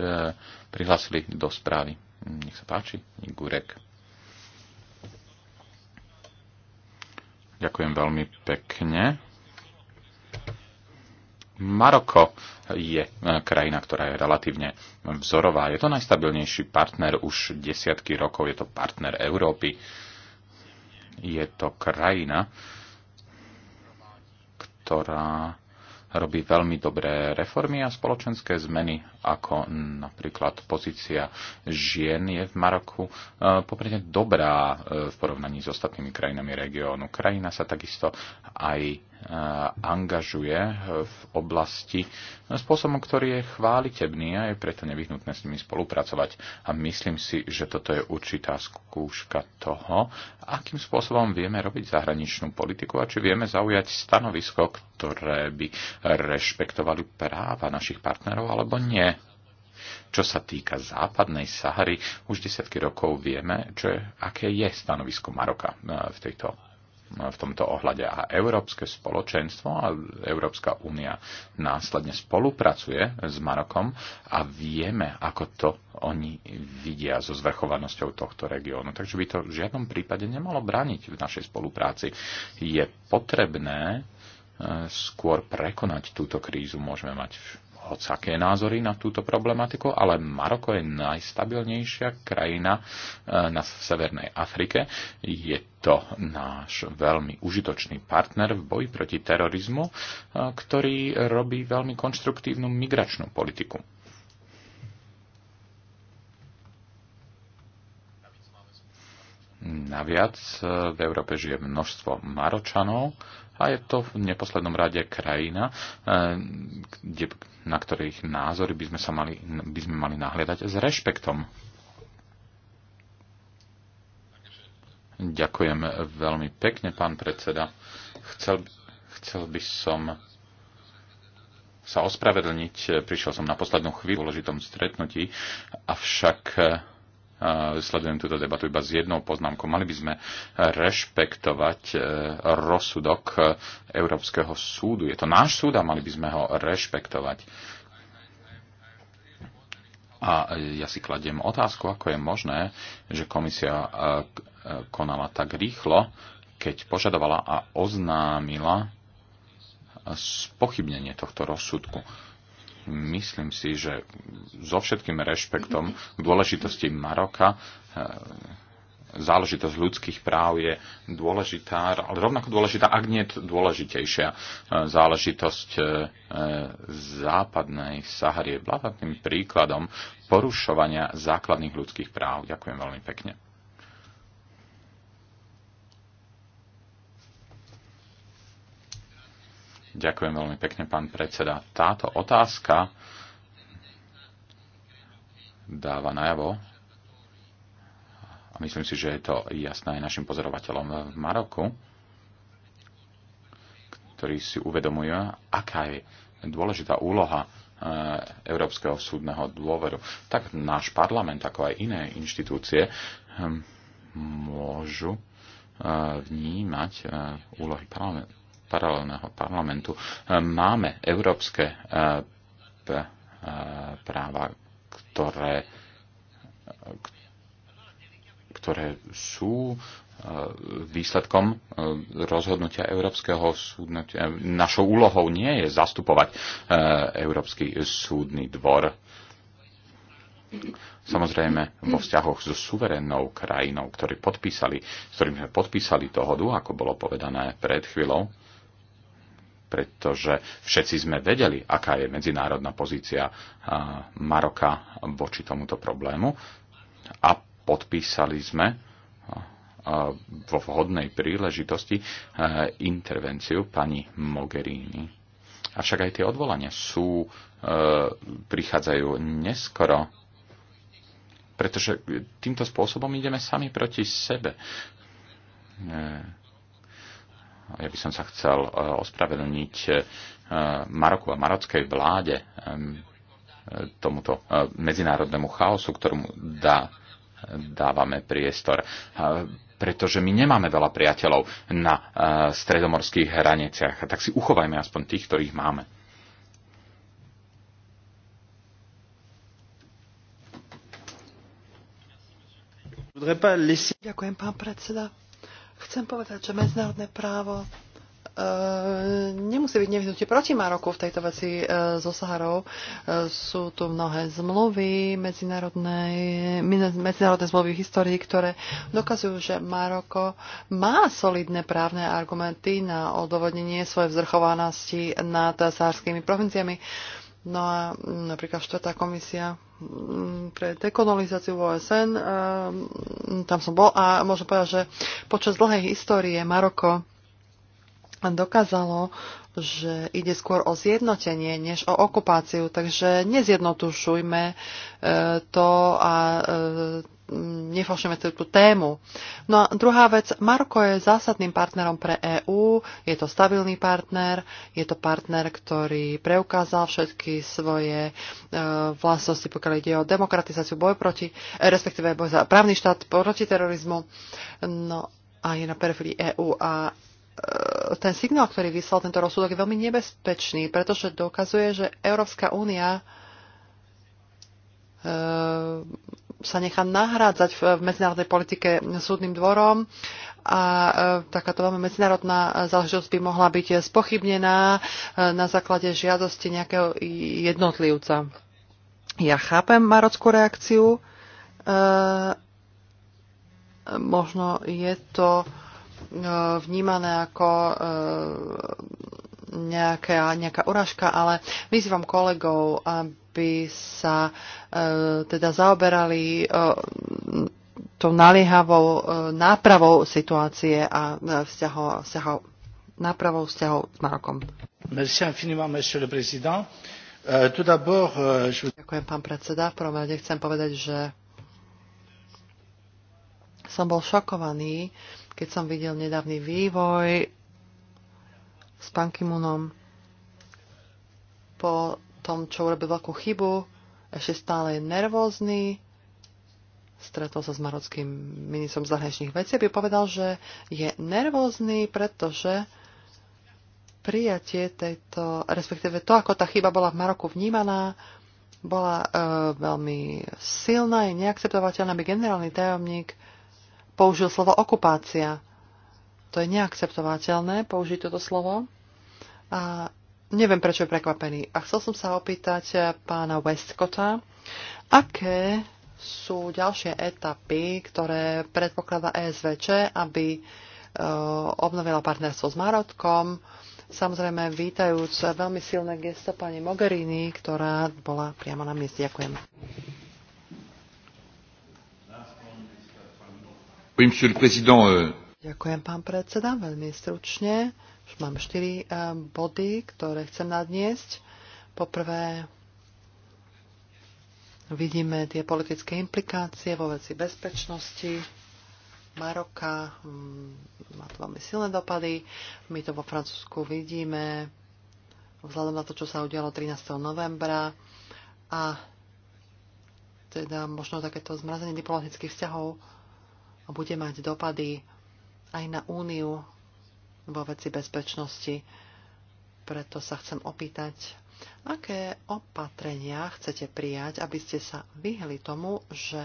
prihlásili do správy. Nech sa páči, Gurek. Ďakujem veľmi pekne. Maroko je e, krajina, ktorá je relatívne vzorová. Je to najstabilnejší partner už desiatky rokov, je to partner Európy je to krajina, ktorá robí veľmi dobré reformy a spoločenské zmeny, ako napríklad pozícia žien je v Maroku e, popredne dobrá e, v porovnaní s ostatnými krajinami regiónu. Krajina sa takisto aj Eh, angažuje eh, v oblasti eh, spôsobom, ktorý je chválitebný a je preto nevyhnutné s nimi spolupracovať. A myslím si, že toto je určitá skúška toho, akým spôsobom vieme robiť zahraničnú politiku a či vieme zaujať stanovisko, ktoré by rešpektovali práva našich partnerov alebo nie. Čo sa týka západnej Sahary, už desiatky rokov vieme, čo je, aké je stanovisko Maroka v tejto v tomto ohľade a Európske spoločenstvo a Európska únia následne spolupracuje s Marokom a vieme, ako to oni vidia so zvrchovanosťou tohto regiónu. Takže by to v žiadnom prípade nemalo braniť v našej spolupráci. Je potrebné eh, skôr prekonať túto krízu. Môžeme mať hocaké názory na túto problematiku, ale Maroko je najstabilnejšia krajina e, na Severnej Afrike. Je to náš veľmi užitočný partner v boji proti terorizmu, e, ktorý robí veľmi konštruktívnu migračnú politiku. Naviac e, v Európe žije množstvo Maročanov, a je to v neposlednom rade krajina, e, kde, na ktorých názory by sme, sa mali, by sme mali nahliadať s rešpektom. Ďakujem veľmi pekne, pán predseda. Chcel, chcel by som sa ospravedlniť. Prišiel som na poslednú chvíľu v dôležitom stretnutí, avšak sledujem túto debatu iba s jednou poznámkou. Mali by sme rešpektovať e, rozsudok e, Európskeho súdu. Je to náš súd a mali by sme ho rešpektovať. A ja si kladiem otázku, ako je možné, že komisia e, konala tak rýchlo, keď požadovala a oznámila spochybnenie tohto rozsudku myslím si, že so všetkým rešpektom k dôležitosti Maroka eh, záležitosť ľudských práv je dôležitá, ale rovnako dôležitá, ak nie dôležitejšia eh, záležitosť eh, západnej Sahary je blavatným príkladom porušovania základných ľudských práv. Ďakujem veľmi pekne. Ďakujem veľmi pekne, pán predseda. Táto otázka dáva najavo, a myslím si, že je to jasné aj našim pozorovateľom v Maroku, ktorí si uvedomujú, aká je dôležitá úloha eh, Európskeho súdneho dôveru. Tak náš parlament, ako aj iné inštitúcie, hm, môžu eh, vnímať eh, úlohy parlamentu paralelného parlamentu ehm, máme európske eh, eh, práva, ktoré, eh, ktoré sú výsledkom rozhodnutia Európskeho súdne. Našou úlohou nie je zastupovať Európsky súdny dvor. Samozrejme, vo vzťahoch so suverennou krajinou, ktorý podpísali, s ktorým sme podpísali dohodu, ako bolo povedané pred chvíľou, pretože všetci sme vedeli, aká je medzinárodná pozícia Maroka voči tomuto problému a podpísali sme vo vhodnej príležitosti e, intervenciu pani Mogherini. Avšak aj tie odvolania sú, e, prichádzajú neskoro, pretože týmto spôsobom ideme sami proti sebe e, ja by som sa chcel e, ospravedlniť e, Maroku a marockej vláde e, tomuto medzinárodnému chaosu, ktorému dá, dávame priestor. Pretože my nemáme veľa priateľov na stredomorských hraniciach, tak si uchovajme aspoň tých, ktorých máme. Ďakujem, pán predseda Chcem povedať, že medzinárodné právo e, nemusí byť nevyhnutie proti Maroku v tejto veci e, so Saharou. E, sú tu mnohé zmluvy, medzinárodné, medzinárodné zmluvy v histórii, ktoré dokazujú, že Maroko má solidné právne argumenty na odôvodnenie svojej vzrchovanosti nad saharskými provinciami. No a napríklad štvrtá komisia Mm, pre dekolonizáciu v OSN. Ehm, tam som bol a môžem povedať, že počas dlhej histórie Maroko dokázalo že ide skôr o zjednotenie, než o okupáciu. Takže nezjednotušujme e, to a e, nefalšujeme tú tému. No a druhá vec, Marko je zásadným partnerom pre EÚ, je to stabilný partner, je to partner, ktorý preukázal všetky svoje e, vlastnosti, pokiaľ ide o demokratizáciu, boj proti, respektíve boj za právny štát, proti terorizmu, no a je na periférii EÚ a ten signál, ktorý vyslal tento rozsudok, je veľmi nebezpečný, pretože dokazuje, že Európska únia e, sa nechá nahrádzať v medzinárodnej politike súdnym dvorom a e, takáto veľmi medzinárodná záležitosť by mohla byť spochybnená e, na základe žiadosti nejakého jednotlivca. Ja chápem marockú reakciu. Možno je to E, vnímané ako e, nejaká, nejaká uražka, ale vyzývam kolegov, aby sa e, teda zaoberali tou naliehavou nápravou situácie a e, vzťahov, vzťahov, nápravou vzťahov s Marokom. Merci infiniment, monsieur le président. Euh, tout d'abord, euh, je... Ďakujem, pán predseda. V prvom rade chcem povedať, že som bol šokovaný uh, keď som videl nedávny vývoj s pankimunom Kimunom po tom, čo urobil veľkú chybu, ešte stále je nervózny, stretol sa s marockým ministrom zahraničných vecí, by povedal, že je nervózny, pretože prijatie tejto, respektíve to, ako tá chyba bola v Maroku vnímaná, bola e, veľmi silná, je neakceptovateľná, aby generálny tajomník použil slovo okupácia. To je neakceptovateľné použiť toto slovo. A neviem, prečo je prekvapený. A chcel som sa opýtať eh, pána Westcota, aké sú ďalšie etapy, ktoré predpokladá ESVČ, aby eh, obnovila partnerstvo s Marotkom. Samozrejme, vítajúc eh, veľmi silné gesto pani Mogherini, ktorá bola priamo na mieste. Ďakujem. Euh, Ďakujem, pán predseda, veľmi stručne. Už mám štyri eh, body, ktoré chcem nadniesť. Poprvé, vidíme tie politické implikácie vo veci bezpečnosti. Maroka, mm, má to veľmi silné dopady. My to vo Francúzsku vidíme, vzhľadom na to, čo sa udialo 13. novembra. A teda možno takéto zmrazenie diplomatických vzťahov a bude mať dopady aj na úniu vo veci bezpečnosti. Preto sa chcem opýtať, aké opatrenia chcete prijať, aby ste sa vyhli tomu, že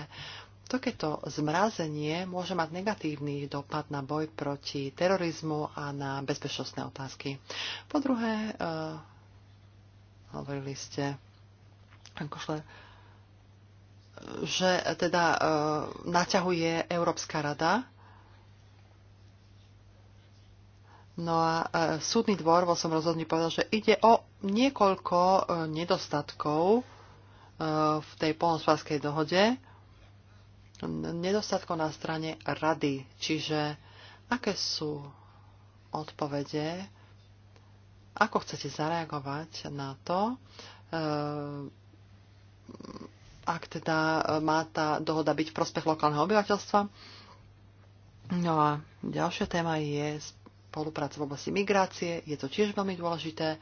takéto zmrazenie môže mať negatívny dopad na boj proti terorizmu a na bezpečnostné otázky. Po druhé, uh, hovorili ste, pán šle že teda e, naťahuje Európska rada. No a e, súdny dvor vo som rozhodne povedal, že ide o niekoľko e, nedostatkov e, v tej polnospodárskej dohode. Nedostatkov na strane rady. Čiže aké sú odpovede? Ako chcete zareagovať na to? E, ak teda e, má tá dohoda byť v prospech lokálneho obyvateľstva. No a ďalšia téma je spolupráca v oblasti migrácie. Je to tiež veľmi dôležité.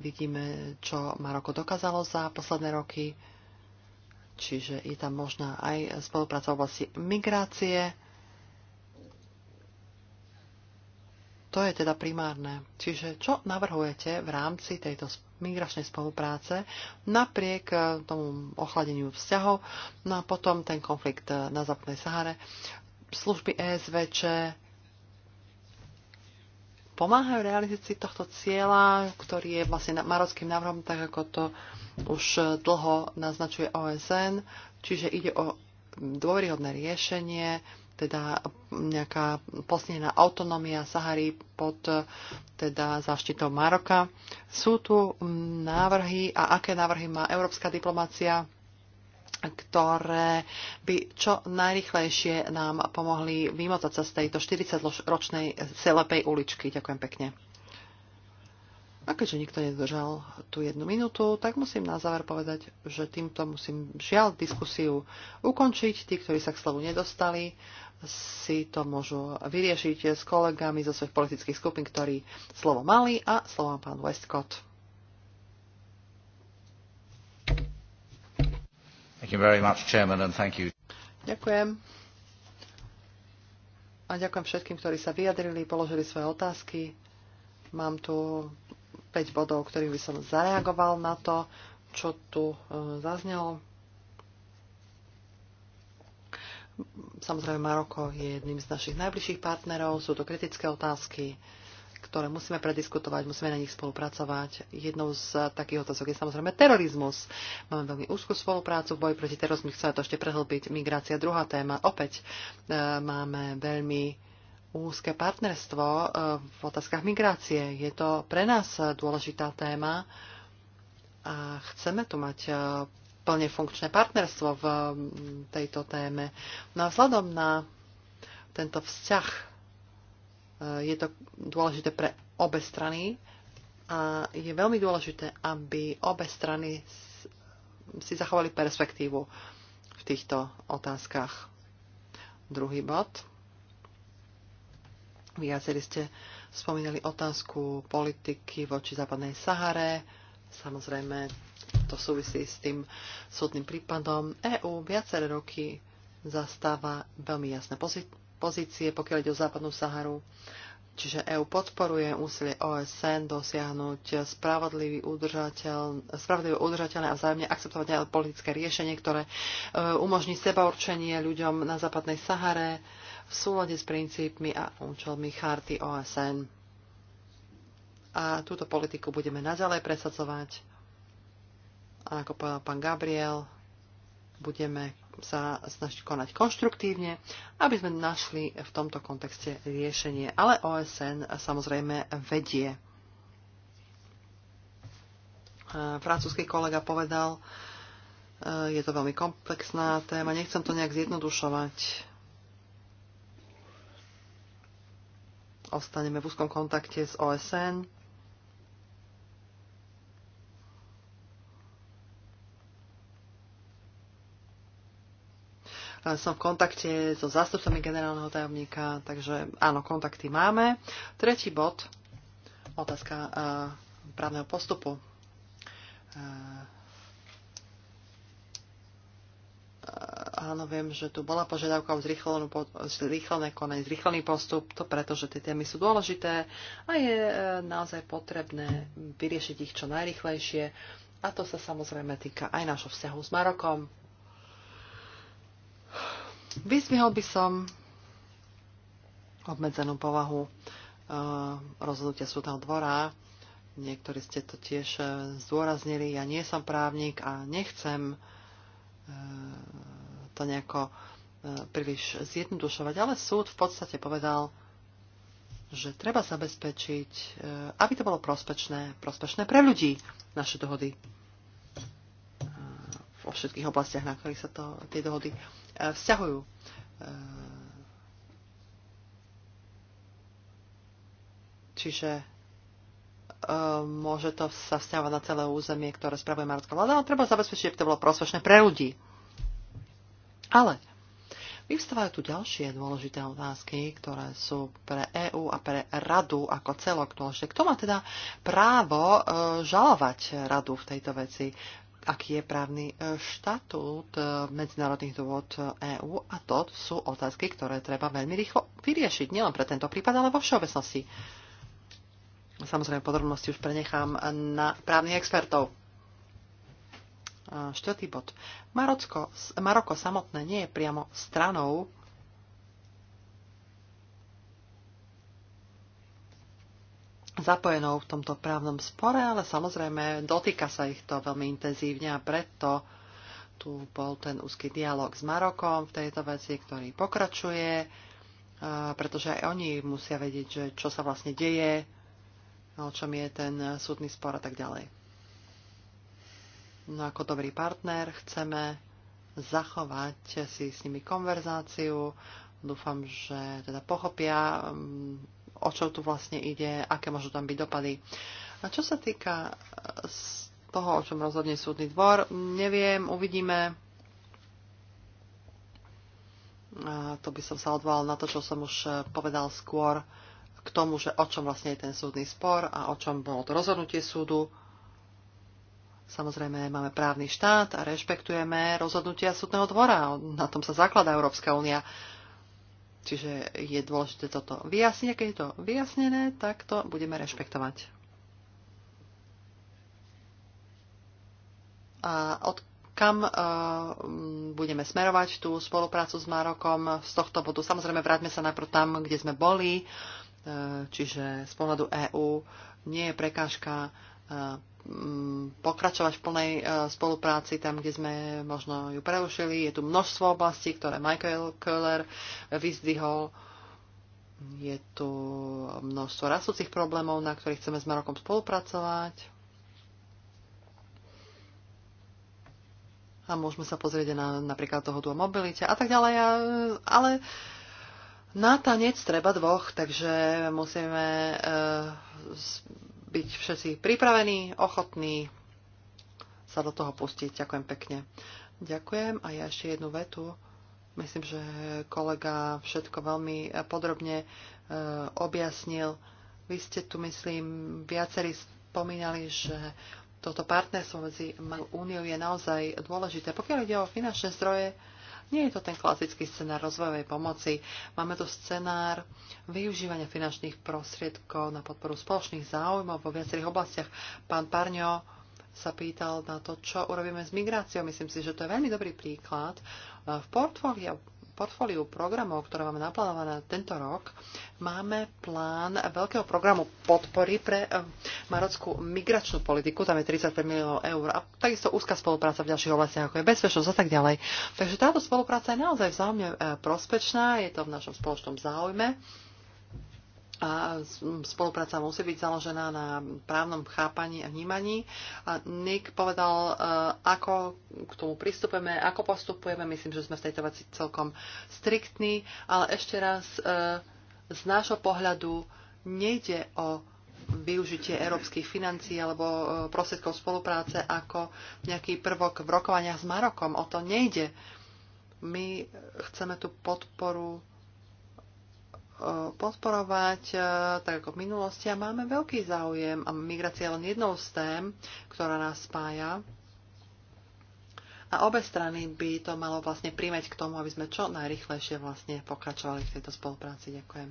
Vidíme, čo Maroko dokázalo za posledné roky. Čiže je tam možná aj spolupráca v oblasti migrácie. To je teda primárne. Čiže čo navrhujete v rámci tejto spolupráce? migračnej spolupráce napriek e, tomu ochladeniu vzťahov. No a potom ten konflikt e, na Západnej Sahare. Služby ESVČ pomáhajú realizácii tohto cieľa, ktorý je vlastne marockým návrhom, tak ako to už e, dlho naznačuje OSN. Čiže ide o dôveryhodné riešenie teda nejaká posnená autonómia Sahary pod teda záštitou Maroka. Sú tu návrhy a aké návrhy má európska diplomácia, ktoré by čo najrychlejšie nám pomohli vymotať sa z tejto 40-ročnej selepej uličky. Ďakujem pekne. A keďže nikto nedržal tú jednu minútu, tak musím na záver povedať, že týmto musím žiaľ diskusiu ukončiť. Tí, ktorí sa k slovu nedostali, si to môžu vyriešiť s kolegami zo svojich politických skupín, ktorí slovo mali a slovo pán Westcott. Thank you very much, Chairman, and thank you. Ďakujem. A ďakujem všetkým, ktorí sa vyjadrili, položili svoje otázky. Mám tu 5 bodov, ktorých by som zareagoval na to, čo tu e, zaznelo. Samozrejme, Maroko je jedným z našich najbližších partnerov. Sú to kritické otázky, ktoré musíme prediskutovať, musíme na nich spolupracovať. Jednou z takých otázok je samozrejme terorizmus. Máme veľmi úzkú spoluprácu v boji proti terorizmu. Chceme to ešte prehlbiť. Migrácia, druhá téma. Opäť e, máme veľmi úzke partnerstvo e, v otázkach migrácie. Je to pre nás dôležitá téma a chceme tu mať e, plne funkčné partnerstvo v mm, tejto téme. No a vzhľadom na tento vzťah e, je to dôležité pre obe strany a je veľmi dôležité, aby obe strany si zachovali perspektívu v týchto otázkach. Druhý bod. Viacerí ste spomínali otázku politiky voči západnej Sahare. Samozrejme, to súvisí s tým súdnym prípadom. EÚ viaceré roky zastáva veľmi jasné pozície, pokiaľ ide o západnú Saharu. Čiže EÚ podporuje úsilie OSN dosiahnuť spravodlivý, udržateľ, spravodlivé, udržateľné a vzájomne akceptovať politické riešenie, ktoré e, umožní sebaurčenie ľuďom na západnej Sahare v súlade s princípmi a účelmi charty OSN. A túto politiku budeme naďalej presadzovať a ako povedal pán Gabriel, budeme sa snažiť konať konštruktívne, aby sme našli v tomto kontexte riešenie. Ale OSN samozrejme vedie. Francúzsky kolega povedal, e, je to veľmi komplexná téma, nechcem to nejak zjednodušovať. Ostaneme v úzkom kontakte s OSN E, som v kontakte so zástupcami generálneho tajomníka, takže áno, kontakty máme. Tretí bod, otázka uh, právneho postupu. Uh, áno, viem, že tu bola požiadavka o zrýchlené konanie, zrýchlený postup, to preto, že tie témy sú dôležité a je naozaj potrebné vyriešiť ich čo najrychlejšie. A to sa samozrejme týka aj nášho vzťahu s Marokom. Vyzvihol by som obmedzenú povahu eh, rozhodnutia súdneho dvora. Niektorí ste to tiež eh, zdôraznili. Ja nie som právnik a nechcem eh, to nejako príliš zjednodušovať, ale súd v podstate povedal, že treba zabezpečiť, aby to bolo prospečné, prospečné pre ľudí, naše dohody vo všetkých oblastiach, na ktorých sa to, tie dohody vzťahujú. E, čiže e, môže to sa vzťahovať na celé územie, ktoré spravuje marocká vláda, ale treba zabezpečiť, aby to bolo prospešné pre ľudí. Ale Vyvstávajú tu ďalšie dôležité otázky, ktoré sú pre EÚ a pre radu ako celok dôležité. Kto má teda právo e, žalovať radu v tejto veci? aký je právny e, štatút e, medzinárodných dôvod EÚ e a to sú otázky, ktoré treba veľmi rýchlo vyriešiť, nielen pre tento prípad, ale vo všeobecnosti. Samozrejme, podrobnosti už prenechám na právnych expertov. Štvrtý bod. Marocko, Maroko samotné nie je priamo stranou zapojenou v tomto právnom spore, ale samozrejme dotýka sa ich to veľmi intenzívne a preto tu bol ten úzky dialog s Marokom v tejto veci, ktorý pokračuje, pretože aj oni musia vedieť, že čo sa vlastne deje, o čom je ten súdny spor a tak ďalej. No ako dobrý partner chceme zachovať si s nimi konverzáciu. Dúfam, že teda pochopia o čo tu vlastne ide, aké môžu tam byť dopady. A čo sa týka e, toho, o čom rozhodne súdny dvor, neviem, uvidíme. A to by som sa odvolal na to, čo som už e, povedal skôr k tomu, že o čom vlastne je ten súdny spor a o čom bolo to rozhodnutie súdu. Samozrejme, máme právny štát a rešpektujeme rozhodnutia súdneho dvora. Na tom sa zaklada Európska únia. Čiže je dôležité toto vyjasniť. Keď je to vyjasnené, tak to budeme rešpektovať. A od kam uh, budeme smerovať tú spoluprácu s Marokom z tohto bodu. Samozrejme, vráťme sa najprv tam, kde sme boli, uh, čiže z pohľadu EÚ nie je prekážka uh, Mm, pokračovať v plnej e, spolupráci tam, kde sme možno ju prerušili. Je tu množstvo oblastí, ktoré Michael Köhler vyzdvihol. Je tu množstvo rastúcich problémov, na ktorých chceme s Marokom spolupracovať. A môžeme sa pozrieť na napríklad dohodu o mobilite a tak ďalej. Ale na tanec treba dvoch, takže musíme e, byť všetci pripravení, ochotní sa do toho pustiť. Ďakujem pekne. Ďakujem a ja ešte jednu vetu. Myslím, že kolega všetko veľmi eh, podrobne eh, objasnil. Vy ste tu, myslím, viacerí spomínali, že toto partnerstvo medzi Úniou je naozaj dôležité. Pokiaľ ide o finančné zdroje, nie je to ten klasický scenár rozvojovej pomoci. Máme tu scenár využívania finančných prostriedkov na podporu spoločných záujmov vo viacerých oblastiach. Pán Parňo sa pýtal na to, čo urobíme s migráciou. Myslím si, že to je veľmi dobrý príklad. Eh, v portfóliu portfóliu programov, ktoré máme naplánované tento rok, máme plán veľkého programu podpory pre eh, marockú migračnú politiku, tam je 35 miliónov eur a takisto úzka spolupráca v ďalších oblastiach, ako je bezpečnosť a tak ďalej. Takže táto spolupráca je naozaj vzájomne eh, prospečná, je to v našom spoločnom záujme a spolupráca musí byť založená na právnom chápaní a vnímaní. A Nick povedal, eh, ako k tomu pristupujeme, ako postupujeme. Myslím, že sme v tejto veci celkom striktní, ale ešte raz eh, z nášho pohľadu nejde o využitie európskych financií alebo eh, prostriedkov spolupráce ako nejaký prvok v rokovaniach s Marokom. O to nejde. My chceme tú podporu podporovať, e, tak ako v minulosti. A máme veľký záujem a migrácia je len jednou z tém, ktorá nás spája. A obe strany by to malo vlastne príjmeť k tomu, aby sme čo najrychlejšie vlastne pokračovali v tejto spolupráci. Ďakujem.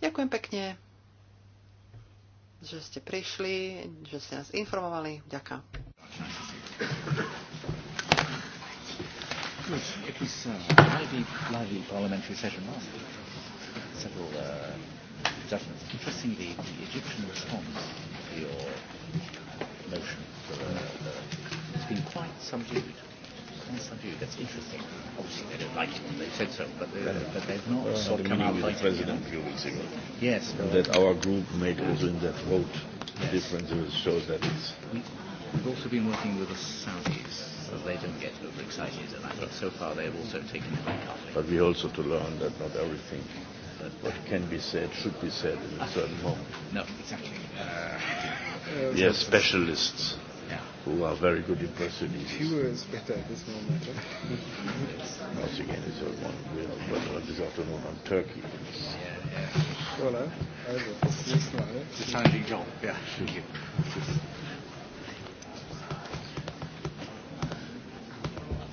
Ďakujem pekne, že ste prišli, že ste nás informovali. Ďakujem. It was a lively, lively parliamentary session last week several uh, judgments. Interestingly, the Egyptian response to your motion for uh the, has been quite subdued. Quite subdued. That's interesting. Obviously, they don't like it. when They said so, but, they, yeah. but they've not well, uh, sort of come out like president a few weeks ago. Yes. Well, that our group made also in that vote. Yes. The difference shows that it's. We've also been working with the Saudis, so they don't get overexcited, and I think so far they have also taken it back. But we also to learn that not everything that what can be said should be said in a certain moment. No, exactly. Uh, yes, are specialists yeah. who are very good impressionists. Fewer is better at this moment. Eh? Once again, it's all one. We are We're weather this afternoon on Turkey. Yeah, yeah. Voilà. Also, bis zum nächsten Job. Yeah, thank you.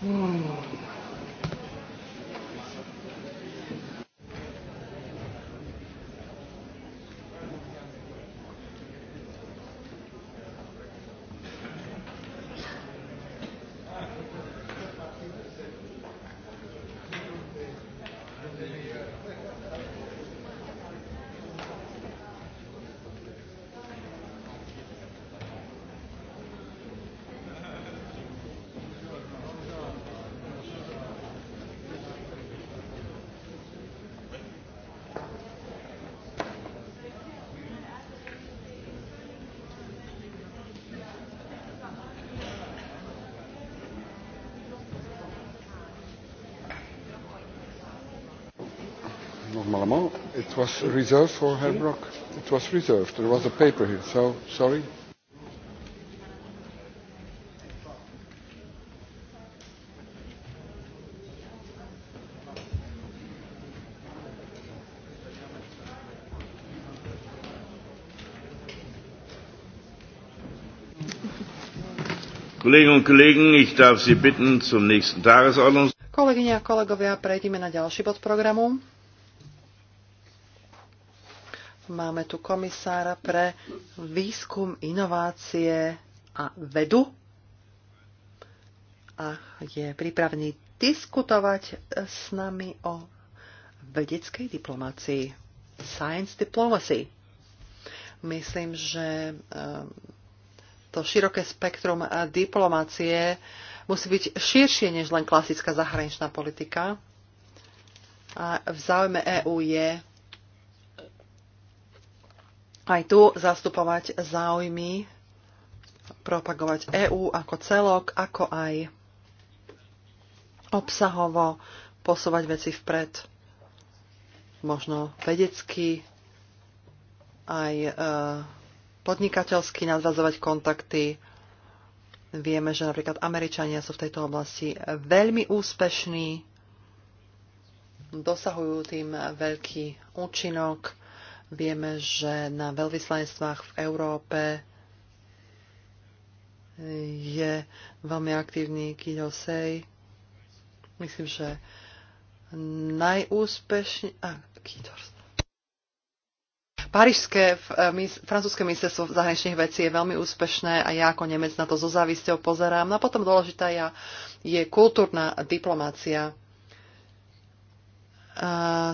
Mm. It was reserved for Herr Brock. It was reserved. There was a paper here, so sorry. Kolleginnen und Kollegen, ich darf Sie bitten zum nächsten Tagesordnungspunkt. Kolegyne a kolegovia, prejdime na ďalší bod programu. Máme tu komisára pre výskum, inovácie a vedu a je pripravený diskutovať s nami o vedeckej diplomácii. Science diplomacy. Myslím, že eh, to široké spektrum eh, diplomácie musí byť širšie než len klasická zahraničná politika. A v záujme EÚ je aj tu zastupovať záujmy, propagovať EÚ ako celok, ako aj obsahovo posúvať veci vpred, možno vedecky, aj e, podnikateľsky nadvazovať kontakty. Vieme, že napríklad Američania sú v tejto oblasti veľmi úspešní, dosahujú tým veľký účinok Vieme, že na veľvyslanectvách v Európe je veľmi aktívny Kidosej. Myslím, že najúspešný... A, Parížské eh, francúzske ministerstvo zahraničných vecí je veľmi úspešné a ja ako Nemec na to so závisťou pozerám. No a potom dôležitá je kultúrna diplomácia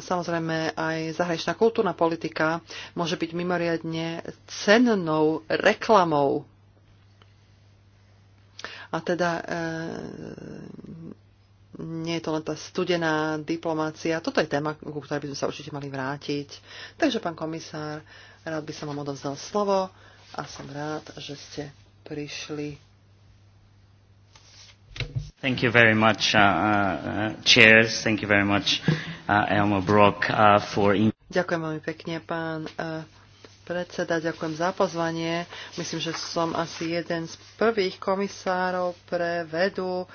Samozrejme aj zahraničná kultúrna politika môže byť mimoriadne cennou reklamou. A teda e, nie je to len tá studená diplomácia. Toto je téma, ku ktorej by sme sa určite mali vrátiť. Takže, pán komisár, rád by som vám odovzdal slovo a som rád, že ste prišli Thank you very much, uh, uh, chairs. Thank you very much, uh, Elmo Brock, uh, for... Ďakujem veľmi pekne, pán uh, predseda. Ďakujem za pozvanie. Myslím, že som asi jeden z prvých komisárov pre vedu,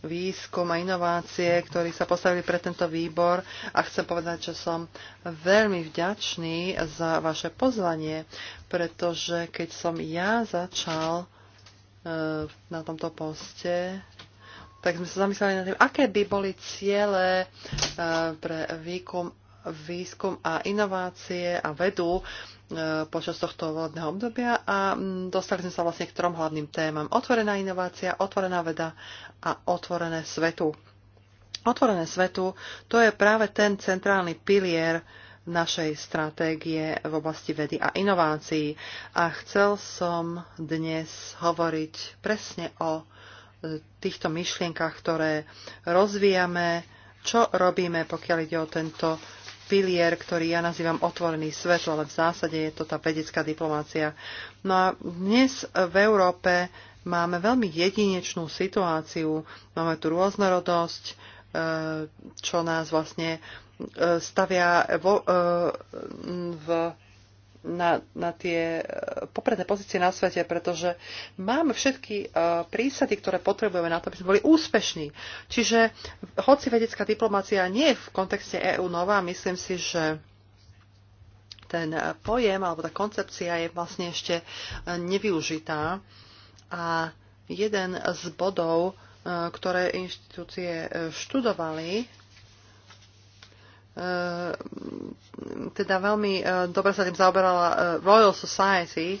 výskum a inovácie, ktorí sa postavili pre tento výbor a chcem povedať, že som veľmi vďačný za vaše pozvanie, pretože keď som ja začal uh, na tomto poste, tak sme sa zamysleli nad tým, aké by boli ciele eh, pre výkum, výskum a inovácie a vedu eh, počas tohto volebného obdobia a mm, dostali sme sa vlastne k trom hlavným témam. Otvorená inovácia, otvorená veda a otvorené svetu. Otvorené svetu to je práve ten centrálny pilier našej stratégie v oblasti vedy a inovácií. A chcel som dnes hovoriť presne o týchto myšlienkach, ktoré rozvíjame, čo robíme, pokiaľ ide o tento pilier, ktorý ja nazývam otvorený svet, ale v zásade je to tá vedecká diplomácia. No a dnes v Európe máme veľmi jedinečnú situáciu, máme tu rôznorodosť, e, čo nás vlastne e, stavia vo, e, v na, na tie eh, popredné pozície na svete, pretože máme všetky eh, prísady, ktoré potrebujeme na to, aby sme boli úspešní. Čiže hoci vedecká diplomácia nie je v kontexte EÚ nová, myslím si, že ten eh, pojem alebo tá koncepcia je vlastne ešte nevyužitá. A jeden z bodov, ktoré inštitúcie študovali, Ehm, teda veľmi e, dobre sa tým zaoberala e, Royal Society, e,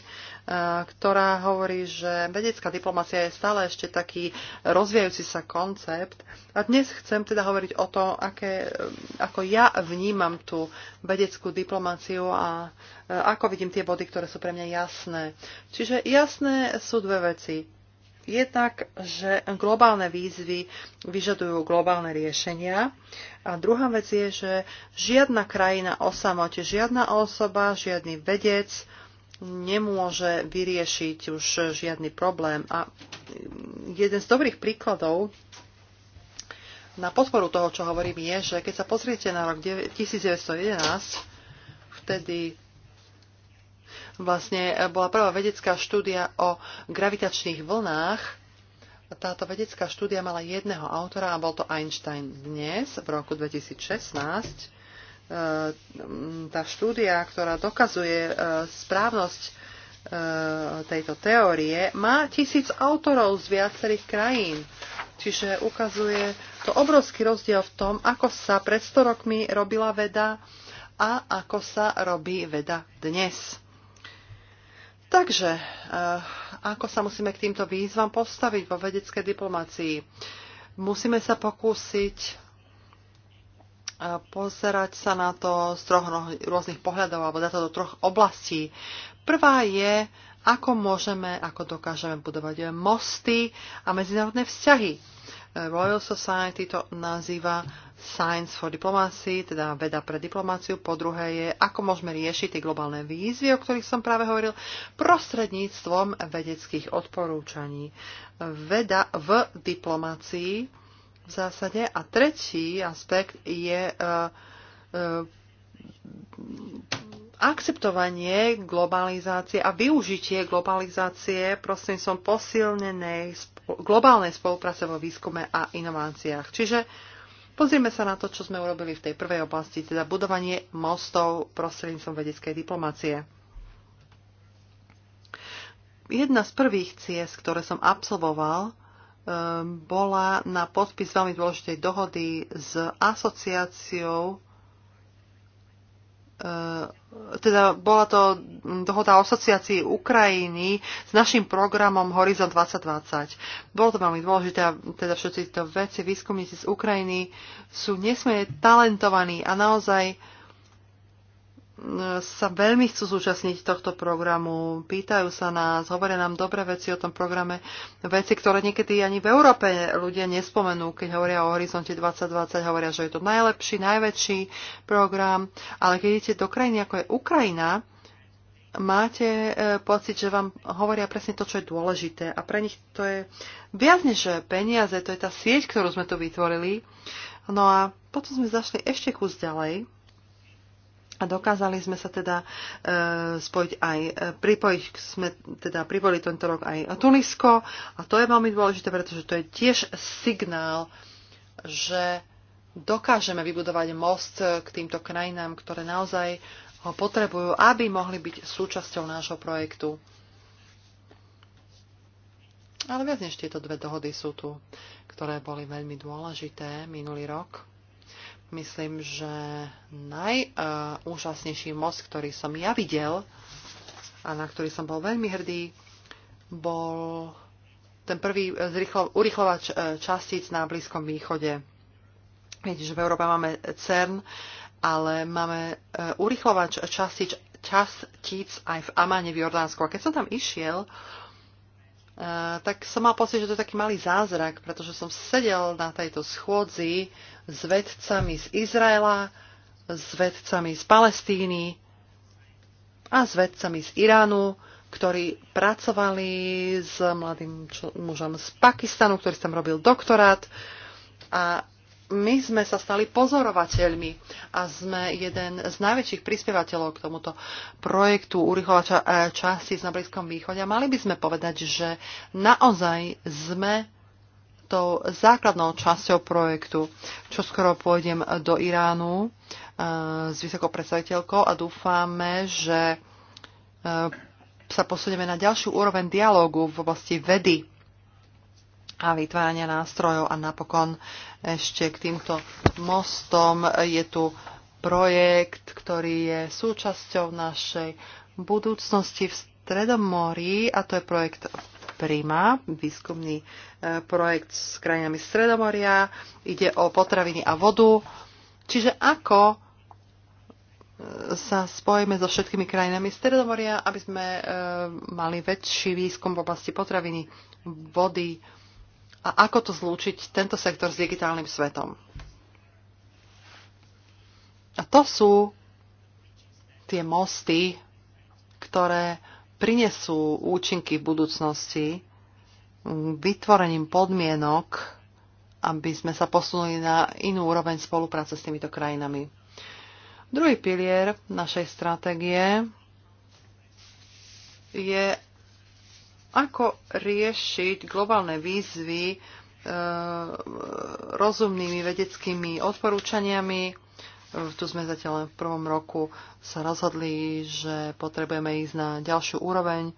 ktorá hovorí, že vedecká diplomacia je stále ešte taký rozvíjajúci sa koncept. A dnes chcem teda hovoriť o tom, aké, ako ja vnímam tú vedeckú diplomáciu a ako vidím tie body, ktoré sú pre mňa jasné. Čiže jasné sú dve veci je tak, že globálne výzvy vyžadujú globálne riešenia. A druhá vec je, že žiadna krajina o samote, žiadna osoba, žiadny vedec nemôže vyriešiť už žiadny problém. A jeden z dobrých príkladov na podporu toho, čo hovorím, je, že keď sa pozriete na rok 1911, vtedy Vlastne e, bola prvá vedecká štúdia o gravitačných vlnách. Táto vedecká štúdia mala jedného autora a bol to Einstein dnes v roku 2016. E, tá štúdia, ktorá dokazuje e, správnosť tejto teórie, má tisíc autorov z viacerých krajín. Čiže ukazuje to obrovský rozdiel v tom, ako sa pred 100 rokmi robila veda a ako sa robí veda dnes. Takže, eh, ako sa musíme k týmto výzvam postaviť vo vedeckej diplomácii? Musíme sa pokúsiť eh, pozerať sa na to z troch rôznych pohľadov alebo dať to do troch oblastí. Prvá je, ako môžeme, ako dokážeme budovať mosty a medzinárodné vzťahy. Eh, Royal Society to nazýva Science for Diplomacy, teda veda pre diplomáciu. Po druhé je, ako môžeme riešiť tie globálne výzvy, o ktorých som práve hovoril, prostredníctvom vedeckých odporúčaní. Veda v diplomácii v zásade. A tretí aspekt je uh, uh, akceptovanie globalizácie a využitie globalizácie prostredníctvom posilnenej globálnej spolupráce vo výskume a inováciách. Čiže pozrieme sa na to, čo sme urobili v tej prvej oblasti, teda budovanie mostov prostredníctvom vedeckej diplomácie. Jedna z prvých ciest, ktoré som absolvoval, um, bola na podpis veľmi dôležitej dohody s asociáciou teda bola to dohoda o asociácii Ukrajiny s našim programom Horizon 2020. Bolo to veľmi dôležité teda všetci tieto veci, výskumníci z Ukrajiny sú nesmierne talentovaní a naozaj uh, sa veľmi chcú zúčastniť tohto programu, pýtajú sa nás, hovoria nám dobré veci o tom programe, veci, ktoré niekedy ani v Európe ľudia nespomenú, keď hovoria o Horizonte 2020, hovoria, že je to najlepší, najväčší program, ale keď idete do krajiny, ako je Ukrajina, máte e, pocit, že vám hovoria presne to, čo je dôležité. A pre nich to je viac než e, peniaze, to je tá sieť, ktorú sme tu vytvorili. No a potom sme zašli ešte kus ďalej a dokázali sme sa teda e, spojiť aj, e, pripojiť, sme teda pripojili tento rok aj Tunisko a to je veľmi dôležité, pretože to je tiež signál, že dokážeme vybudovať most k týmto krajinám, ktoré naozaj ho potrebujú, aby mohli byť súčasťou nášho projektu. Ale viac než tieto dve dohody sú tu, ktoré boli veľmi dôležité minulý rok. Myslím, že najúžasnejší most, ktorý som ja videl a na ktorý som bol veľmi hrdý, bol ten prvý zrychlo, urychlovač e, častíc na Blízkom východe. Viete, že v Európe máme CERN, ale máme e, urychlovač častíc, častíc aj v Amane v Jordánsku. A keď som tam išiel, Eh, tak som mal pocit, že to je taký malý zázrak, pretože som sedel na tejto schôdzi s vedcami z Izraela, s vedcami z Palestíny a s vedcami z Iránu, ktorí pracovali s mladým mužom z Pakistanu, ktorý tam robil doktorát a my sme sa stali pozorovateľmi a sme jeden z najväčších prispievateľov k tomuto projektu urychlovača e, časti na Blízkom východe. A mali by sme povedať, že naozaj sme tou základnou časťou projektu, čo skoro pôjdem do Iránu e, s vysokou predstaviteľkou a dúfame, že e, sa posunieme na ďalšiu úroveň dialógu v oblasti vedy a vytvárania nástrojov. A napokon ešte k týmto mostom je tu projekt, ktorý je súčasťou našej budúcnosti v mori a to je projekt Prima, výskumný e, projekt s krajinami Stredomoria. Ide o potraviny a vodu. Čiže ako e, sa spojíme so všetkými krajinami Stredomoria, aby sme e, mali väčší výskum v oblasti potraviny, vody, a ako to zlúčiť tento sektor s digitálnym svetom. A to sú tie mosty, ktoré prinesú účinky v budúcnosti vytvorením podmienok, aby sme sa posunuli na inú úroveň spolupráce s týmito krajinami. Druhý pilier našej stratégie je ako riešiť globálne výzvy e, rozumnými vedeckými odporúčaniami, e, tu sme zatiaľ len v prvom roku sa rozhodli, že potrebujeme ísť na ďalšiu úroveň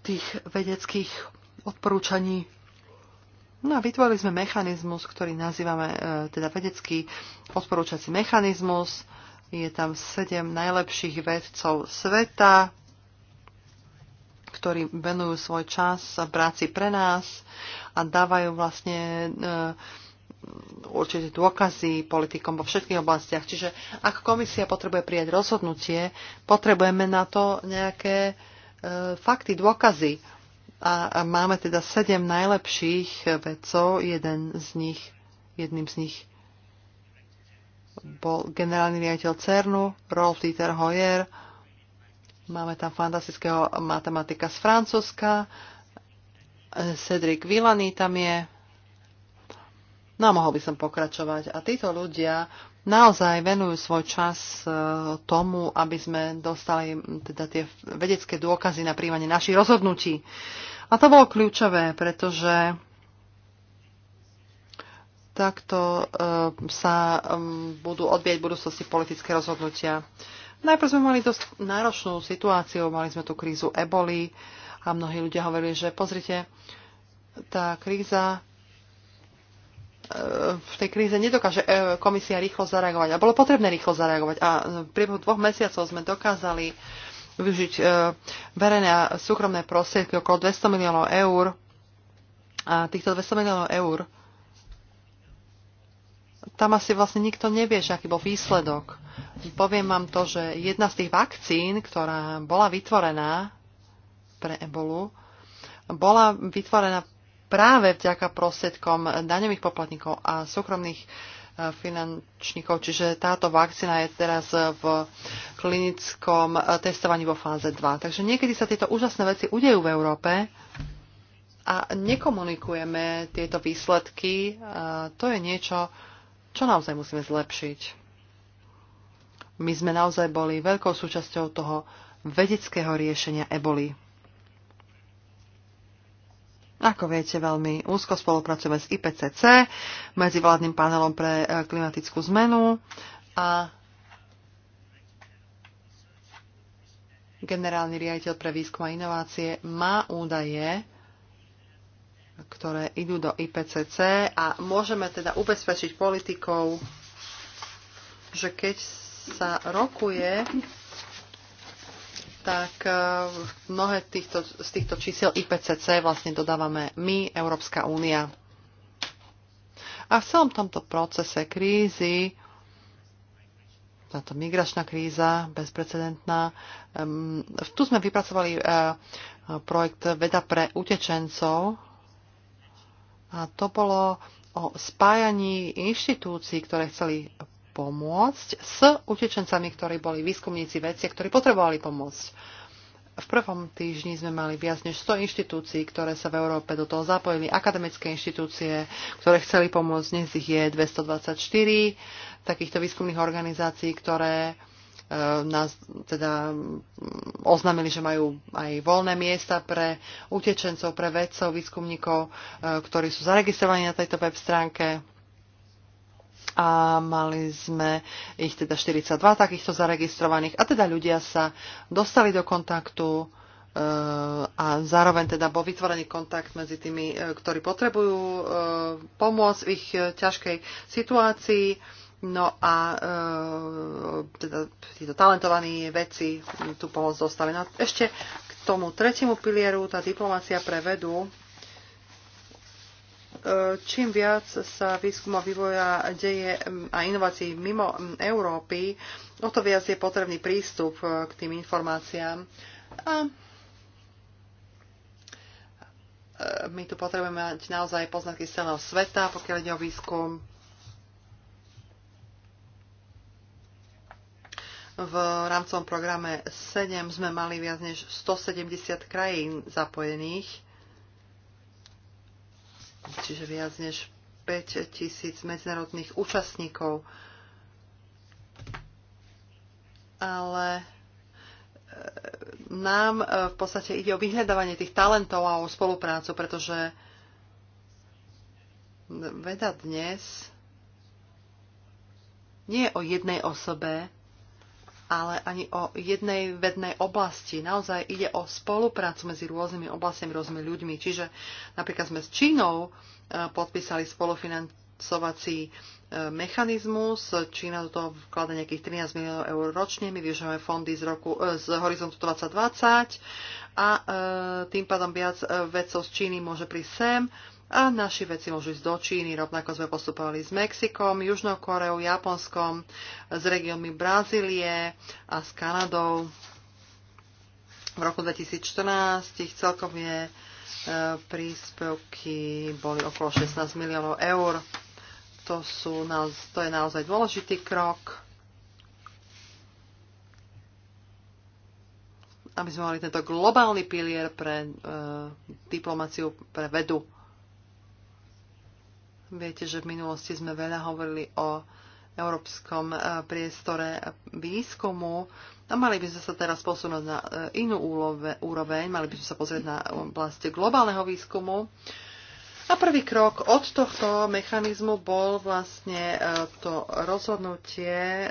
tých vedeckých odporúčaní. No a vytvorili sme mechanizmus, ktorý nazývame e, teda vedecký odporúčací mechanizmus. Je tam sedem najlepších vedcov sveta, ktorí venujú svoj čas a práci pre nás a dávajú vlastne e, určite dôkazy politikom vo všetkých oblastiach. Čiže ak komisia potrebuje prijať rozhodnutie, potrebujeme na to nejaké e, fakty, dôkazy. A, a máme teda sedem najlepších vedcov, jeden z nich, jedným z nich bol generálny riaditeľ CERNu, Rolf Dieter Hoyer, Máme tam fantastického matematika z Francúzska. Cedric Villani tam je. No a mohol by som pokračovať. A títo ľudia naozaj venujú svoj čas e, tomu, aby sme dostali teda tie vedecké dôkazy na príjmanie našich rozhodnutí. A to bolo kľúčové, pretože takto e, sa budú odbieť v budúcnosti politické rozhodnutia. Najprv sme mali dosť náročnú situáciu, mali sme tú krízu eboli a mnohí ľudia hovorili, že pozrite, tá kríza e, v tej kríze nedokáže e, komisia rýchlo zareagovať. A bolo potrebné rýchlo zareagovať. A v priebehu dvoch mesiacov sme dokázali využiť e, verejné a súkromné prostriedky okolo 200 miliónov eur. A týchto 200 miliónov eur tam asi vlastne nikto nevie, že aký bol výsledok. Poviem vám to, že jedna z tých vakcín, ktorá bola vytvorená pre ebolu, bola vytvorená práve vďaka prostriedkom daňových poplatníkov a súkromných e, finančníkov. Čiže táto vakcína je teraz v klinickom e, testovaní vo fáze 2. Takže niekedy sa tieto úžasné veci udejú v Európe a nekomunikujeme tieto výsledky. E, to je niečo, čo naozaj musíme zlepšiť? My sme naozaj boli veľkou súčasťou toho vedeckého riešenia eboli. Ako viete, veľmi úzko spolupracujeme s IPCC, medzivládnym panelom pre e, klimatickú zmenu a generálny riaditeľ pre výskum a inovácie má údaje ktoré idú do IPCC a môžeme teda ubezpečiť politikov, že keď sa rokuje, tak e, mnohé týchto, z týchto čísel IPCC vlastne dodávame my, Európska únia. A v celom tomto procese krízy táto migračná kríza, bezprecedentná. Tu sme vypracovali e, projekt Veda pre utečencov, a to bolo o spájaní inštitúcií, ktoré chceli pomôcť s utečencami, ktorí boli výskumníci vecie, ktorí potrebovali pomôcť. V prvom týždni sme mali viac než 100 inštitúcií, ktoré sa v Európe do toho zapojili. Akademické inštitúcie, ktoré chceli pomôcť, dnes ich je 224 takýchto výskumných organizácií, ktoré E, nás teda oznámili, že majú aj voľné miesta pre utečencov, pre vedcov, výskumníkov, e, ktorí sú zaregistrovaní na tejto web stránke. A mali sme ich teda 42 takýchto zaregistrovaných. A teda ľudia sa dostali do kontaktu e, a zároveň teda bol vytvorený kontakt medzi tými, ktorí potrebujú pomôcť v ich ťažkej situácii No a e, teda títo talentovaní veci tú pomoc dostali. No ešte k tomu tretiemu pilieru, tá diplomácia pre vedu. E, čím viac sa výskum a vývoja deje a inovácií mimo Európy, o to viac je potrebný prístup e, k tým informáciám. A e, my tu potrebujeme mať naozaj poznatky z celého sveta, pokiaľ ide o výskum V rámcovom programe 7 sme mali viac než 170 krajín zapojených, čiže viac než 5 tisíc medzinárodných účastníkov. Ale e, nám e, v podstate ide o vyhľadávanie tých talentov a o spoluprácu, pretože veda dnes nie je o jednej osobe, ale ani o jednej vednej oblasti. Naozaj ide o spoluprácu medzi rôznymi oblastiami, rôznymi ľuďmi. Čiže napríklad sme s Čínou e, podpísali spolufinancovací e, mechanizmus. Čína do toho vklada nejakých 13 miliónov eur ročne. My využívame fondy z, roku, e, z Horizontu 2020 a tým pádom viac vedcov z Číny môže prísť sem a naši veci môžu ísť do Číny, rovnako sme postupovali s Mexikom, Južnou Koreou, Japonskom, s regiónmi Brazílie a s Kanadou. V roku 2014 ich celkovie e, príspevky boli okolo 16 miliónov eur. To, sú, to je naozaj dôležitý krok. aby sme mali tento globálny pilier pre e, diplomáciu, pre vedu Viete, že v minulosti sme veľa hovorili o európskom e, priestore výskumu a mali by sme sa teraz posunúť na e, inú úroveň, mali by sme sa pozrieť na oblast globálneho výskumu. A prvý krok od tohto mechanizmu bol vlastne e, to rozhodnutie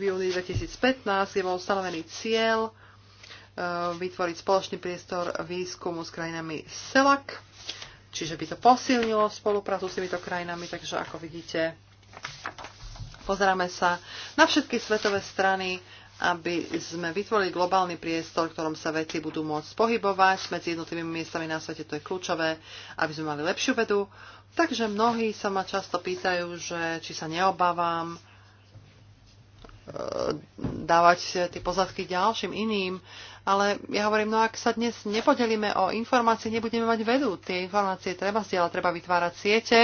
v júni 2015, kde bol stanovený cieľ vytvoriť spoločný priestor výskumu s krajinami SELAC Čiže by to posilnilo spoluprácu s týmito krajinami, takže ako vidíte, pozeráme sa na všetky svetové strany, aby sme vytvorili globálny priestor, v ktorom sa veci budú môcť pohybovať medzi jednotlivými miestami na svete, to je kľúčové, aby sme mali lepšiu vedu. Takže mnohí sa ma často pýtajú, že či sa neobávam, dávať tie pozadky ďalším iným. Ale ja hovorím, no ak sa dnes nepodelíme o informácie, nebudeme mať vedu. Tie informácie treba zdieľať, treba vytvárať siete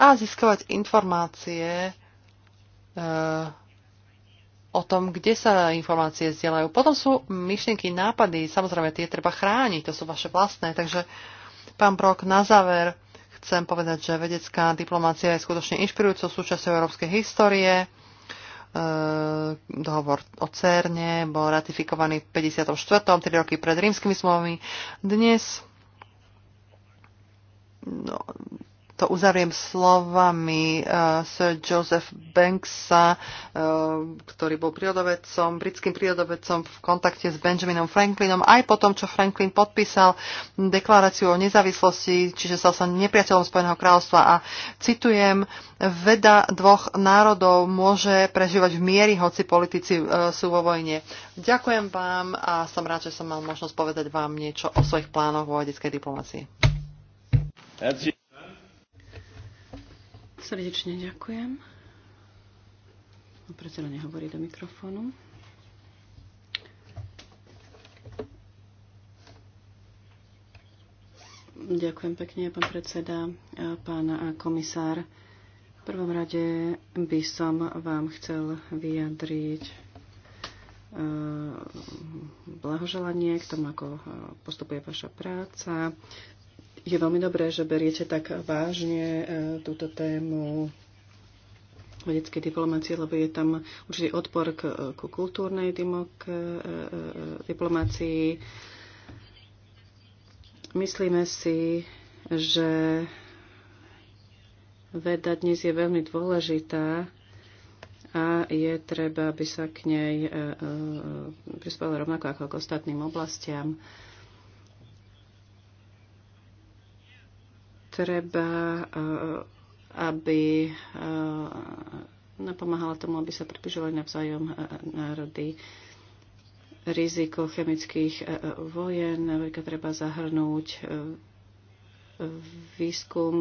a získavať informácie e, o tom, kde sa informácie zdieľajú. Potom sú myšlienky, nápady, samozrejme tie treba chrániť, to sú vaše vlastné. Takže pán Brok, na záver chcem povedať, že vedecká diplomácia je skutočne inšpirujúcou súčasťou európskej histórie E, dohovor o CERNE bol ratifikovaný v 54. 3 roky pred rímskymi slovami. Dnes no, to uzavriem slovami uh, eh, Sir Joseph Banksa, uh, ktorý bol prírodovedcom, britským prírodovedcom v kontakte s Benjaminom Franklinom aj po tom, čo Franklin podpísal deklaráciu o nezávislosti, čiže stal sa nepriateľom Spojeného kráľovstva a citujem, veda dvoch národov môže prežívať v miery, hoci politici uh, sú vo vojne. Ďakujem vám a som rád, že som mal možnosť povedať vám niečo o svojich plánoch vo vedeckej diplomácii. That's Srdečne ďakujem. Predseda nehovorí do mikrofónu. Ďakujem pekne, pán predseda, pán komisár. V prvom rade by som vám chcel vyjadriť eh, blahoželanie k tomu, ako eh, postupuje vaša práca. Je veľmi dobré, že beriete tak vážne e, túto tému vedeckej diplomácie, lebo je tam určitý odpor k, k kultúrnej e, e, diplomácii. Myslíme si, že veda dnes je veľmi dôležitá a je treba, aby sa k nej prispelo rovnako ako k ostatným oblastiam. treba, eh, aby eh, napomáhala tomu, aby sa približovali navzájom eh, národy riziko chemických vojen. Veľká treba zahrnúť výskum.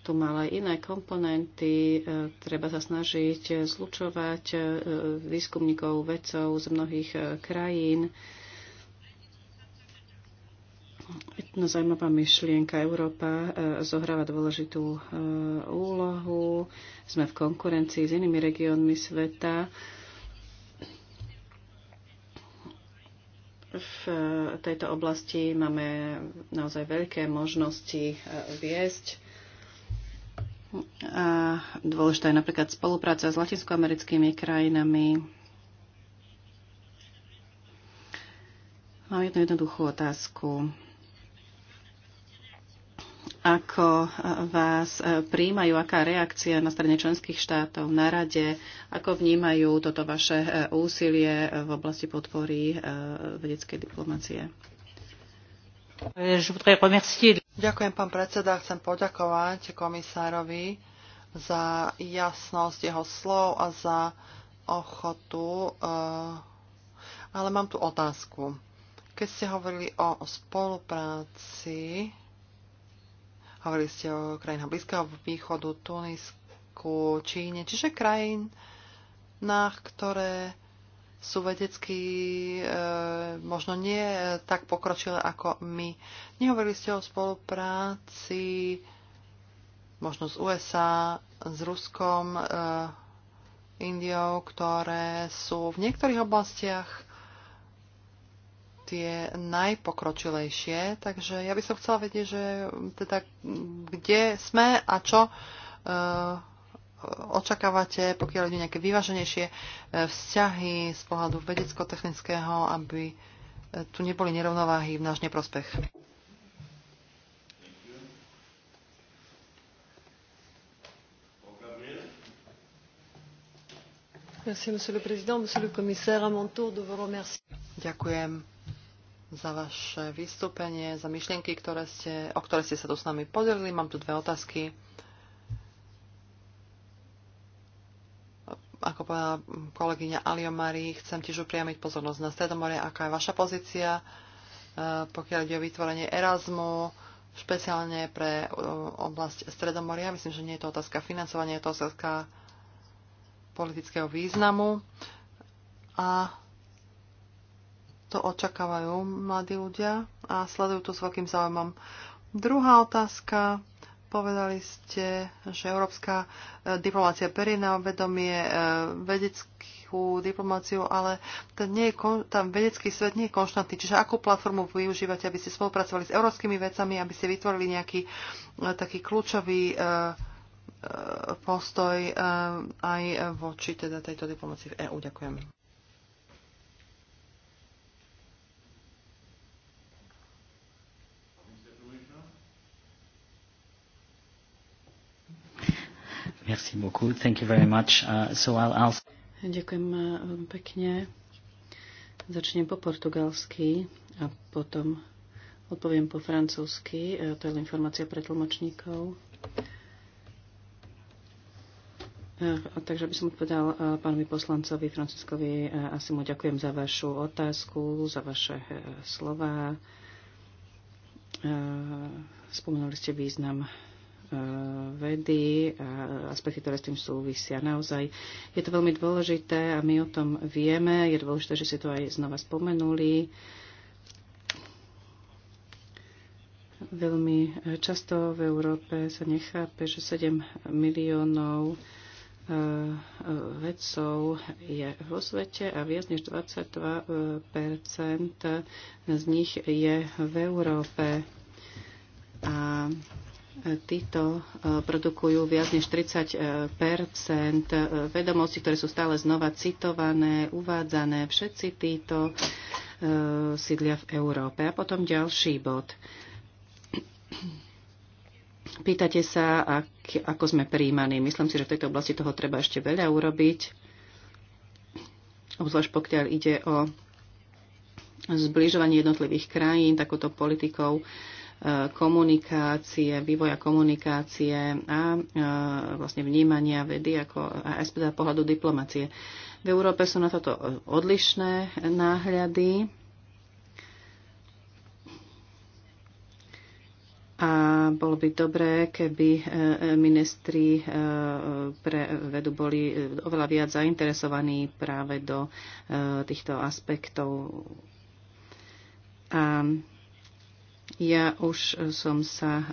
Tu mala iné komponenty. Treba sa snažiť zlučovať výskumníkov, vedcov z mnohých krajín No, zaujímavá myšlienka. Európa e, zohráva dôležitú e, úlohu. Sme v konkurencii s inými regiónmi sveta. V e, tejto oblasti máme naozaj veľké možnosti viesť. A dôležitá je napríklad spolupráca s latinskoamerickými krajinami, Mám jednu jednoduchú otázku ako e, vás e, príjmajú, aká reakcia na strane členských štátov, na rade, ako vnímajú toto vaše e, úsilie v oblasti podpory vedeckej diplomácie. Ďakujem, pán predseda. Chcem poďakovať komisárovi za jasnosť jeho slov a za ochotu. Ale mám tu otázku. Keď ste hovorili o spolupráci, Hovorili ste o krajinách Blízkeho východu, Tunisku, Číne, čiže krajinách, ktoré sú vedecky e, možno nie e, tak pokročilé ako my. Nehovorili ste o spolupráci možno z USA, s Ruskom, e, Indiou, ktoré sú v niektorých oblastiach tie najpokročilejšie, takže ja by som chcela vedieť, že teda kde sme a čo e, očakávate, pokiaľ ide nejaké vyváženejšie e, vzťahy z pohľadu vedecko-technického, aby e, tu neboli nerovnováhy v náš neprospech. Merci, monsieur monsieur le le président, commissaire, à mon tour de vous remercier. Ďakujem za vaše vystúpenie, za myšlienky, ktoré ste, o ktoré ste sa tu s nami podelili. Mám tu dve otázky. Ako povedala kolegyňa Aliomari, chcem tiež upriamiť pozornosť na Stredomore, aká je vaša pozícia, e, pokiaľ ide o vytvorenie Erasmu, špeciálne pre e, oblasť Stredomoria. Myslím, že nie je to otázka financovania, je to otázka politického významu. A to očakávajú mladí ľudia a sledujú to s veľkým záujmom. Druhá otázka. Povedali ste, že európska e, diplomácia berie na vedomie e, vedeckú diplomáciu, ale ten, nie je, ten vedecký svet nie je konštantný. Čiže akú platformu využívate, aby ste spolupracovali s európskymi vecami, aby ste vytvorili nejaký e, taký kľúčový postoj aj voči teda tejto diplomácii v EÚ. Ďakujem. Merci beaucoup. Thank you very much. Uh, so I'll, I'll... Ďakujem uh, veľmi pekne. Začnem po portugalsky a potom odpoviem po francúzsky. Uh, to je informácia pre tlmočníkov. Uh, takže by som odpovedal pánovi poslancovi Franciskovi, asi mu ďakujem za vašu otázku, za vaše slova. Spomenuli ste význam E, vedy a e, aspekty, ktoré s tým súvisia. Naozaj je to veľmi dôležité a my o tom vieme. Je dôležité, že si to aj znova spomenuli. Veľmi často v Európe sa nechápe, že 7 miliónov e, vedcov je vo svete a viac než 22 z nich je v Európe. A Títo e, produkujú viac než 30 e, vedomostí, ktoré sú stále znova citované, uvádzané. Všetci títo e, sídlia v Európe. A potom ďalší bod. Pýtate sa, ak, ako sme príjmaní. Myslím si, že v tejto oblasti toho treba ešte veľa urobiť, obzvlášť pokiaľ ide o zbližovanie jednotlivých krajín takouto politikou komunikácie, vývoja komunikácie a e, vlastne vnímania vedy ako aj z teda pohľadu diplomacie. V Európe sú na toto odlišné náhľady. A bolo by dobré, keby e, ministri e, pre vedu boli oveľa viac zainteresovaní práve do týchto aspektov. A ja už som sa e,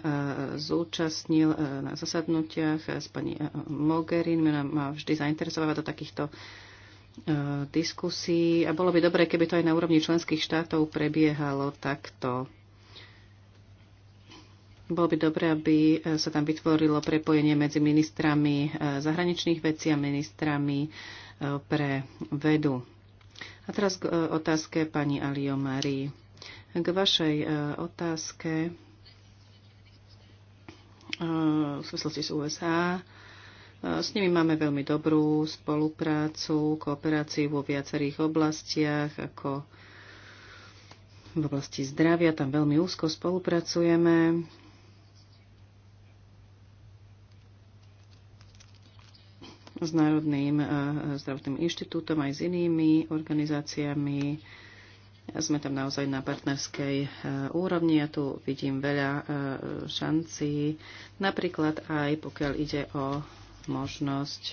zúčastnil e, na zasadnutiach s pani e, Mogherin. Mňa ma vždy zainteresovala do takýchto diskusí a bolo by dobré, keby to aj na úrovni členských štátov prebiehalo takto. Bolo by dobré, aby sa tam vytvorilo prepojenie medzi ministrami zahraničných vecí a ministrami pre vedu. A teraz k otázke pani Alio Marii. K vašej e, otázke e, v súvislosti s USA. E, s nimi máme veľmi dobrú spoluprácu, kooperáciu vo viacerých oblastiach, ako v oblasti zdravia, tam veľmi úzko spolupracujeme. s Národným zdravotným inštitútom aj s inými organizáciami sme tam naozaj na partnerskej e, úrovni. Ja tu vidím veľa e, šancí, napríklad aj pokiaľ ide o možnosť.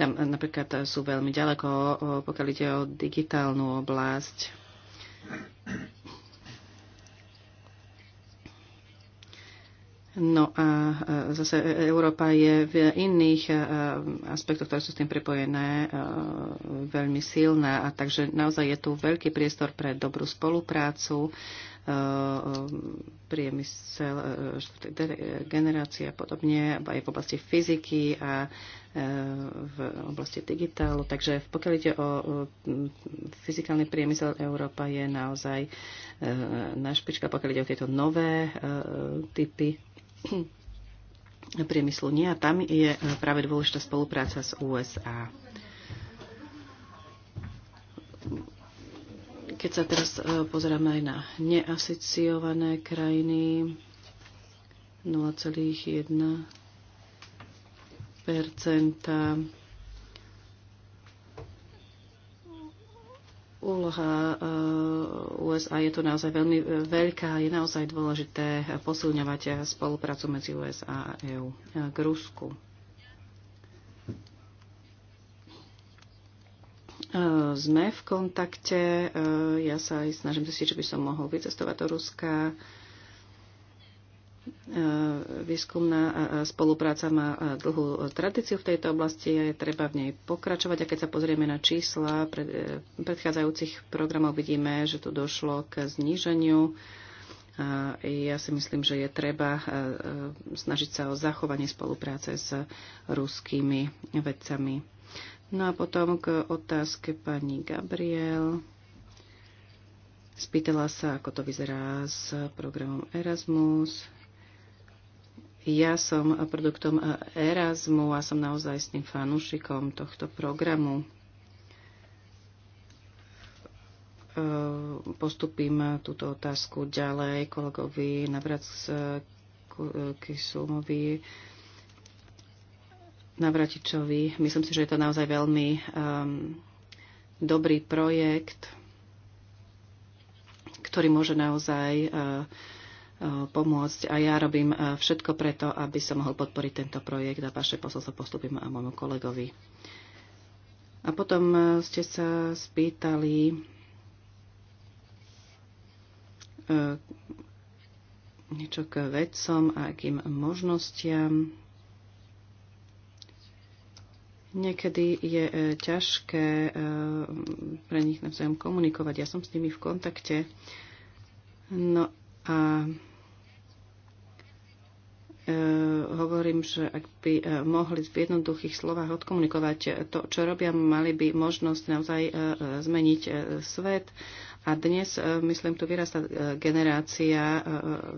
Tam e, napríklad sú veľmi ďaleko, pokiaľ ide o digitálnu oblasť. No a zase Európa je v iných aspektoch, ktoré sú s tým prepojené, veľmi silná. A takže naozaj je tu veľký priestor pre dobrú spoluprácu, priemysel, generácia a podobne, aj v oblasti fyziky a v oblasti digitálu. Takže pokiaľ ide o fyzikálny priemysel, Európa je naozaj e, na špička, pokiaľ ide o tieto nové e, typy priemyslu nie a tam je eh, práve dôležitá spolupráca s USA. Keď sa teraz eh, pozeráme aj na neasociované krajiny, 0,1 percenta Úloha eh, USA je tu naozaj veľmi eh, veľká, je naozaj dôležité posilňovať eh, spoluprácu medzi USA a EU k Rusku. Sme v kontakte, ja sa aj snažím zistiť, či by som mohol vycestovať do Ruska E, výskumná spolupráca má e, dlhú tradíciu v tejto oblasti a je treba v nej pokračovať. A keď sa pozrieme na čísla pred, e, predchádzajúcich programov, vidíme, že tu došlo k zníženiu. A ja si myslím, že je treba snažiť sa o zachovanie spolupráce s ruskými vedcami. No a potom k otázke pani Gabriel. Spýtala sa, ako to vyzerá s programom Erasmus. Ja som produktom Erasmu a som naozaj s tým fanúšikom tohto programu. E, postupím túto otázku ďalej kolegovi Navrac Kisumovi. Navratičovi. Myslím si, že je to naozaj veľmi um, dobrý projekt, ktorý môže naozaj uh, pomôcť a ja robím eh, všetko preto, aby som mohol podporiť tento projekt a vaše posolstvo postupím a môjmu kolegovi. A potom eh, ste sa spýtali, eh, niečo k vedcom a akým možnostiam. Niekedy je ťažké pre nich navzájom komunikovať. Ja som s nimi v kontakte. No a e, hovorím, že ak by e, mohli v jednoduchých slovách odkomunikovať to, čo robia, mali by možnosť naozaj e, zmeniť svet. A dnes, myslím, tu vyrastá generácia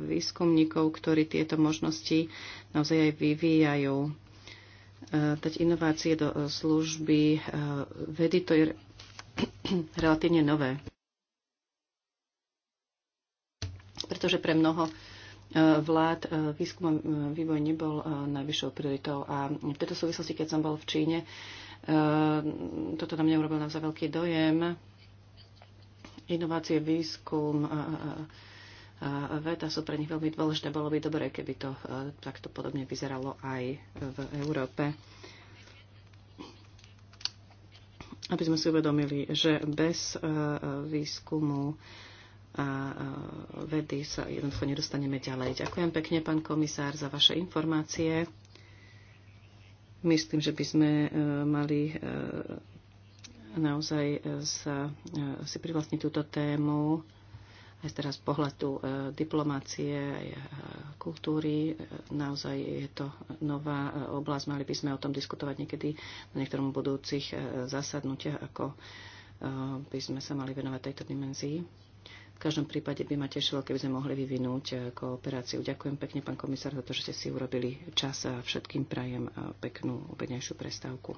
výskumníkov, ktorí tieto možnosti naozaj aj vyvíjajú. Dať inovácie do služby vedy, to je relatívne nové. pretože pre mnoho e, vlád e, výskum a e, vývoj nebol najvyššou prioritou. A v tejto súvislosti, keď som bol v Číne, toto na mňa urobil naozaj veľký dojem. Inovácie, výskum, a veda sú pre nich veľmi dôležité. Bolo by dobré, keby to takto podobne vyzeralo aj v Európe. Aby sme si uvedomili, že bez výskumu a vedy sa jednoducho nedostaneme ďalej. Ďakujem pekne, pán komisár, za vaše informácie. Myslím, že by sme e, mali e, naozaj e, sa, si privlastniť túto tému aj teraz z pohľadu diplomácie a kultúry. Naozaj je to nová oblasť. Mali by sme o tom diskutovať niekedy na niektorom budúcich zasadnutiach, ako by sme sa mali venovať tejto dimenzii. V každom prípade by ma tešilo, keby sme mohli vyvinúť eh, kooperáciu. Ďakujem pekne, pán komisár, za to, že ste si urobili čas a všetkým prajem eh, peknú obednejšiu prestávku.